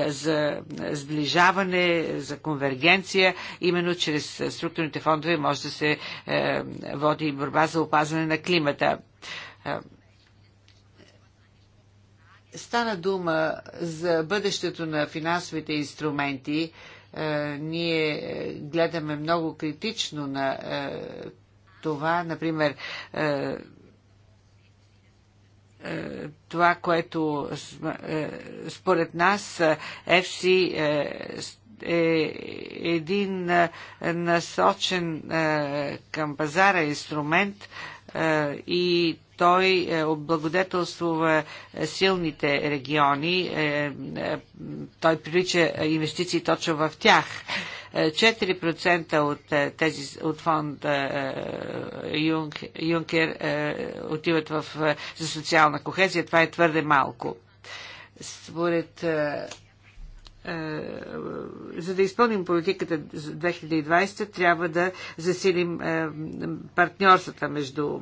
за за сближаване, за конвергенция. Именно чрез структурните фондове може да се е, води и борба за опазване на климата. Е, стана дума за бъдещето на финансовите инструменти. Е, ние гледаме много критично на това. Например, е, това, което е, според нас FC е, е един насочен към пазара инструмент и той е, облагодетелствува е, силните региони, е, той прилича инвестиции точно в тях. 4% от, тези, от фонд Юнк, Юнкер отиват в, за социална кохезия. Това е твърде малко. Според е, за да изпълним политиката за 2020, трябва да засилим е, партньорствата между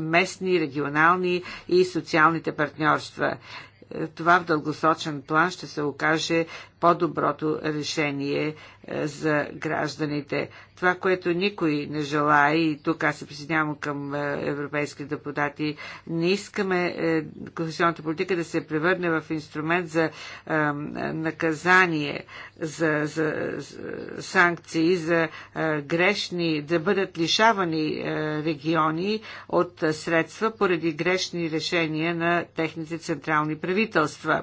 местни, регионални и социалните партньорства. Е, това в дългосрочен план ще се окаже по-доброто решение е, за гражданите. Това, което никой не желая, и тук аз се присъединявам към е, европейски депутати, не искаме е, конституционната политика да се превърне в инструмент за наказание, за, за, за санкции, за грешни, да бъдат лишавани региони от средства поради грешни решения на техните централни правителства.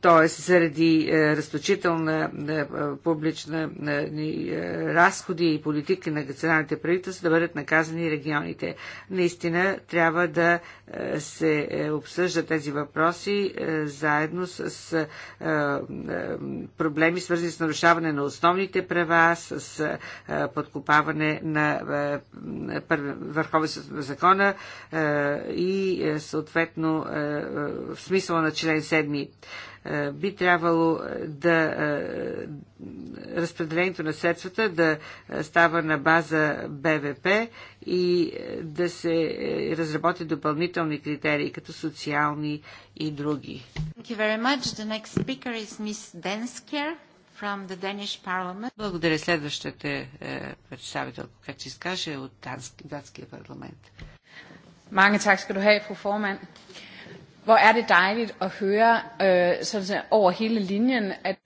т.е. заради е, разточителна е, публична е, разходи и политики на националните правителства да бъдат наказани регионите. Наистина трябва да се обсъждат тези въпроси заедно с проблеми свързани с нарушаване на основните права, с подкопаване на върховенството на закона и съответно в смисъла на член 7 е, би трябвало е, да е, разпределението на средствата да става на база БВП и да се разработят допълнителни критерии, като социални и други. Благодаря. Следващата е, представител, както се изкаже, от датския парламент. Mange tak skal du have, fru formand hvor er det dejligt at høre øh, sådan over hele linjen, at...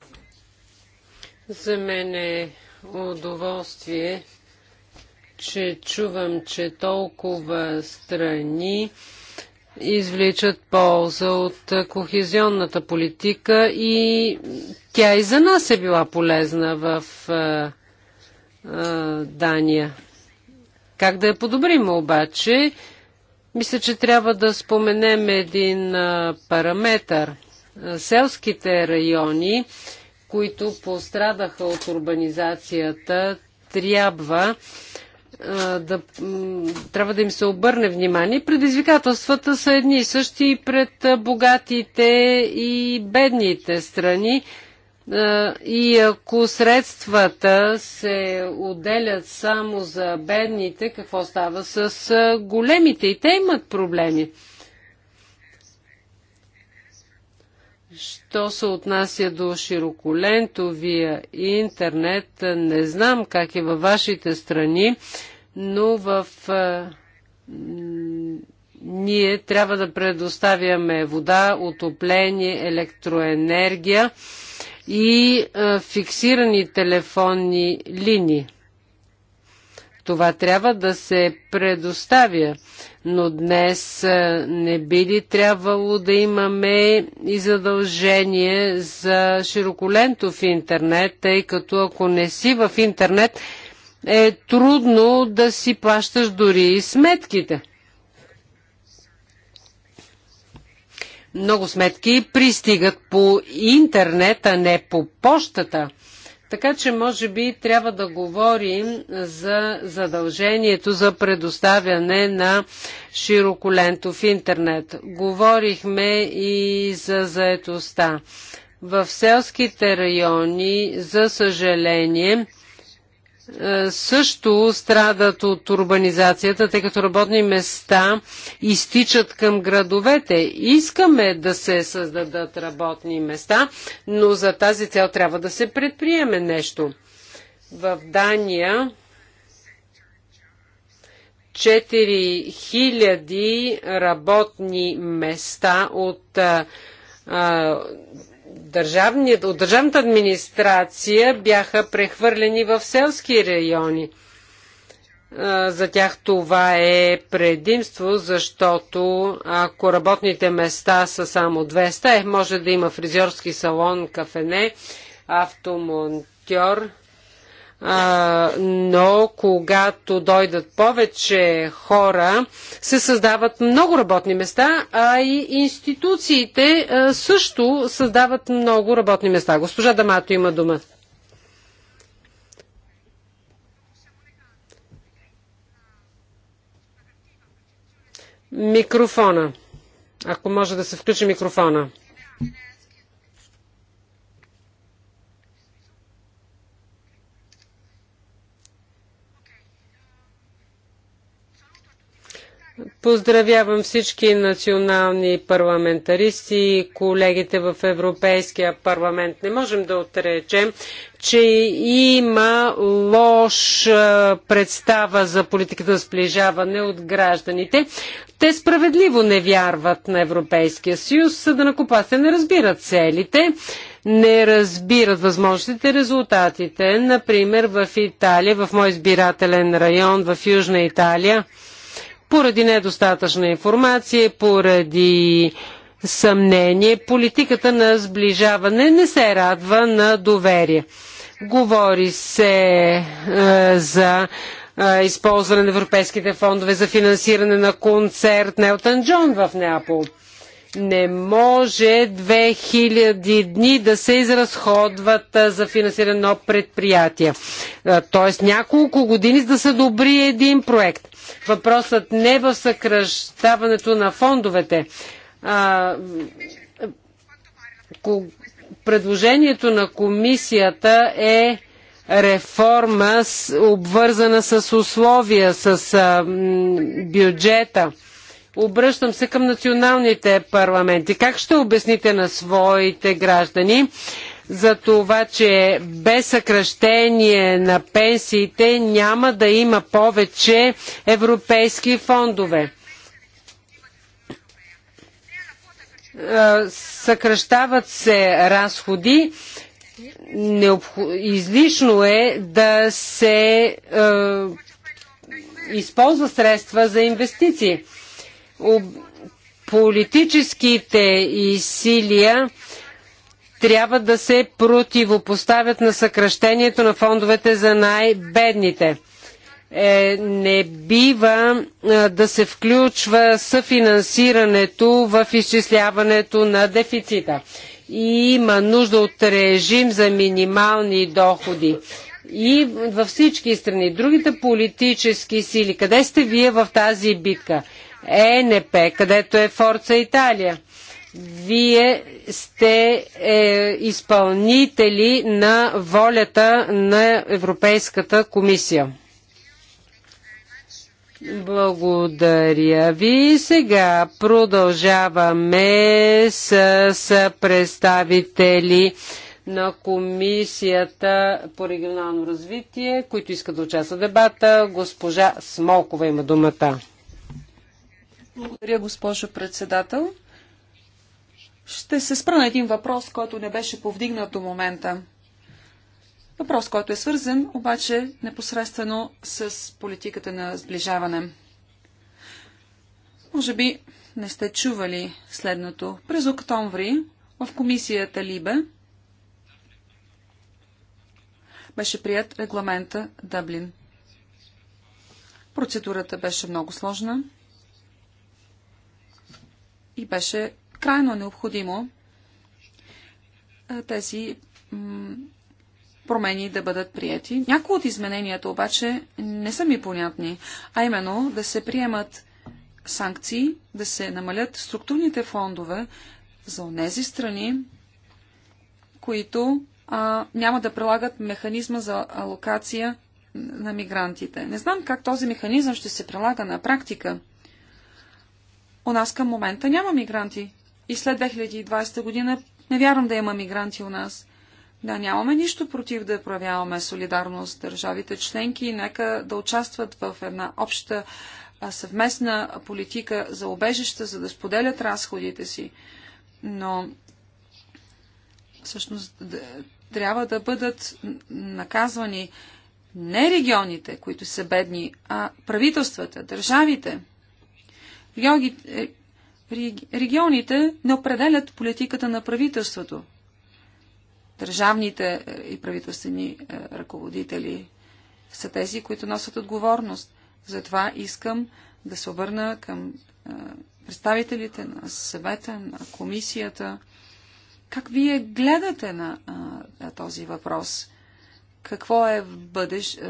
За мен е удоволствие, че чувам, че толкова страни извличат полза от кохезионната политика и тя и за нас е била полезна в а, а, Дания. Как да я подобрим обаче? Мисля, че трябва да споменем един параметър. Селските райони, които пострадаха от урбанизацията, трябва да, трябва да им се обърне внимание. Предизвикателствата са едни и същи пред богатите и бедните страни. И ако средствата се отделят само за бедните, какво става с големите? И те имат проблеми. Що се отнася до широколентовия интернет, не знам как е във вашите страни, но в ние трябва да предоставяме вода, отопление, електроенергия и фиксирани телефонни линии. Това трябва да се предоставя, но днес не би ли трябвало да имаме и задължение за широколентов интернет, тъй като ако не си в интернет, е трудно да си плащаш дори и сметките. много сметки пристигат по интернет, а не по почтата. Така че може би трябва да говорим за задължението за предоставяне на широколентов интернет. Говорихме и за заетостта. В селските райони, за съжаление, е, също страдат от урбанизацията, тъй като работни места изтичат към градовете. Искаме да се създадат работни места, но за тази цел трябва да се предприеме нещо. В Дания 4000 работни места от държавният, от държавната администрация бяха прехвърлени в селски райони. За тях това е предимство, защото ако работните места са само 200, е, може да има фризьорски салон, кафене, автомонтьор, но когато дойдат повече хора, се създават много работни места, а и институциите също създават много работни места. Госпожа Дамато има дума. Микрофона. Ако може да се включи микрофона. Поздравявам всички национални парламентаристи и колегите в Европейския парламент. Не можем да отречем, че има лоша представа за политиката на сближаване от гражданите. Те справедливо не вярват на Европейския съюз, да накупате не разбират целите, не разбират възможностите резултатите. Например, в Италия, в мой избирателен район, в Южна Италия, поради недостатъчна информация, поради съмнение, политиката на сближаване не се радва на доверие. Говори се е, за е, използване на европейските фондове за финансиране на концерт Нелтън Джон в Неапол. Не може 2000 дни да се изразходват е, за финансиране на предприятия. Е, тоест няколко години да се добри един проект. Въпросът не е в съкръщаването на фондовете. А, предложението на комисията е реформа с, обвързана с условия, с а, бюджета. Обръщам се към националните парламенти. Как ще обясните на своите граждани, за това, че без съкръщение на пенсиите няма да има повече европейски фондове. Съкръщават се разходи. Излишно е да се използва средства за инвестиции. Политическите изсилия трябва да се противопоставят на съкръщението на фондовете за най-бедните. Е, не бива да се включва съфинансирането в изчисляването на дефицита. И има нужда от режим за минимални доходи. И във всички страни, другите политически сили, къде сте вие в тази битка? ЕНП, където е Форца Италия вие сте е, изпълнители на волята на Европейската комисия. Благодаря ви. Сега продължаваме с, с представители на Комисията по регионално развитие, които искат да участват в дебата. Госпожа Смолкова има думата. Благодаря, госпожо председател. Ще се спра на един въпрос, който не беше повдигнат до момента. Въпрос, който е свързан обаче непосредствено с политиката на сближаване. Може би не сте чували следното. През октомври в комисията Либе беше прият регламента Дъблин. Процедурата беше много сложна и беше крайно необходимо тези промени да бъдат прияти. Някои от измененията обаче не са ми понятни, а именно да се приемат санкции, да се намалят структурните фондове за тези страни, които а, няма да прилагат механизма за алокация на мигрантите. Не знам как този механизъм ще се прилага на практика. У нас към момента няма мигранти, и след 2020 година не вярвам да има мигранти у нас. Да, нямаме нищо против да проявяваме солидарност държавите членки и нека да участват в една обща съвместна политика за обежища, за да споделят разходите си. Но всъщност трябва да бъдат наказвани не регионите, които са бедни, а правителствата, държавите. Е, Регионите не определят политиката на правителството. Държавните е, и правителствени е, ръководители са тези, които носят отговорност. Затова искам да се обърна към е, представителите на съвета, на комисията. Как вие гледате на, на този въпрос? Какво е бъдещ,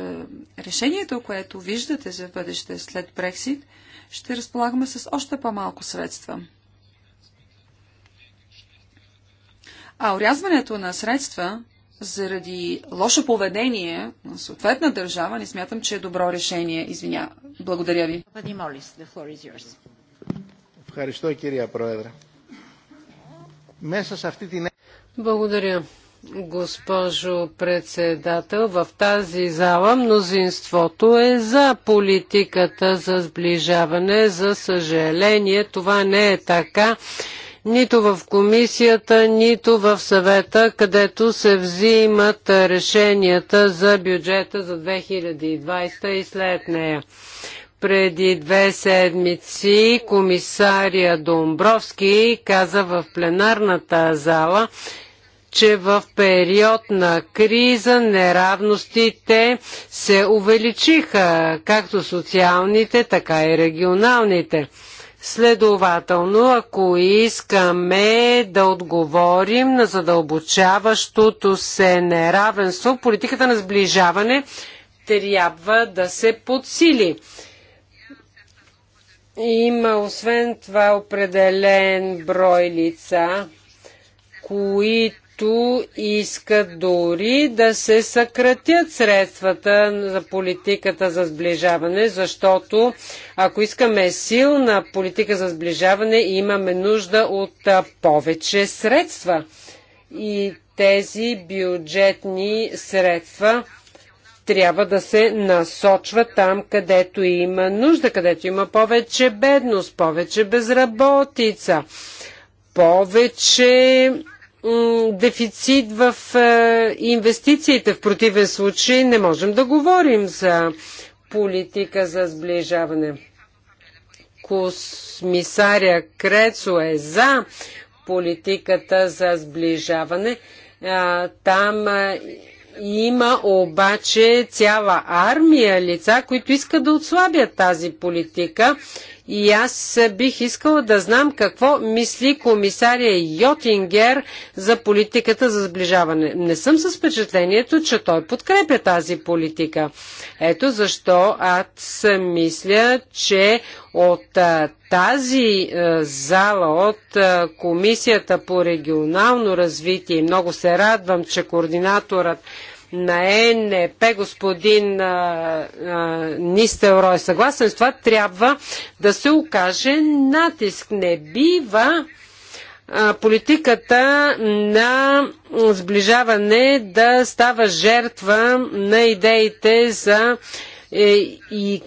решението, което виждате за бъдеще след Брексит? ще разполагаме с още по-малко средства. А урязването на средства заради лошо поведение на съответна държава не смятам, че е добро решение. Извиня. Благодаря ви. Благодаря. Госпожо председател, в тази зала мнозинството е за политиката за сближаване. За съжаление, това не е така нито в комисията, нито в съвета, където се взимат решенията за бюджета за 2020 и след нея. Преди две седмици комисария Домбровски каза в пленарната зала, че в период на криза неравностите се увеличиха, както социалните, така и регионалните. Следователно, ако искаме да отговорим на задълбочаващото се неравенство, политиката на сближаване трябва да се подсили. Има освен това определен брой лица, които които искат дори да се съкратят средствата за политиката за сближаване, защото ако искаме силна политика за сближаване, имаме нужда от повече средства. И тези бюджетни средства трябва да се насочват там, където има нужда, където има повече бедност, повече безработица, повече дефицит в е, инвестициите. В противен случай не можем да говорим за политика за сближаване. Космисаря Крецо е за политиката за сближаване. Там е, има обаче цяла армия лица, които искат да отслабят тази политика и аз бих искала да знам какво мисли комисария Йотингер за политиката за сближаване. Не съм с впечатлението, че той подкрепя тази политика. Ето защо аз мисля, че от тази зала, от Комисията по регионално развитие, много се радвам, че координаторът на ЕНП, господин а, а, Нистелрой, съгласен с това, трябва да се окаже натиск. Не бива политиката на сближаване да става жертва на идеите за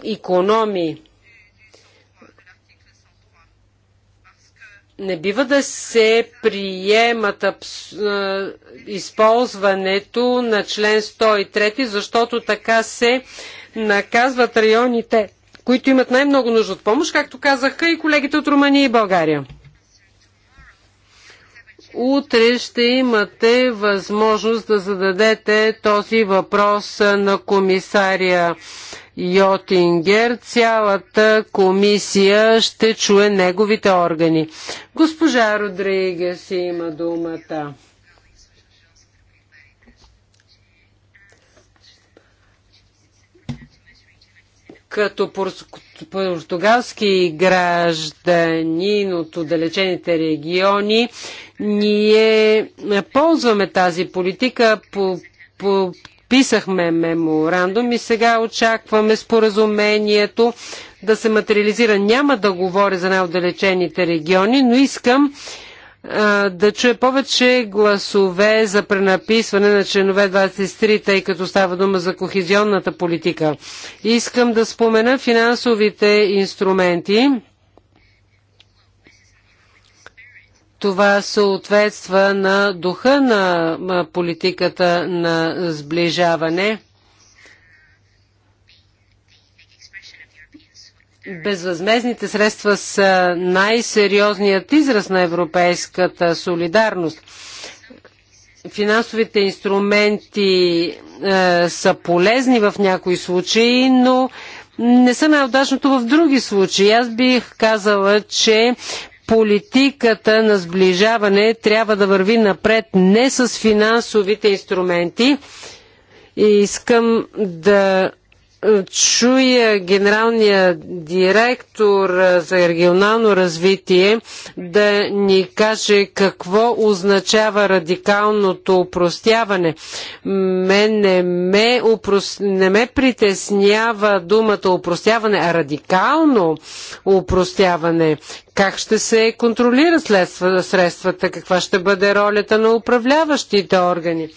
економии. не бива да се приемат абс... използването на член 103, защото така се наказват районите, които имат най-много нужда от помощ, както казаха и колегите от Румъния и България. Утре ще имате възможност да зададете този въпрос на комисария Йотингер, цялата комисия ще чуе неговите органи. Госпожа Родригес има думата. като португалски гражданин от отдалечените региони, ние ползваме тази политика по, по подписахме меморандум и сега очакваме споразумението да се материализира. Няма да говоря за най-отдалечените региони, но искам а, да чуя повече гласове за пренаписване на членове 23, тъй като става дума за кохезионната политика. Искам да спомена финансовите инструменти Това съответства на духа на политиката на сближаване. Безвъзмезните средства са най-сериозният израз на европейската солидарност. Финансовите инструменти е, са полезни в някои случаи, но не са най-удачното в други случаи. Аз бих казала, че политиката на сближаване трябва да върви напред не с финансовите инструменти. И искам да чуя генералния директор за регионално развитие да ни каже какво означава радикалното упростяване. Мен не ме, упрос... не ме притеснява думата упростяване, а радикално упростяване. Как ще се контролира следства, средствата, каква ще бъде ролята на управляващите органи?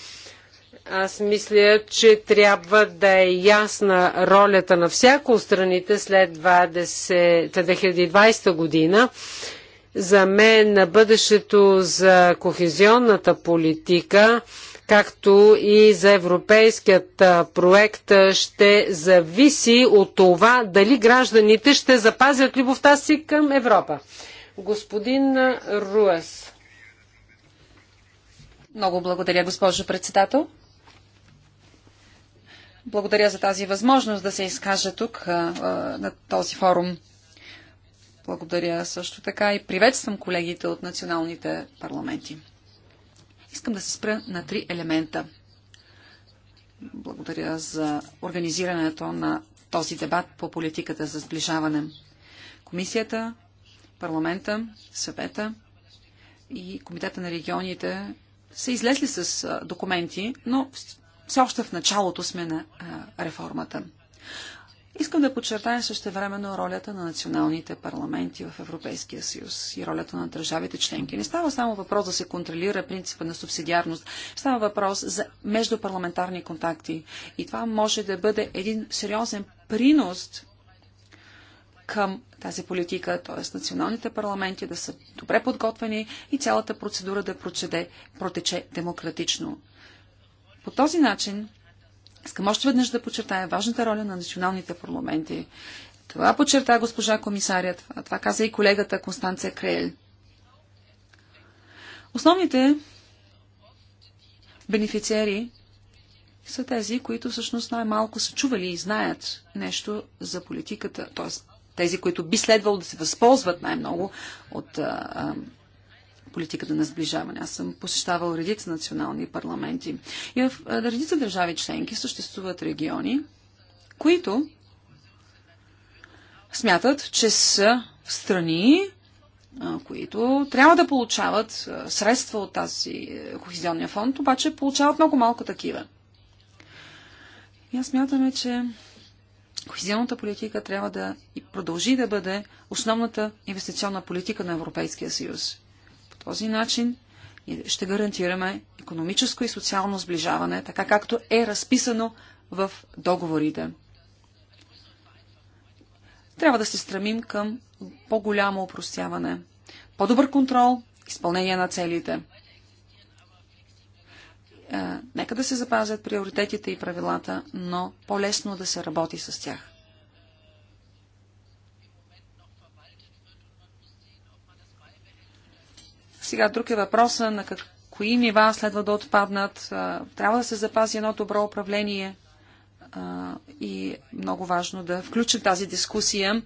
Аз мисля, че трябва да е ясна ролята на всяко от страните след 2020 година. За мен на бъдещето за кохезионната политика, както и за европейският проект, ще зависи от това дали гражданите ще запазят любовта си към Европа. Господин Руес. Много благодаря, госпожо председател. Благодаря за тази възможност да се изкажа тук а, а, на този форум. Благодаря също така и приветствам колегите от националните парламенти. Искам да се спра на три елемента. Благодаря за организирането на този дебат по политиката за сближаване. Комисията, парламента, съвета и Комитета на регионите са излезли с документи, но все още в началото сме на а, реформата. Искам да подчертаем също времено ролята на националните парламенти в Европейския съюз и ролята на държавите членки. Не става само въпрос да се контролира принципа на субсидиарност, става въпрос за междупарламентарни контакти. И това може да бъде един сериозен принос към тази политика, т.е. националните парламенти да са добре подготвени и цялата процедура да прочеде, протече демократично. По този начин искам още веднъж да подчертая важната роля на националните парламенти. Това подчерта госпожа комисарят, а това каза и колегата Констанция Крейл. Основните бенефициери са тези, които всъщност най-малко са чували и знаят нещо за политиката, т.е. тези, които би следвало да се възползват най-много от а, а, политиката на сближаване. Аз съм посещавал редица национални парламенти. И в редица държави членки съществуват региони, които смятат, че са в страни, които трябва да получават средства от тази е, кохезионния фонд, обаче получават много малко такива. И аз смятаме, че Кохезионната политика трябва да и продължи да бъде основната инвестиционна политика на Европейския съюз този начин ще гарантираме економическо и социално сближаване, така както е разписано в договорите. Трябва да се стремим към по-голямо упростяване, по-добър контрол, изпълнение на целите. Е, нека да се запазят приоритетите и правилата, но по-лесно да се работи с тях. Сега друг е въпроса на как, кои нива следва да отпаднат. Трябва да се запази едно добро управление и много важно да включим тази дискусия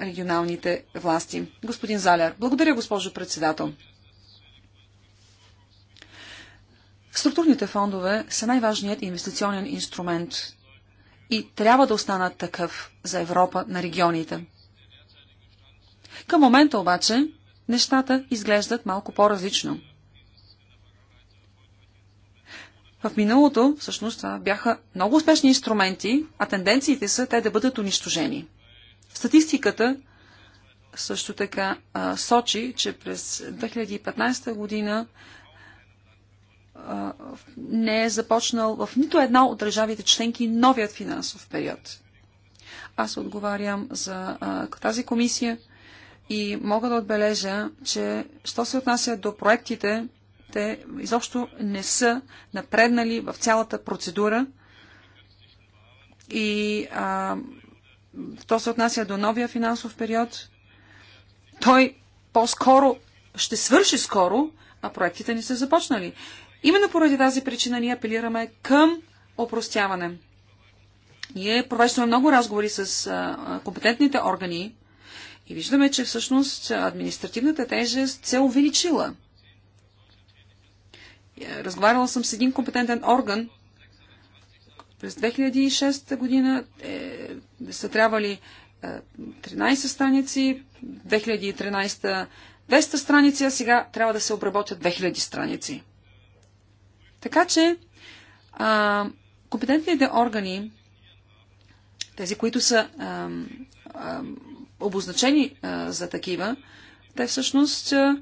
регионалните власти. Господин Заляр, благодаря, госпожо председател. Структурните фондове са най-важният инвестиционен инструмент и трябва да останат такъв за Европа на регионите. Към момента обаче нещата изглеждат малко по-различно. В миналото, всъщност, бяха много успешни инструменти, а тенденциите са те да бъдат унищожени. Статистиката също така сочи, че през 2015 година не е започнал в нито една от държавите членки новият финансов период. Аз отговарям за тази комисия и мога да отбележа, че що се отнася до проектите, те изобщо не са напреднали в цялата процедура. И а, то се отнася до новия финансов период. Той по-скоро ще свърши скоро, а проектите не са започнали. Именно поради тази причина ние апелираме към опростяване. Ние провеждаме много разговори с а, компетентните органи и виждаме, че всъщност административната тежест се увеличила. Е, разговаряла съм с един компетентен орган. През 2006 година е, са трябвали 13 е, страници, 2013 200 страници, а сега трябва да се обработят 2000 страници. Така че а, компетентните органи, тези, които са а, а, обозначени а, за такива, те всъщност а,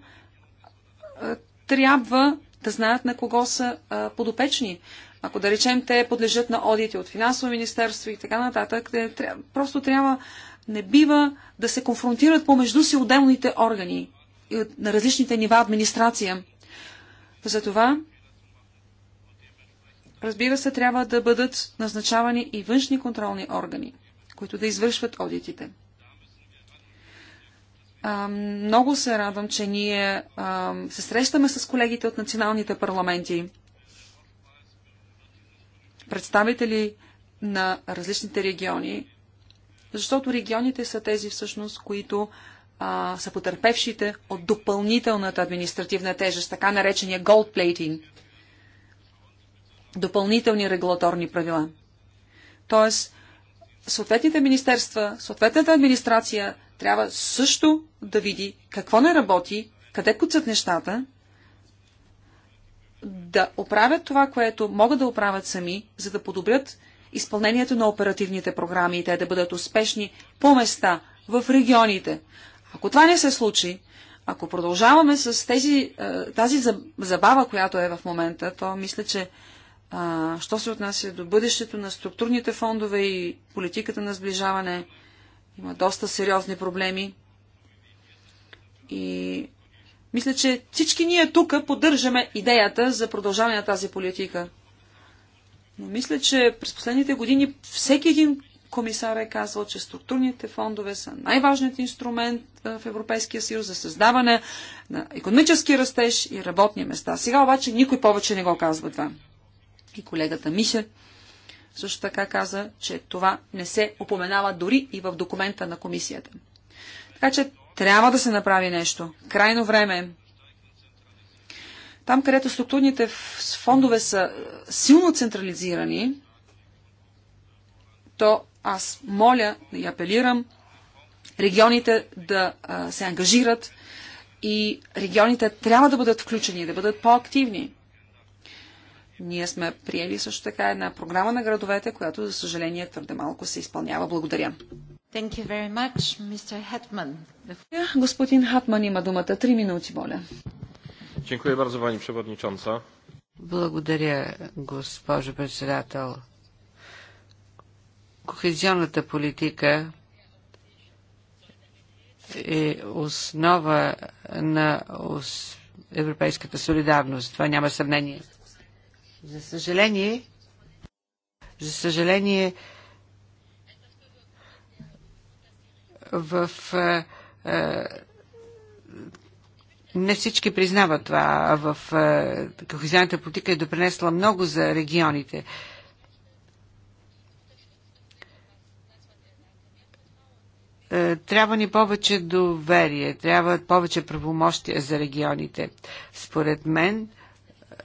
а, трябва да знаят на кого са а, подопечни. Ако да речем, те подлежат на одити от финансово министерство и така нататък, те, трябва, просто трябва, не бива да се конфронтират помежду си отделните органи и от, на различните нива администрация. Затова, разбира се, трябва да бъдат назначавани и външни контролни органи, които да извършват одитите. Много се радвам, че ние се срещаме с колегите от националните парламенти, представители на различните региони, защото регионите са тези всъщност, които а, са потърпевшите от допълнителната административна тежест, така наречения gold plating, допълнителни регулаторни правила. Тоест, съответните министерства, съответната администрация трябва също да види какво не работи, къде куцат нещата, да оправят това, което могат да оправят сами, за да подобрят изпълнението на оперативните програми и те да бъдат успешни по места, в регионите. Ако това не се случи, ако продължаваме с тези, е, тази забава, която е в момента, то мисля, че а, е, що се отнася до бъдещето на структурните фондове и политиката на сближаване, има доста сериозни проблеми. И мисля, че всички ние тук поддържаме идеята за продължаване на тази политика. Но мисля, че през последните години всеки един комисар е казвал, че структурните фондове са най-важният инструмент в Европейския съюз за създаване на економически растеж и работни места. Сега обаче никой повече не го казва това. И колегата Мише също така каза, че това не се упоменава дори и в документа на комисията. Така че трябва да се направи нещо. Крайно време Там, където структурните фондове са е, силно централизирани, то аз моля и апелирам регионите да е, се ангажират и регионите трябва да бъдат включени, да бъдат по-активни. Ние сме приели също така една програма на градовете, която, за съжаление, твърде малко се изпълнява. Благодаря. Thank you very much, Mr. Hetman. The... Господин Хатман има думата. Три минути, моля. Dziękuję bardzo, Pani Przewodnicząca. Благодаря, госпожо председател. Кохезионната политика е основа на европейската солидарност. Това няма съмнение. За съжаление, за съжаление, в а, а, не всички признават това, а в кохезионната политика е допринесла много за регионите. Е, трябва ни повече доверие, трябва повече правомощия за регионите. Според мен,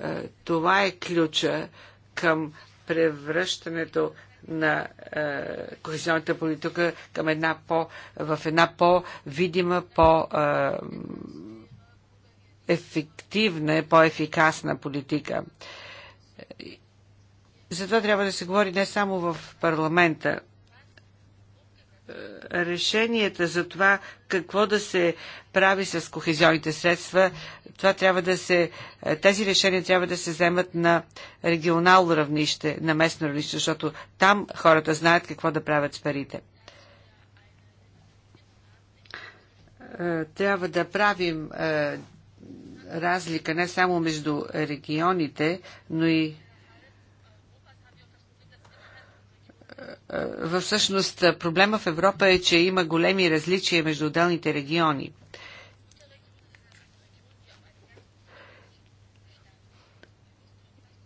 е, това е ключа към превръщането на е, кохезионната политика към една по, в една по-видима, по-, е, ефективна и по-ефикасна политика. Затова трябва да се говори не само в парламента, е, решенията за това какво да се прави с кохезионните средства, това трябва да се, е, тези решения трябва да се вземат на регионално равнище, на местно равнище, защото там хората знаят какво да правят с парите. Е, трябва да правим разлика не само между регионите, но и всъщност проблема в Европа е, че има големи различия между отделните региони.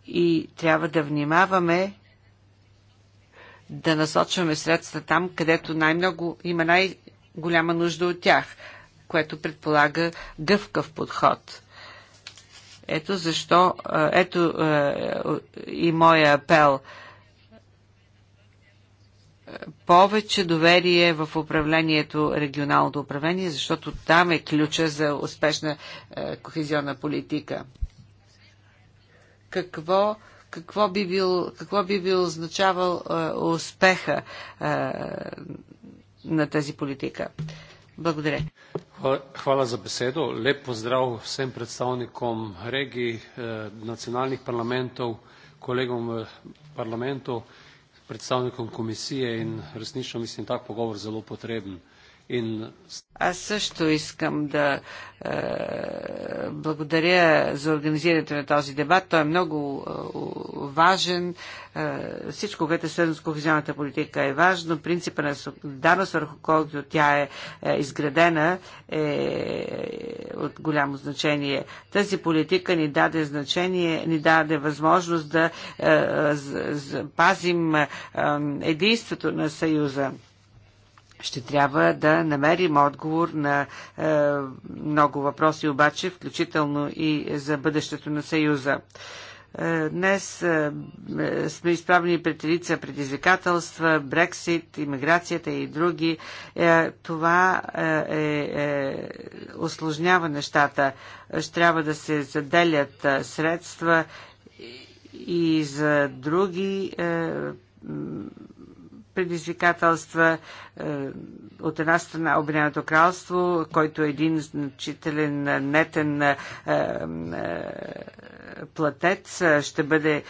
И трябва да внимаваме да насочваме средства там, където най-много има най-голяма нужда от тях, което предполага гъвкав подход. Ето защо, ето и моя апел – повече доверие в управлението, регионалното управление, защото там е ключа за успешна е, кохезионна политика. Какво, какво, би бил, какво би бил означавал е, успеха е, на тази политика? Благодаря. Хвала за беседо. Леп поздрав всем представникам регии, nacionalnih parlamentov, kolegom v parlamentu predstavnikom komisije in resnično mislim tak pogovor zelo potreben. Аз също искам да е, благодаря за организирането на този дебат. Той е много е, важен. Е, всичко, което е свързано с кохезионната политика е важно. Принципа на солидарност, върху който тя е, е изградена, е, е от голямо значение. Тази политика ни даде значение, ни даде възможност да е, е, пазим е, единството на Съюза. Ще трябва да намерим отговор на е, много въпроси, обаче, включително и за бъдещето на Съюза. Е, днес е, е, сме изправени пред лица предизвикателства, Брексит, иммиграцията и други. Това е, е, осложнява нещата. Ще трябва да се заделят средства и за други е, предизвикателства е, от една страна Обединеното кралство, който е един значителен нетен е, е, платец, ще бъде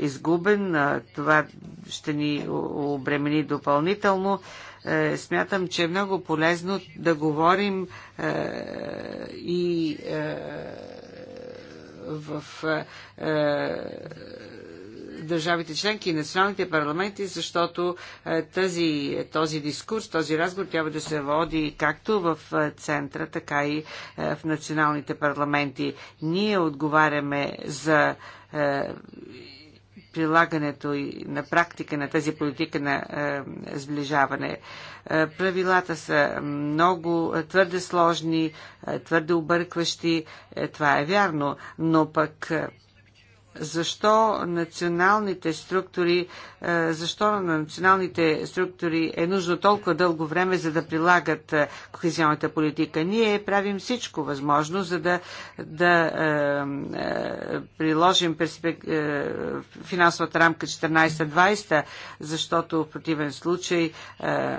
изгубен. Това ще ни обремени допълнително смятам, че е много полезно да говорим и в държавите членки и националните парламенти, защото е, тази, този дискурс, този разговор трябва да се води както в е, центра, така и е, в националните парламенти. Ние отговаряме за прилагането и на практика на тази политика на е, сближаване. Е, правилата са много е, твърде сложни, е, твърде объркващи. Е, това е вярно, но пък е, защо националните структури, е, защо на националните структури е нужно толкова дълго време, за да прилагат е, кохезионната политика. Ние правим всичко възможно, за да, да е, е, приложим перспек... е, финансовата рамка 14-20, защото в противен случай е, е,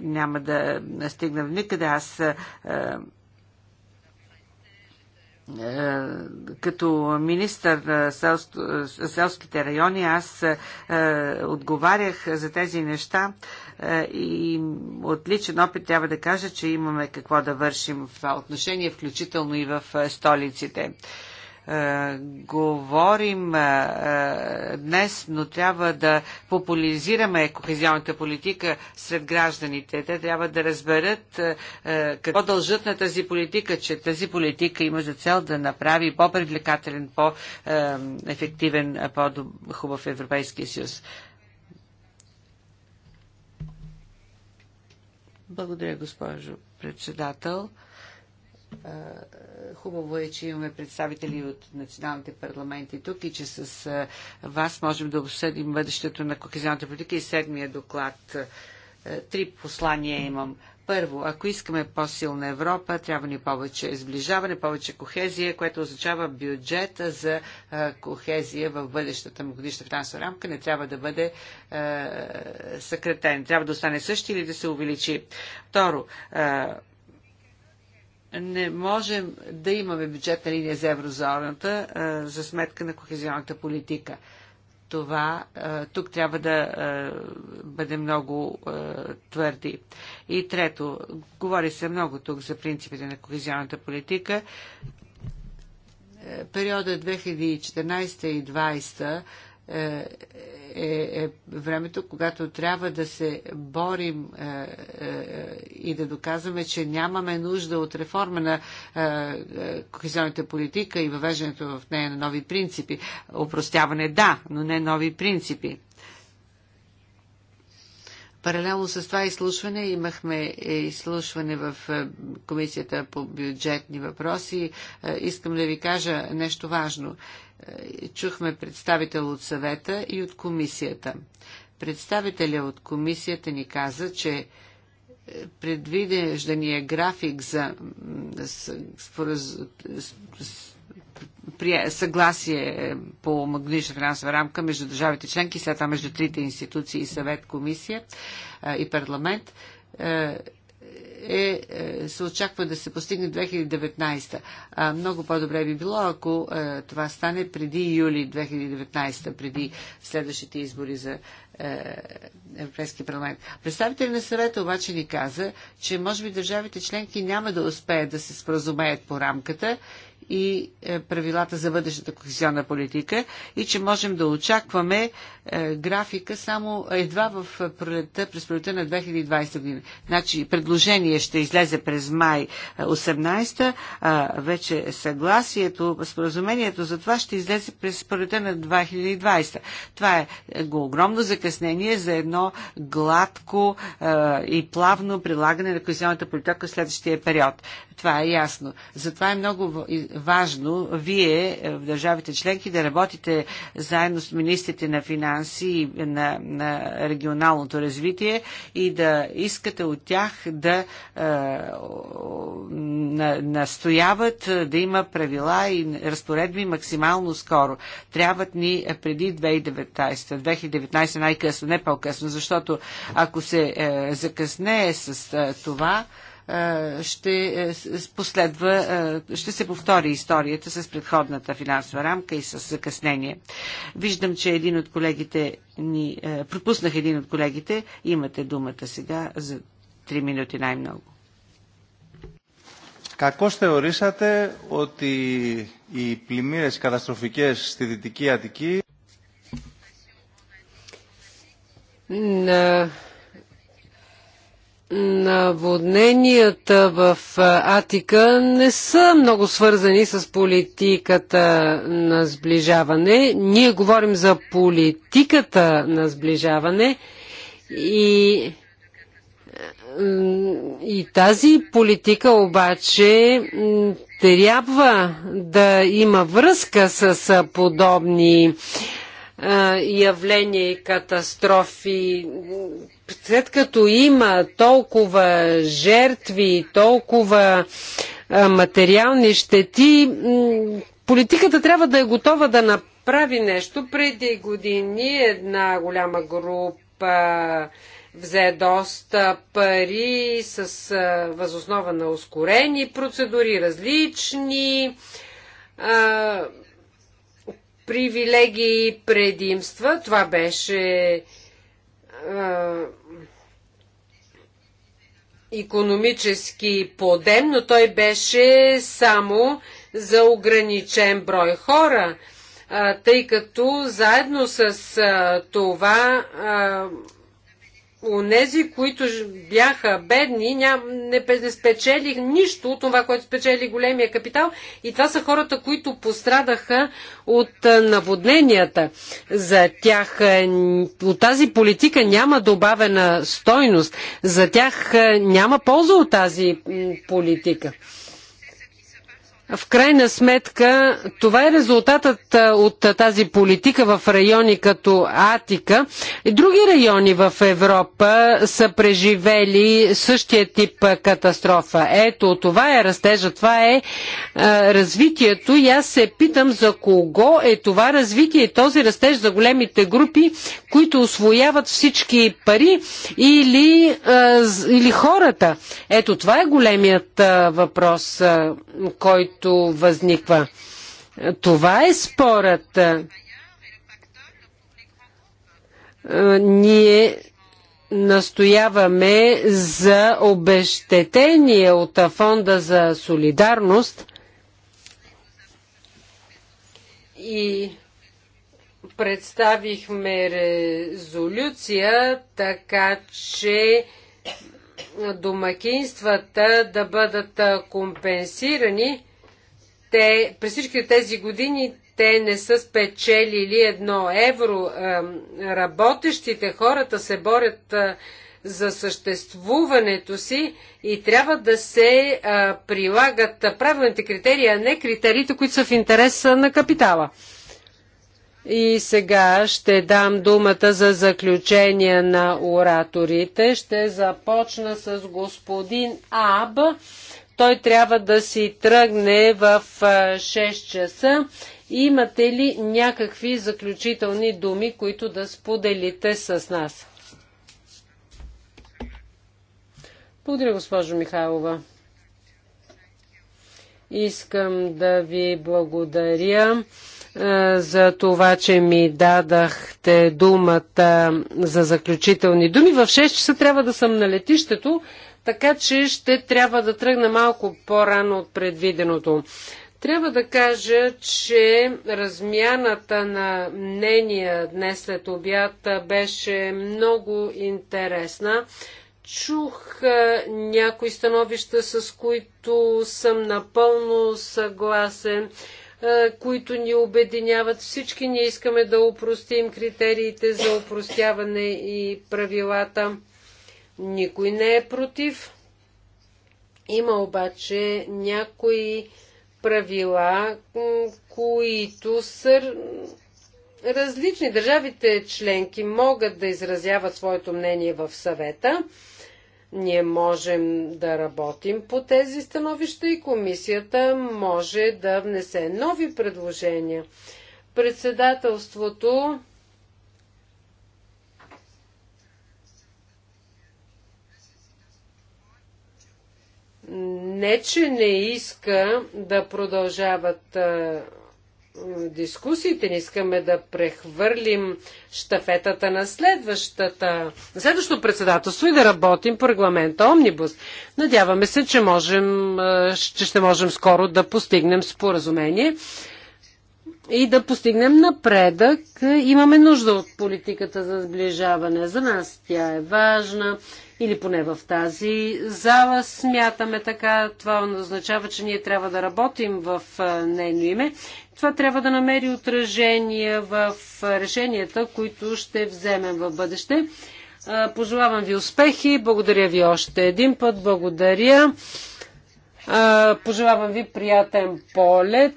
няма да стигнем никъде. Аз е, е, като министър на е, селските райони аз е, отговарях за тези неща и от личен опит трябва да кажа, че имаме какво да вършим в това отношение, включително и в столиците. Е, говорим е, е, днес, но трябва да популяризираме кохезионната политика сред гражданите. Те трябва да разберат какво дължат на тази политика, че тази политика има за цел да направи по-привлекателен, по-ефективен, по-хубав Европейския съюз. Благодаря, госпожо председател. Хубаво е, че имаме представители от националните парламенти тук и че с вас можем да обсъдим бъдещето на кохезионната политика и седмия доклад. Три послания имам. Първо, ако искаме по-силна Европа, трябва ни повече сближаване, повече кохезия, което означава бюджета за кохезия в бъдещата му годишна финансова рамка не трябва да бъде е, съкретен. Трябва да остане същи или да се увеличи. Второ, е, не можем да имаме бюджетна линия за еврозоната а, за сметка на кохезионната политика. Това, а, тук трябва да а, бъде много а, твърди. И трето, говори се много тук за принципите на кохезионната политика. Е, периода 2014 и 2020 е, е, е времето, когато трябва да се борим е, е, и да доказваме, че нямаме нужда от реформа на е, е, кохезионната политика и въвеждането в нея на нови принципи. Опростяване да, но не нови принципи. Паралелно с това изслушване имахме е, изслушване в Комисията по бюджетни въпроси. Искам да ви кажа нещо важно. Е, чухме представител от съвета и от комисията. Представителя от комисията ни каза, че е, предвиждания е график за съгласие по магнична финансова рамка между държавите членки, след това между трите институции, и съвет, комисия и парламент, е, е, се очаква да се постигне 2019. А, много по-добре би било, ако е, това стане преди юли 2019, преди следващите избори за е, Европейски парламент. Представител на съвета обаче ни каза, че може би държавите членки няма да успеят да се споразумеят по рамката и е, правилата за бъдещата кохезионна политика и че можем да очакваме е, графика само едва в е, пролетта, през пролетта на 2020 година. Значи предложение ще излезе през май 18-та, вече съгласието, споразумението за това ще излезе през пролетта на 2020. Това е огромно закъснение за едно гладко и плавно прилагане на кохезионната политика в следващия период. Това е ясно. Затова е много важно вие е, в държавите членки да работите заедно с министрите на финанси и на, на регионалното развитие и да искате от тях да е, на, настояват е, да има правила и разпоредби максимално скоро. Трябват ни преди 2019, 2019 най-късно, не по-късно, защото ако се закъснее с това, е, ще е, последва, е, ще се повтори историята с предходната финансова рамка и с закъснение. Виждам, че един от колегите ни, пропуснах един от колегите, имате думата сега за 3 минути най-много. Κακώς θεωρήσατε ότι οι πλημμύρες καταστροφικές στη Δυτική Αττική наводненията в Атика не са много свързани с политиката на сближаване. Ние говорим за политиката на сближаване и, и тази политика обаче трябва да има връзка с подобни явления и катастрофи след като има толкова жертви, толкова материални щети, политиката трябва да е готова да направи нещо. Преди години една голяма група взе доста пари с възоснова на ускорени процедури, различни привилегии и предимства. Това беше економически подем, но той беше само за ограничен брой хора, тъй като заедно с това Онези, които бяха бедни, ням, не, не спечелих нищо от това, което спечели големия капитал. И това са хората, които пострадаха от наводненията. За тях от тази политика няма добавена стойност. За тях няма полза от тази политика. В крайна сметка, това е резултатът от тази политика в райони като Атика. И други райони в Европа са преживели същия тип катастрофа. Ето, това е растежа, това е развитието и аз се питам за кого е това развитие, този растеж за големите групи, които освояват всички пари или, или хората. Ето, това е големият въпрос, който който възниква. Това е спорът. Е, ние настояваме за обещетение от Фонда за солидарност и представихме резолюция, така че домакинствата да бъдат компенсирани те, през всички тези години те не са спечелили едно евро. Работещите хората се борят за съществуването си и трябва да се прилагат правилните критерии, а не критериите, които са в интерес на капитала. И сега ще дам думата за заключение на ораторите. Ще започна с господин Аб той трябва да си тръгне в 6 часа. Имате ли някакви заключителни думи, които да споделите с нас? Благодаря, госпожо Михайлова. Искам да ви благодаря за това, че ми дадахте думата за заключителни думи. В 6 часа трябва да съм на летището, така че ще трябва да тръгна малко по-рано от предвиденото. Трябва да кажа, че размяната на мнения днес след обяд беше много интересна. Чух някои становища, с които съм напълно съгласен, които ни обединяват. Всички ние искаме да упростим критериите за упростяване и правилата. Никой не е против. Има обаче някои правила, които са различни. Държавите членки могат да изразяват своето мнение в съвета. Ние можем да работим по тези становища и комисията може да внесе нови предложения. Председателството не, че не иска да продължават а, дискусиите, не искаме да прехвърлим штафетата на следващата, на следващото председателство и да работим по регламента Омнибус. Надяваме се, че, можем, а, че ще можем скоро да постигнем споразумение и да постигнем напредък, имаме нужда от политиката за сближаване. За нас тя е важна или поне в тази зала смятаме така. Това означава, че ние трябва да работим в нейно име. Това трябва да намери отражение в решенията, които ще вземем в бъдеще. Пожелавам ви успехи. Благодаря ви още един път. Благодаря. Пожелавам ви приятен полет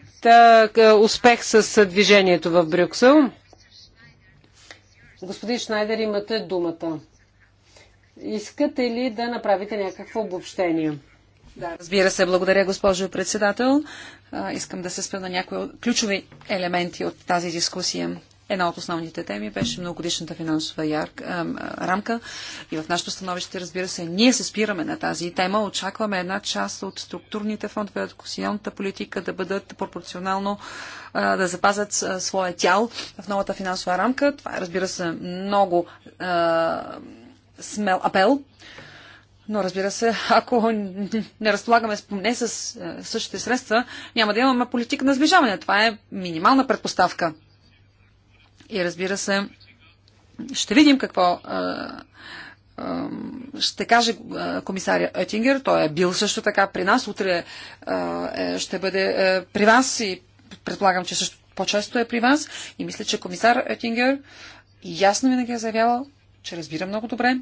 успех с движението в Брюксел. Господин Шнайдер, имате думата. Искате ли да направите някакво обобщение? Да, разбира се. Благодаря, госпожо председател. искам да се спра на някои ключови елементи от тази дискусия. Една от основните теми беше многогодишната финансова ярк, а, рамка и в нашето становище, разбира се, ние се спираме на тази тема. Очакваме една част от структурните фондове, от косионната политика да бъдат пропорционално да запазят своя тял в новата финансова рамка. Това е, разбира се, много смел апел. Но разбира се, ако не разполагаме не с същите средства, няма да имаме политика на сближаване. Това е минимална предпоставка. И разбира се, ще видим какво ще каже комисаря Етингер. Той е бил също така при нас. Утре е, ще бъде при вас и предполагам, че също по-често е при вас. И мисля, че комисар Етингер ясно винаги е заявявал, че разбира много добре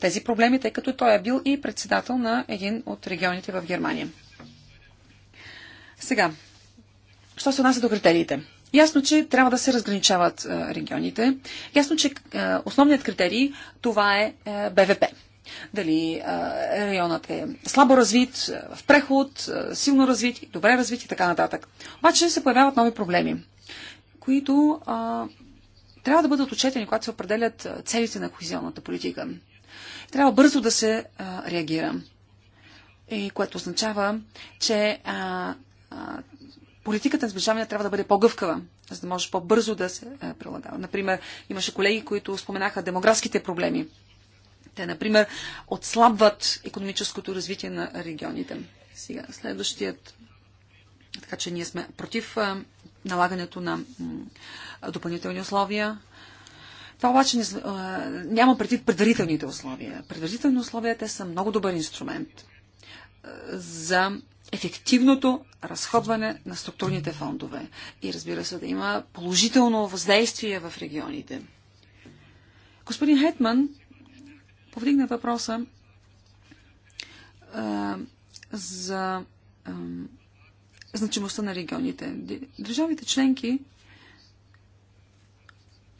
тези проблеми, тъй като той е бил и председател на един от регионите в Германия. Сега, що се отнася до критериите? Ясно, че трябва да се разграничават е, регионите. Ясно, че е, основният критерий това е, е БВП. Дали районът е слабо развит, в преход, силно развит, добре развит и така нататък. Обаче се появяват нови проблеми, които трябва да бъдат отчетени, когато се определят целите на кохезионната политика. Трябва бързо да се реагира. И което означава, че а, а, политиката на сближаване трябва да бъде по-гъвкава, за да може по-бързо да се е, прилагава. Например, имаше колеги, които споменаха демографските проблеми. Те, например, отслабват економическото развитие на регионите. Сега, следващият. Така че ние сме против е, налагането на допълнителни условия. Това обаче не, е, няма предвид предварителните условия. Предварителни условия те са много добър инструмент за ефективното разходване на структурните фондове и разбира се да има положително въздействие в регионите. Господин Хетман повдигна въпроса а, за а, значимостта на регионите. Държавите членки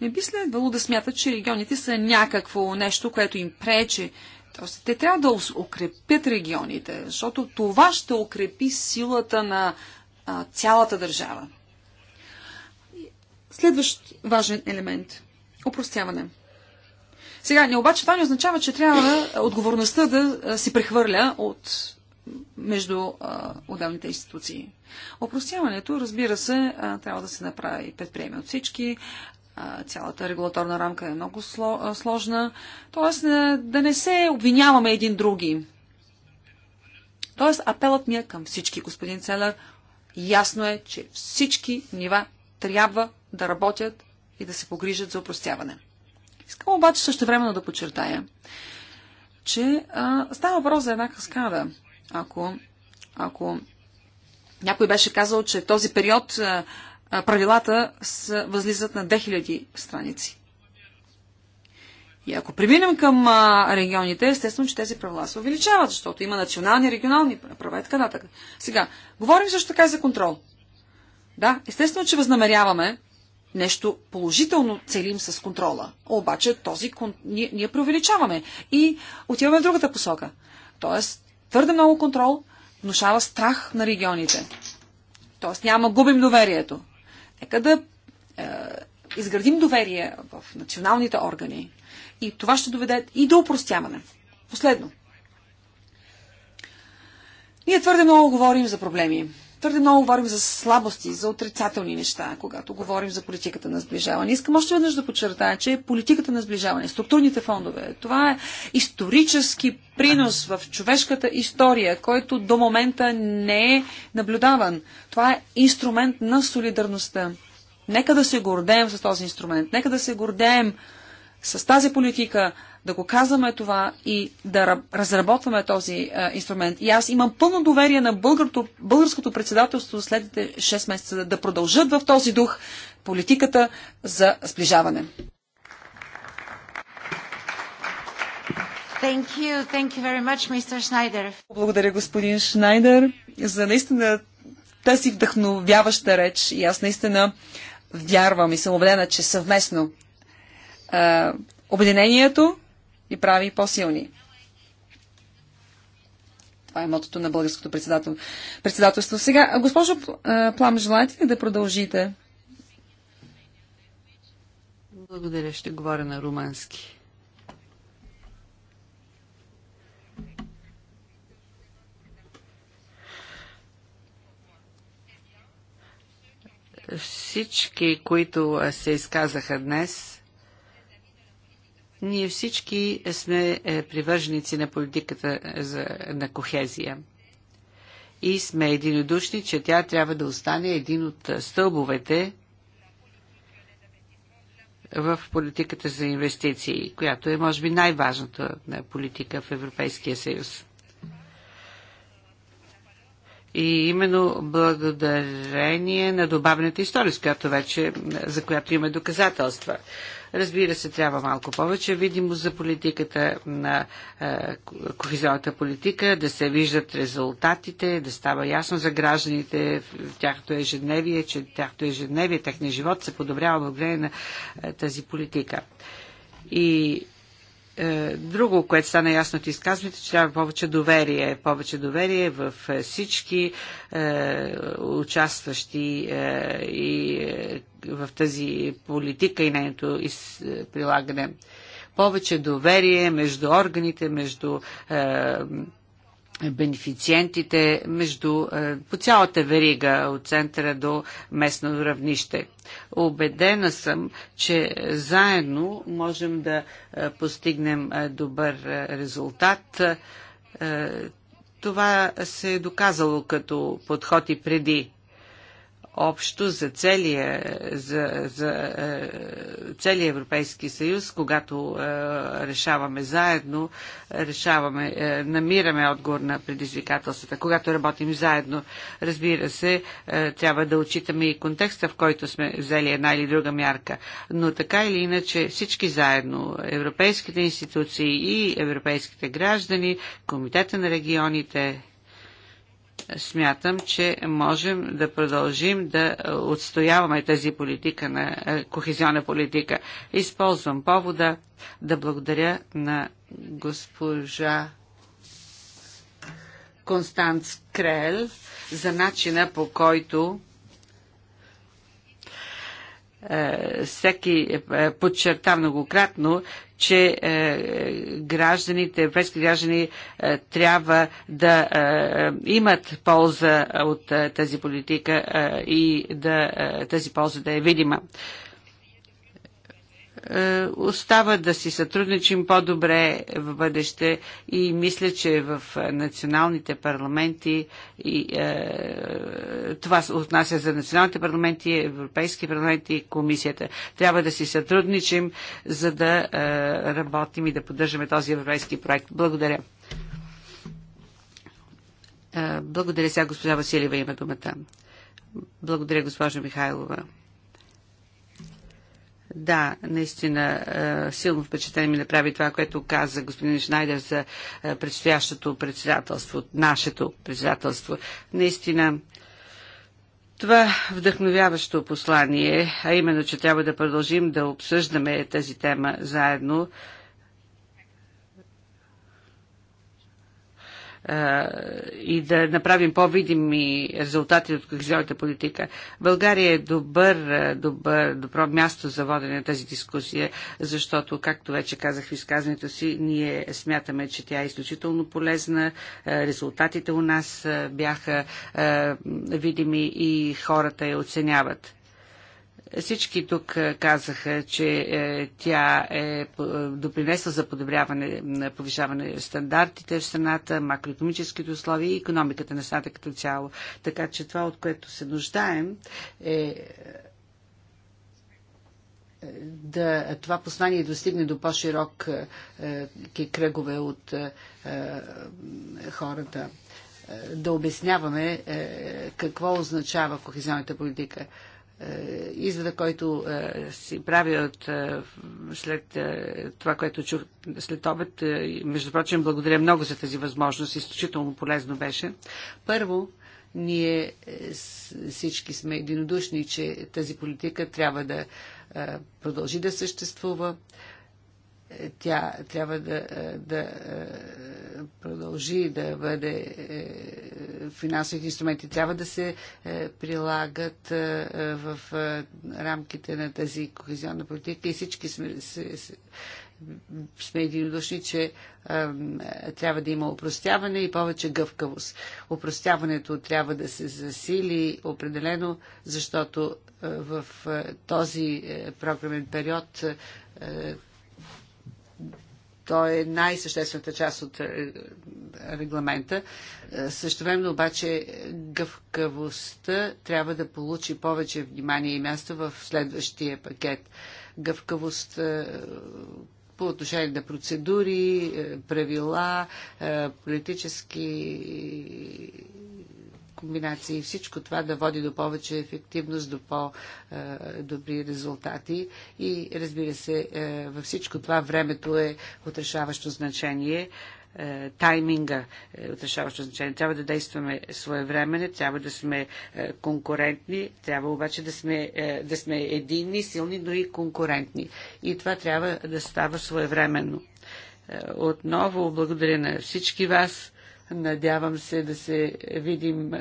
не би следвало да смятат, че регионите са някакво нещо, което им пречи Тоест, те трябва да укрепят регионите, защото това ще укрепи силата на а, цялата държава. Следващ важен елемент – опростяване. Сега, не обаче това не означава, че трябва отговорността да си прехвърля от между а, отделните институции. Опростяването, разбира се, а, трябва да се направи предприеме от всички. Цялата регулаторна рамка е много сложна. Тоест, да не се обвиняваме един други. Тоест, апелът ми е към всички, господин Целер. Ясно е, че всички нива трябва да работят и да се погрижат за упростяване. Искам обаче също времено да подчертая, че а, става въпрос за една каскада. Ако, ако някой беше казал, че този период а, правилата са, възлизат на 2000 страници. И ако преминем към а, регионите, естествено, че тези правила се увеличават, защото има национални, регионални права и така нататък. Сега, говорим също така и за контрол. Да, естествено, че възнамеряваме нещо положително целим с контрола. Обаче този кон... ние, ние преувеличаваме и отиваме в другата посока. Тоест, твърде много контрол внушава страх на регионите. Тоест, няма губим доверието. Нека да е, изградим доверие в националните органи. И това ще доведе и до упростяване. Последно. Ние твърде много говорим за проблеми. Твърде много говорим за слабости, за отрицателни неща, когато говорим за политиката на сближаване. Искам още веднъж да подчертая, че политиката на сближаване, структурните фондове, това е исторически принос в човешката история, който до момента не е наблюдаван. Това е инструмент на солидарността. Нека да се гордеем с този инструмент, нека да се гордеем с тази политика, да го казваме това и да разработваме този а, е, инструмент. И аз имам пълно доверие на българто, българското председателство следните 6 месеца да, да продължат в този дух политиката за сближаване. Thank you. Thank you very much, Mr. Schneider. Благодаря, господин Шнайдер, за наистина тази вдъхновяваща реч. И аз наистина вярвам и съм убедена, че съвместно а, е, обединението и прави по-силни. Това е мотото на българското председател... председателство. Сега, госпожо Плам, желаете ли да продължите? Благодаря, ще говоря на румански. Всички, които се изказаха днес, ние всички сме е, привърженици на политиката е, за, на кохезия и сме единодушни, че тя трябва да остане един от е, стълбовете в политиката за инвестиции, която е, може би, най-важната политика в Европейския съюз. И именно благодарение на добавената история, която вече, за която има доказателства. Разбира се, трябва малко повече видимост за политиката на е, кохизионната политика, да се виждат резултатите, да става ясно за гражданите в тяхното ежедневие, че тяхното ежедневие, техния живот се подобрява благодарение на е, тази политика. И е, друго, което стана ясно от изказването, че трябва повече доверие. Повече доверие в е, всички е, участващи е, и е, в тази политика и нейното из, прилагане. Повече доверие между органите, между бенефициентите между, е, по цялата верига от центъра до местно равнище. Обедена съм, че заедно можем да е, постигнем е, добър резултат. Това се е доказало като подход и преди общо за целия, за, за е, целия Европейски съюз, когато е, решаваме заедно, решаваме, е, намираме отговор на предизвикателствата. Когато работим заедно, разбира се, е, трябва да отчитаме и контекста, в който сме взели една или друга мярка. Но така или иначе, всички заедно, европейските институции и европейските граждани, Комитета на регионите, смятам, че можем да продължим да е, отстояваме тази политика на е, кохезионна политика. Използвам повода да благодаря на госпожа Констанц Крел за начина по който е, всеки подчерта многократно, че е, е, гражданите, европейски граждани е, трябва да имат полза от тази политика и да тази полза да е видима. Е, остава да си сътрудничим по-добре в бъдеще и мисля, че в националните парламенти и е, това отнася за националните парламенти, европейски парламенти и комисията. Трябва да си сътрудничим, за да е, работим и да поддържаме този европейски проект. Благодаря. Е, благодаря сега, госпожа Василева има думата. Благодаря, госпожа Михайлова. Да, наистина е, силно впечатление ми направи това, което каза господин Шнайдер за е, предстоящото председателство, нашето председателство. Наистина, това вдъхновяващо послание, а именно, че трябва да продължим да обсъждаме тази тема заедно, и да направим по-видими резултати от кохезионната политика. България е добър, добър, добро място за водене на тази дискусия, защото, както вече казах в изказването си, ние смятаме, че тя е изключително полезна. Резултатите у нас бяха видими и хората я оценяват. Всички тук е, казаха, че е, тя е, е допринесла за подобряване на повишаване стандартите в страната, макроекономическите условия и економиката на страната като цяло. Така че това, от което се нуждаем, е да това послание достигне до по-широк е, кръгове от е, хората. Да обясняваме е, какво означава кохезионната политика. Е, извода, който е, си прави от е, след това, което чух след обед, между прочим, благодаря много за тази възможност, изключително полезно беше. Първо, ние всички сме единодушни, че тази политика трябва да продължи да съществува тя трябва да, е, да е, продължи да бъде е, финансовите инструменти трябва да се прилагат в рамките на тази кохезионна политика и всички сме, сме единодушни, че трябва да има упростяване и повече гъвкавост. Упростяването трябва да се засили определено, защото в този програмен период той е най-съществената част от е, регламента. Е, Също време обаче гъвкавостта трябва да получи повече внимание и място в следващия пакет. Гъвкавост е, по отношение на процедури, правила, политически комбинации. Всичко това да води до повече ефективност, до по-добри резултати. И разбира се, е, във всичко това времето е отрешаващо значение е, тайминга е от решаващо значение. Трябва да действаме своевременно, трябва да сме конкурентни, трябва обаче да сме, да сме единни, силни, но и конкурентни. И това трябва да става своевременно. Отново благодаря на всички вас. Надявам се да се видим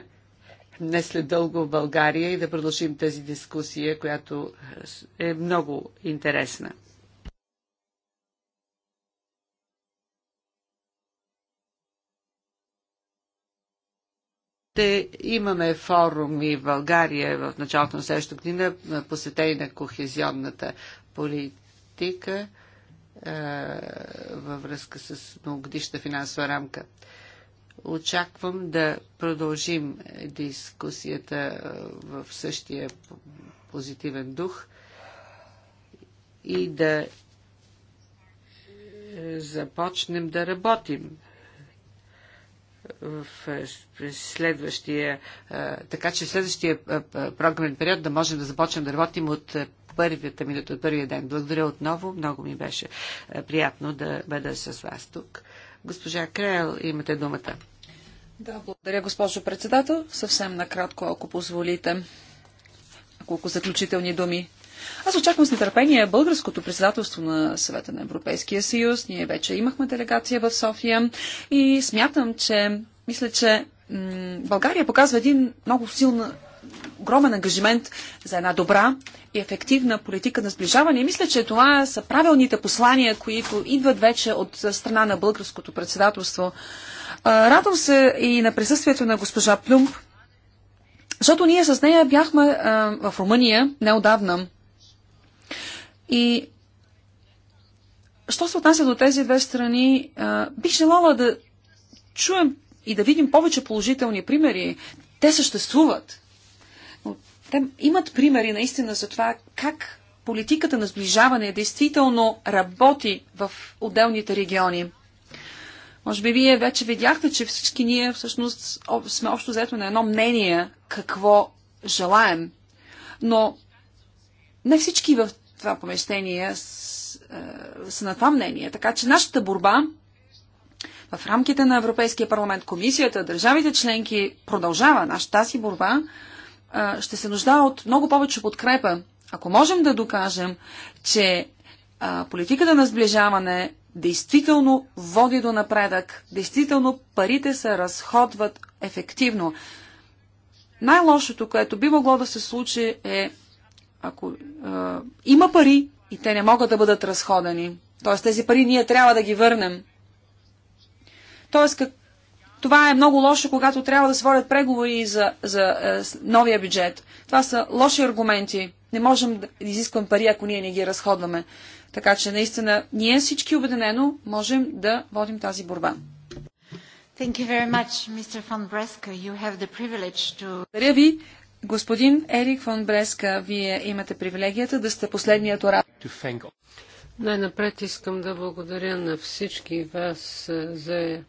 не след дълго в България и да продължим тази дискусия, която е много интересна. Ще имаме форуми в България в началото на следващата година, посетени на кохезионната политика във връзка с многогодишната финансова рамка. Очаквам да продължим дискусията в същия позитивен дух и да е, започнем да работим в, е, следващия, така че в следващия програмен период да можем да започнем да работим от е, първията минута, от първия ден. Благодаря отново, много ми беше приятно да бъда с вас тук. Госпожа Крел, имате думата. Да, благодаря, госпожо председател. Съвсем накратко, ако позволите, колко заключителни думи. Аз очаквам с нетърпение българското председателство на съвета на Европейския съюз. Ние вече имахме делегация в София и смятам, че мисля, че България показва един много силна огромен ангажимент за една добра и ефективна политика на сближаване. И мисля, че това са правилните послания, които идват вече от страна на българското председателство. Радвам се и на присъствието на госпожа Плюмп, защото ние с нея бяхме в Румъния неодавна. И що се отнася до тези две страни, бих желала да чуем и да видим повече положителни примери. Те съществуват. Те имат примери наистина за това как политиката на сближаване действително работи в отделните региони. Може би вие вече видяхте, че всички ние всъщност сме общо взето на едно мнение какво желаем. Но не всички в това помещение е, са на това мнение. Така че нашата борба в рамките на Европейския парламент, комисията, държавите членки продължава. Наш тази борба ще се нуждае от много повече подкрепа. Ако можем да докажем, че а, политиката на сближаване действително води до напредък, действително парите се разходват ефективно. Най-лошото, което би могло да се случи е, ако а, има пари и те не могат да бъдат разходени. т.е. тези пари ние трябва да ги върнем. Тоест това е много лошо, когато трябва да се водят преговори за, за е, новия бюджет. Това са лоши аргументи. Не можем да изисквам пари, ако ние не ги разходваме. Така че наистина ние всички обединено можем да водим тази борба. Благодаря ви, господин Ерик фон Бреска. Вие имате привилегията да сте последният оратор. Най-напред искам да благодаря на всички вас е, за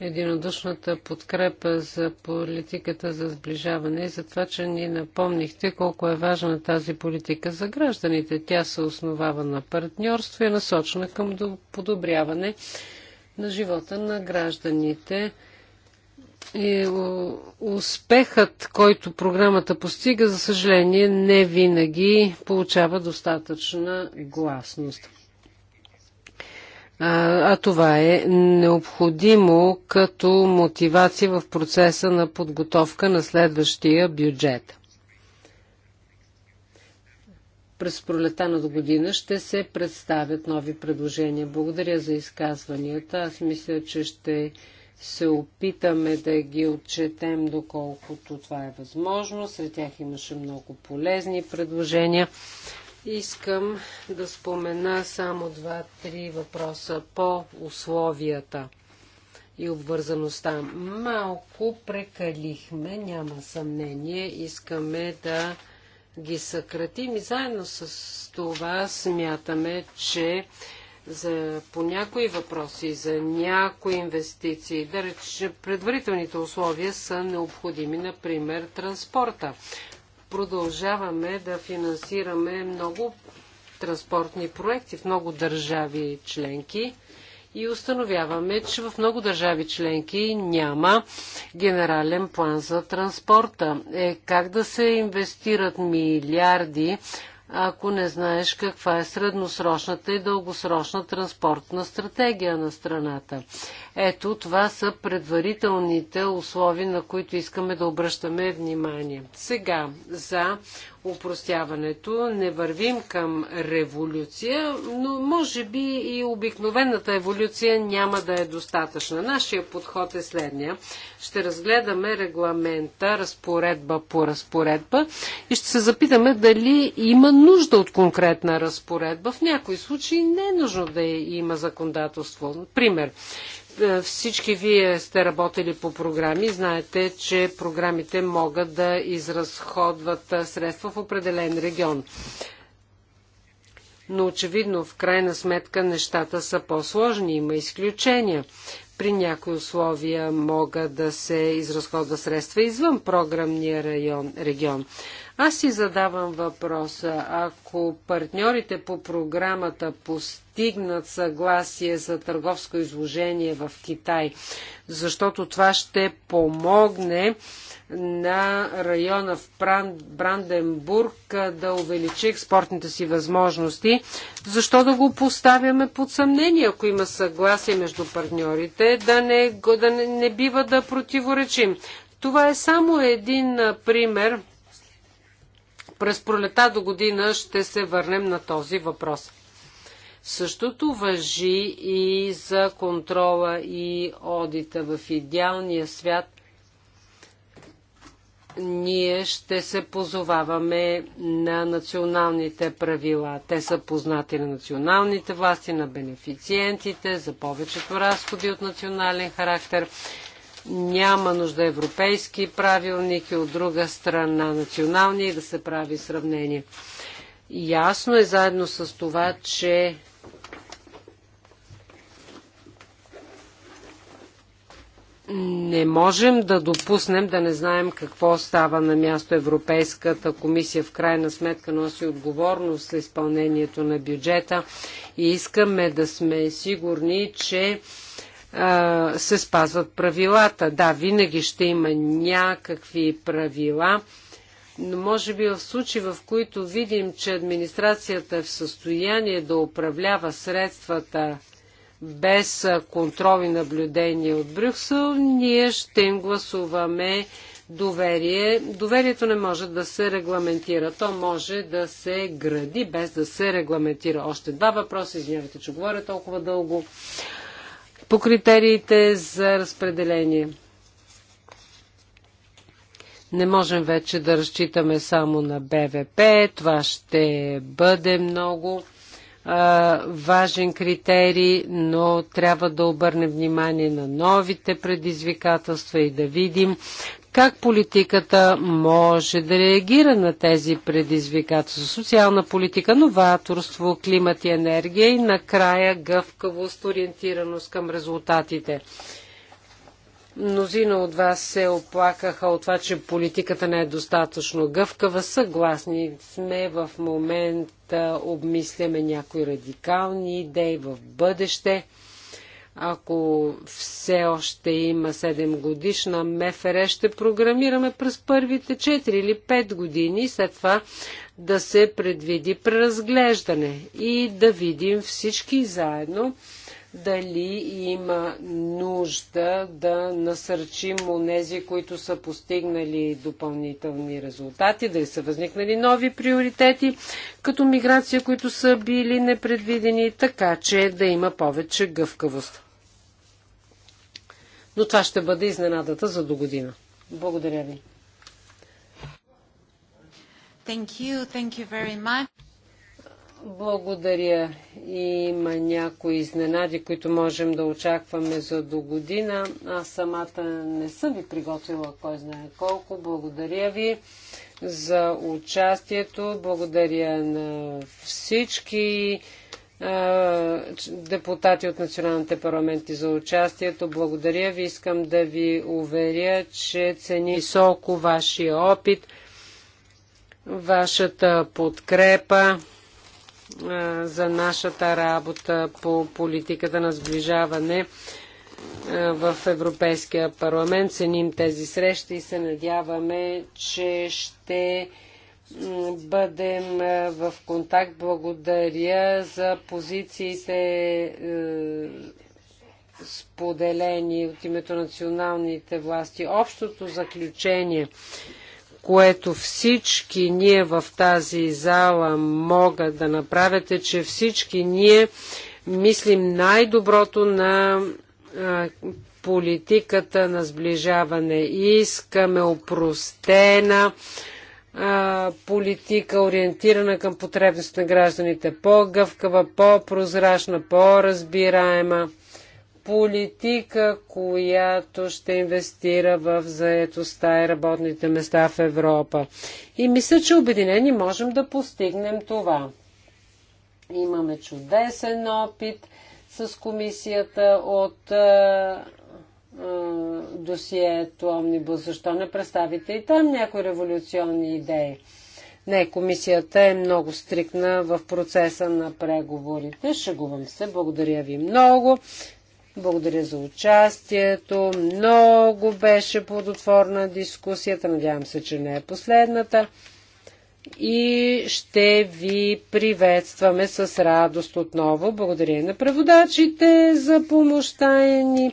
единодушната подкрепа за политиката за сближаване и за това, че ни напомнихте колко е важна тази политика за гражданите. Тя се основава на партньорство и е насочена към подобряване на живота на гражданите. И успехът, който програмата постига, за съжаление, не винаги получава достатъчна гласност а, а това е необходимо като мотивация в процеса на подготовка на следващия бюджет. През пролета на година ще се представят нови предложения. Благодаря за изказванията. Аз мисля, че ще се опитаме да ги отчетем доколкото това е възможно. Сред тях имаше много полезни предложения. Искам да спомена само два-три въпроса по условията и обвързаността. Малко прекалихме, няма съмнение. Искаме да ги съкратим и заедно с това смятаме, че за, по някои въпроси, за някои инвестиции, да рече, предварителните условия са необходими, например, транспорта продължаваме да финансираме много транспортни проекти в много държави членки и установяваме, че в много държави членки няма генерален план за транспорта. Е, как да се инвестират милиарди ако не знаеш каква е средносрочната и дългосрочна транспортна стратегия на страната. Ето, това са предварителните условия, на които искаме да обръщаме внимание. Сега, за упростяването. Не вървим към революция, но може би и обикновената еволюция няма да е достатъчна. Нашия подход е следния. Ще разгледаме регламента разпоредба по разпоредба и ще се запитаме дали има нужда от конкретна разпоредба. В някои случаи не е нужно да има законодателство. Пример, е, всички вие сте работили по програми. Знаете, че програмите могат да изразходват е, средства в определен регион. Но очевидно, в крайна сметка, нещата са по-сложни. Има изключения. При някои условия могат да се изразходват средства извън програмния район, регион. Аз си задавам въпроса, ако партньорите по програмата постигнат съгласие за търговско изложение в Китай, защото това ще помогне на района в Бранденбург да увеличи експортните си възможности. Защо да го поставяме под съмнение, ако има съгласие между партньорите, да не, да не, не бива да противоречим? Това е само един пример през пролета до година ще се върнем на този въпрос. Същото въжи и за контрола и одита в идеалния свят. Ние ще се позоваваме на националните правила. Те са познати на националните власти, на бенефициентите, за повечето разходи от национален характер няма нужда европейски правилник и от друга страна национални да се прави сравнение. Ясно е заедно с това, че не можем да допуснем да не знаем какво става на място. Европейската комисия в крайна сметка носи отговорност за изпълнението на бюджета и искаме да сме сигурни, че се спазват правилата. Да, винаги ще има някакви правила, но може би в случаи, в които видим, че администрацията е в състояние да управлява средствата без контрол и наблюдение от Брюксел, ние ще им гласуваме доверие. Доверието не може да се регламентира. То може да се гради без да се регламентира. Още два въпроса. Извинявайте, че говоря толкова дълго по критериите за разпределение. Не можем вече да разчитаме само на БВП. Това ще бъде много а, важен критерий, но трябва да обърнем внимание на новите предизвикателства и да видим как политиката може да реагира на тези предизвикателства? Социална политика, новаторство, климат и енергия и накрая гъвкавост, ориентираност към резултатите. Мнозина от вас се оплакаха от това, че политиката не е достатъчно гъвкава. Съгласни сме в момента, обмисляме някои радикални идеи в бъдеще – ако все още има 7 годишна МФР, ще програмираме през първите 4 или 5 години, след това да се предвиди преразглеждане и да видим всички заедно дали има нужда да насърчим онези, които са постигнали допълнителни резултати, дали са възникнали нови приоритети, като миграция, които са били непредвидени, така че да има повече гъвкавост но това ще бъде изненадата за до година. Благодаря ви. Thank you. Thank you very much. Благодаря. Има някои изненади, които можем да очакваме за до година. Аз самата не съм ви приготвила кой знае колко. Благодаря ви за участието. Благодаря на всички депутати от националните парламенти за участието. Благодаря ви. Искам да ви уверя, че цени високо вашия опит, вашата подкрепа за нашата работа по политиката на сближаване в Европейския парламент. Ценим тези срещи и се надяваме, че ще бъдем е, в контакт. Благодаря за позициите е, споделени от името на националните власти. Общото заключение, което всички ние в тази зала могат да направят е, че всички ние мислим най-доброто на е, политиката на сближаване. Искаме опростена, политика, ориентирана към потребност на гражданите, по-гъвкава, по-прозрачна, по-разбираема политика, която ще инвестира в заетостта и работните места в Европа. И мисля, че обединени можем да постигнем това. Имаме чудесен опит с комисията от досието Омнибус, защо не представите и там някои революционни идеи? Не, комисията е много стрикна в процеса на преговорите. Шегувам се. Благодаря ви много. Благодаря за участието. Много беше плодотворна дискусията. Надявам се, че не е последната и ще ви приветстваме с радост отново. Благодаря на преводачите за помощта ни,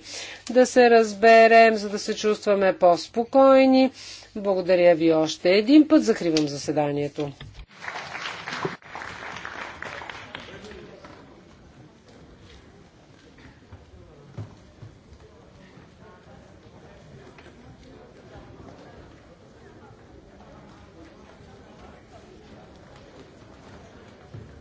да се разберем, за да се чувстваме по-спокойни. Благодаря ви още един път. Закривам заседанието.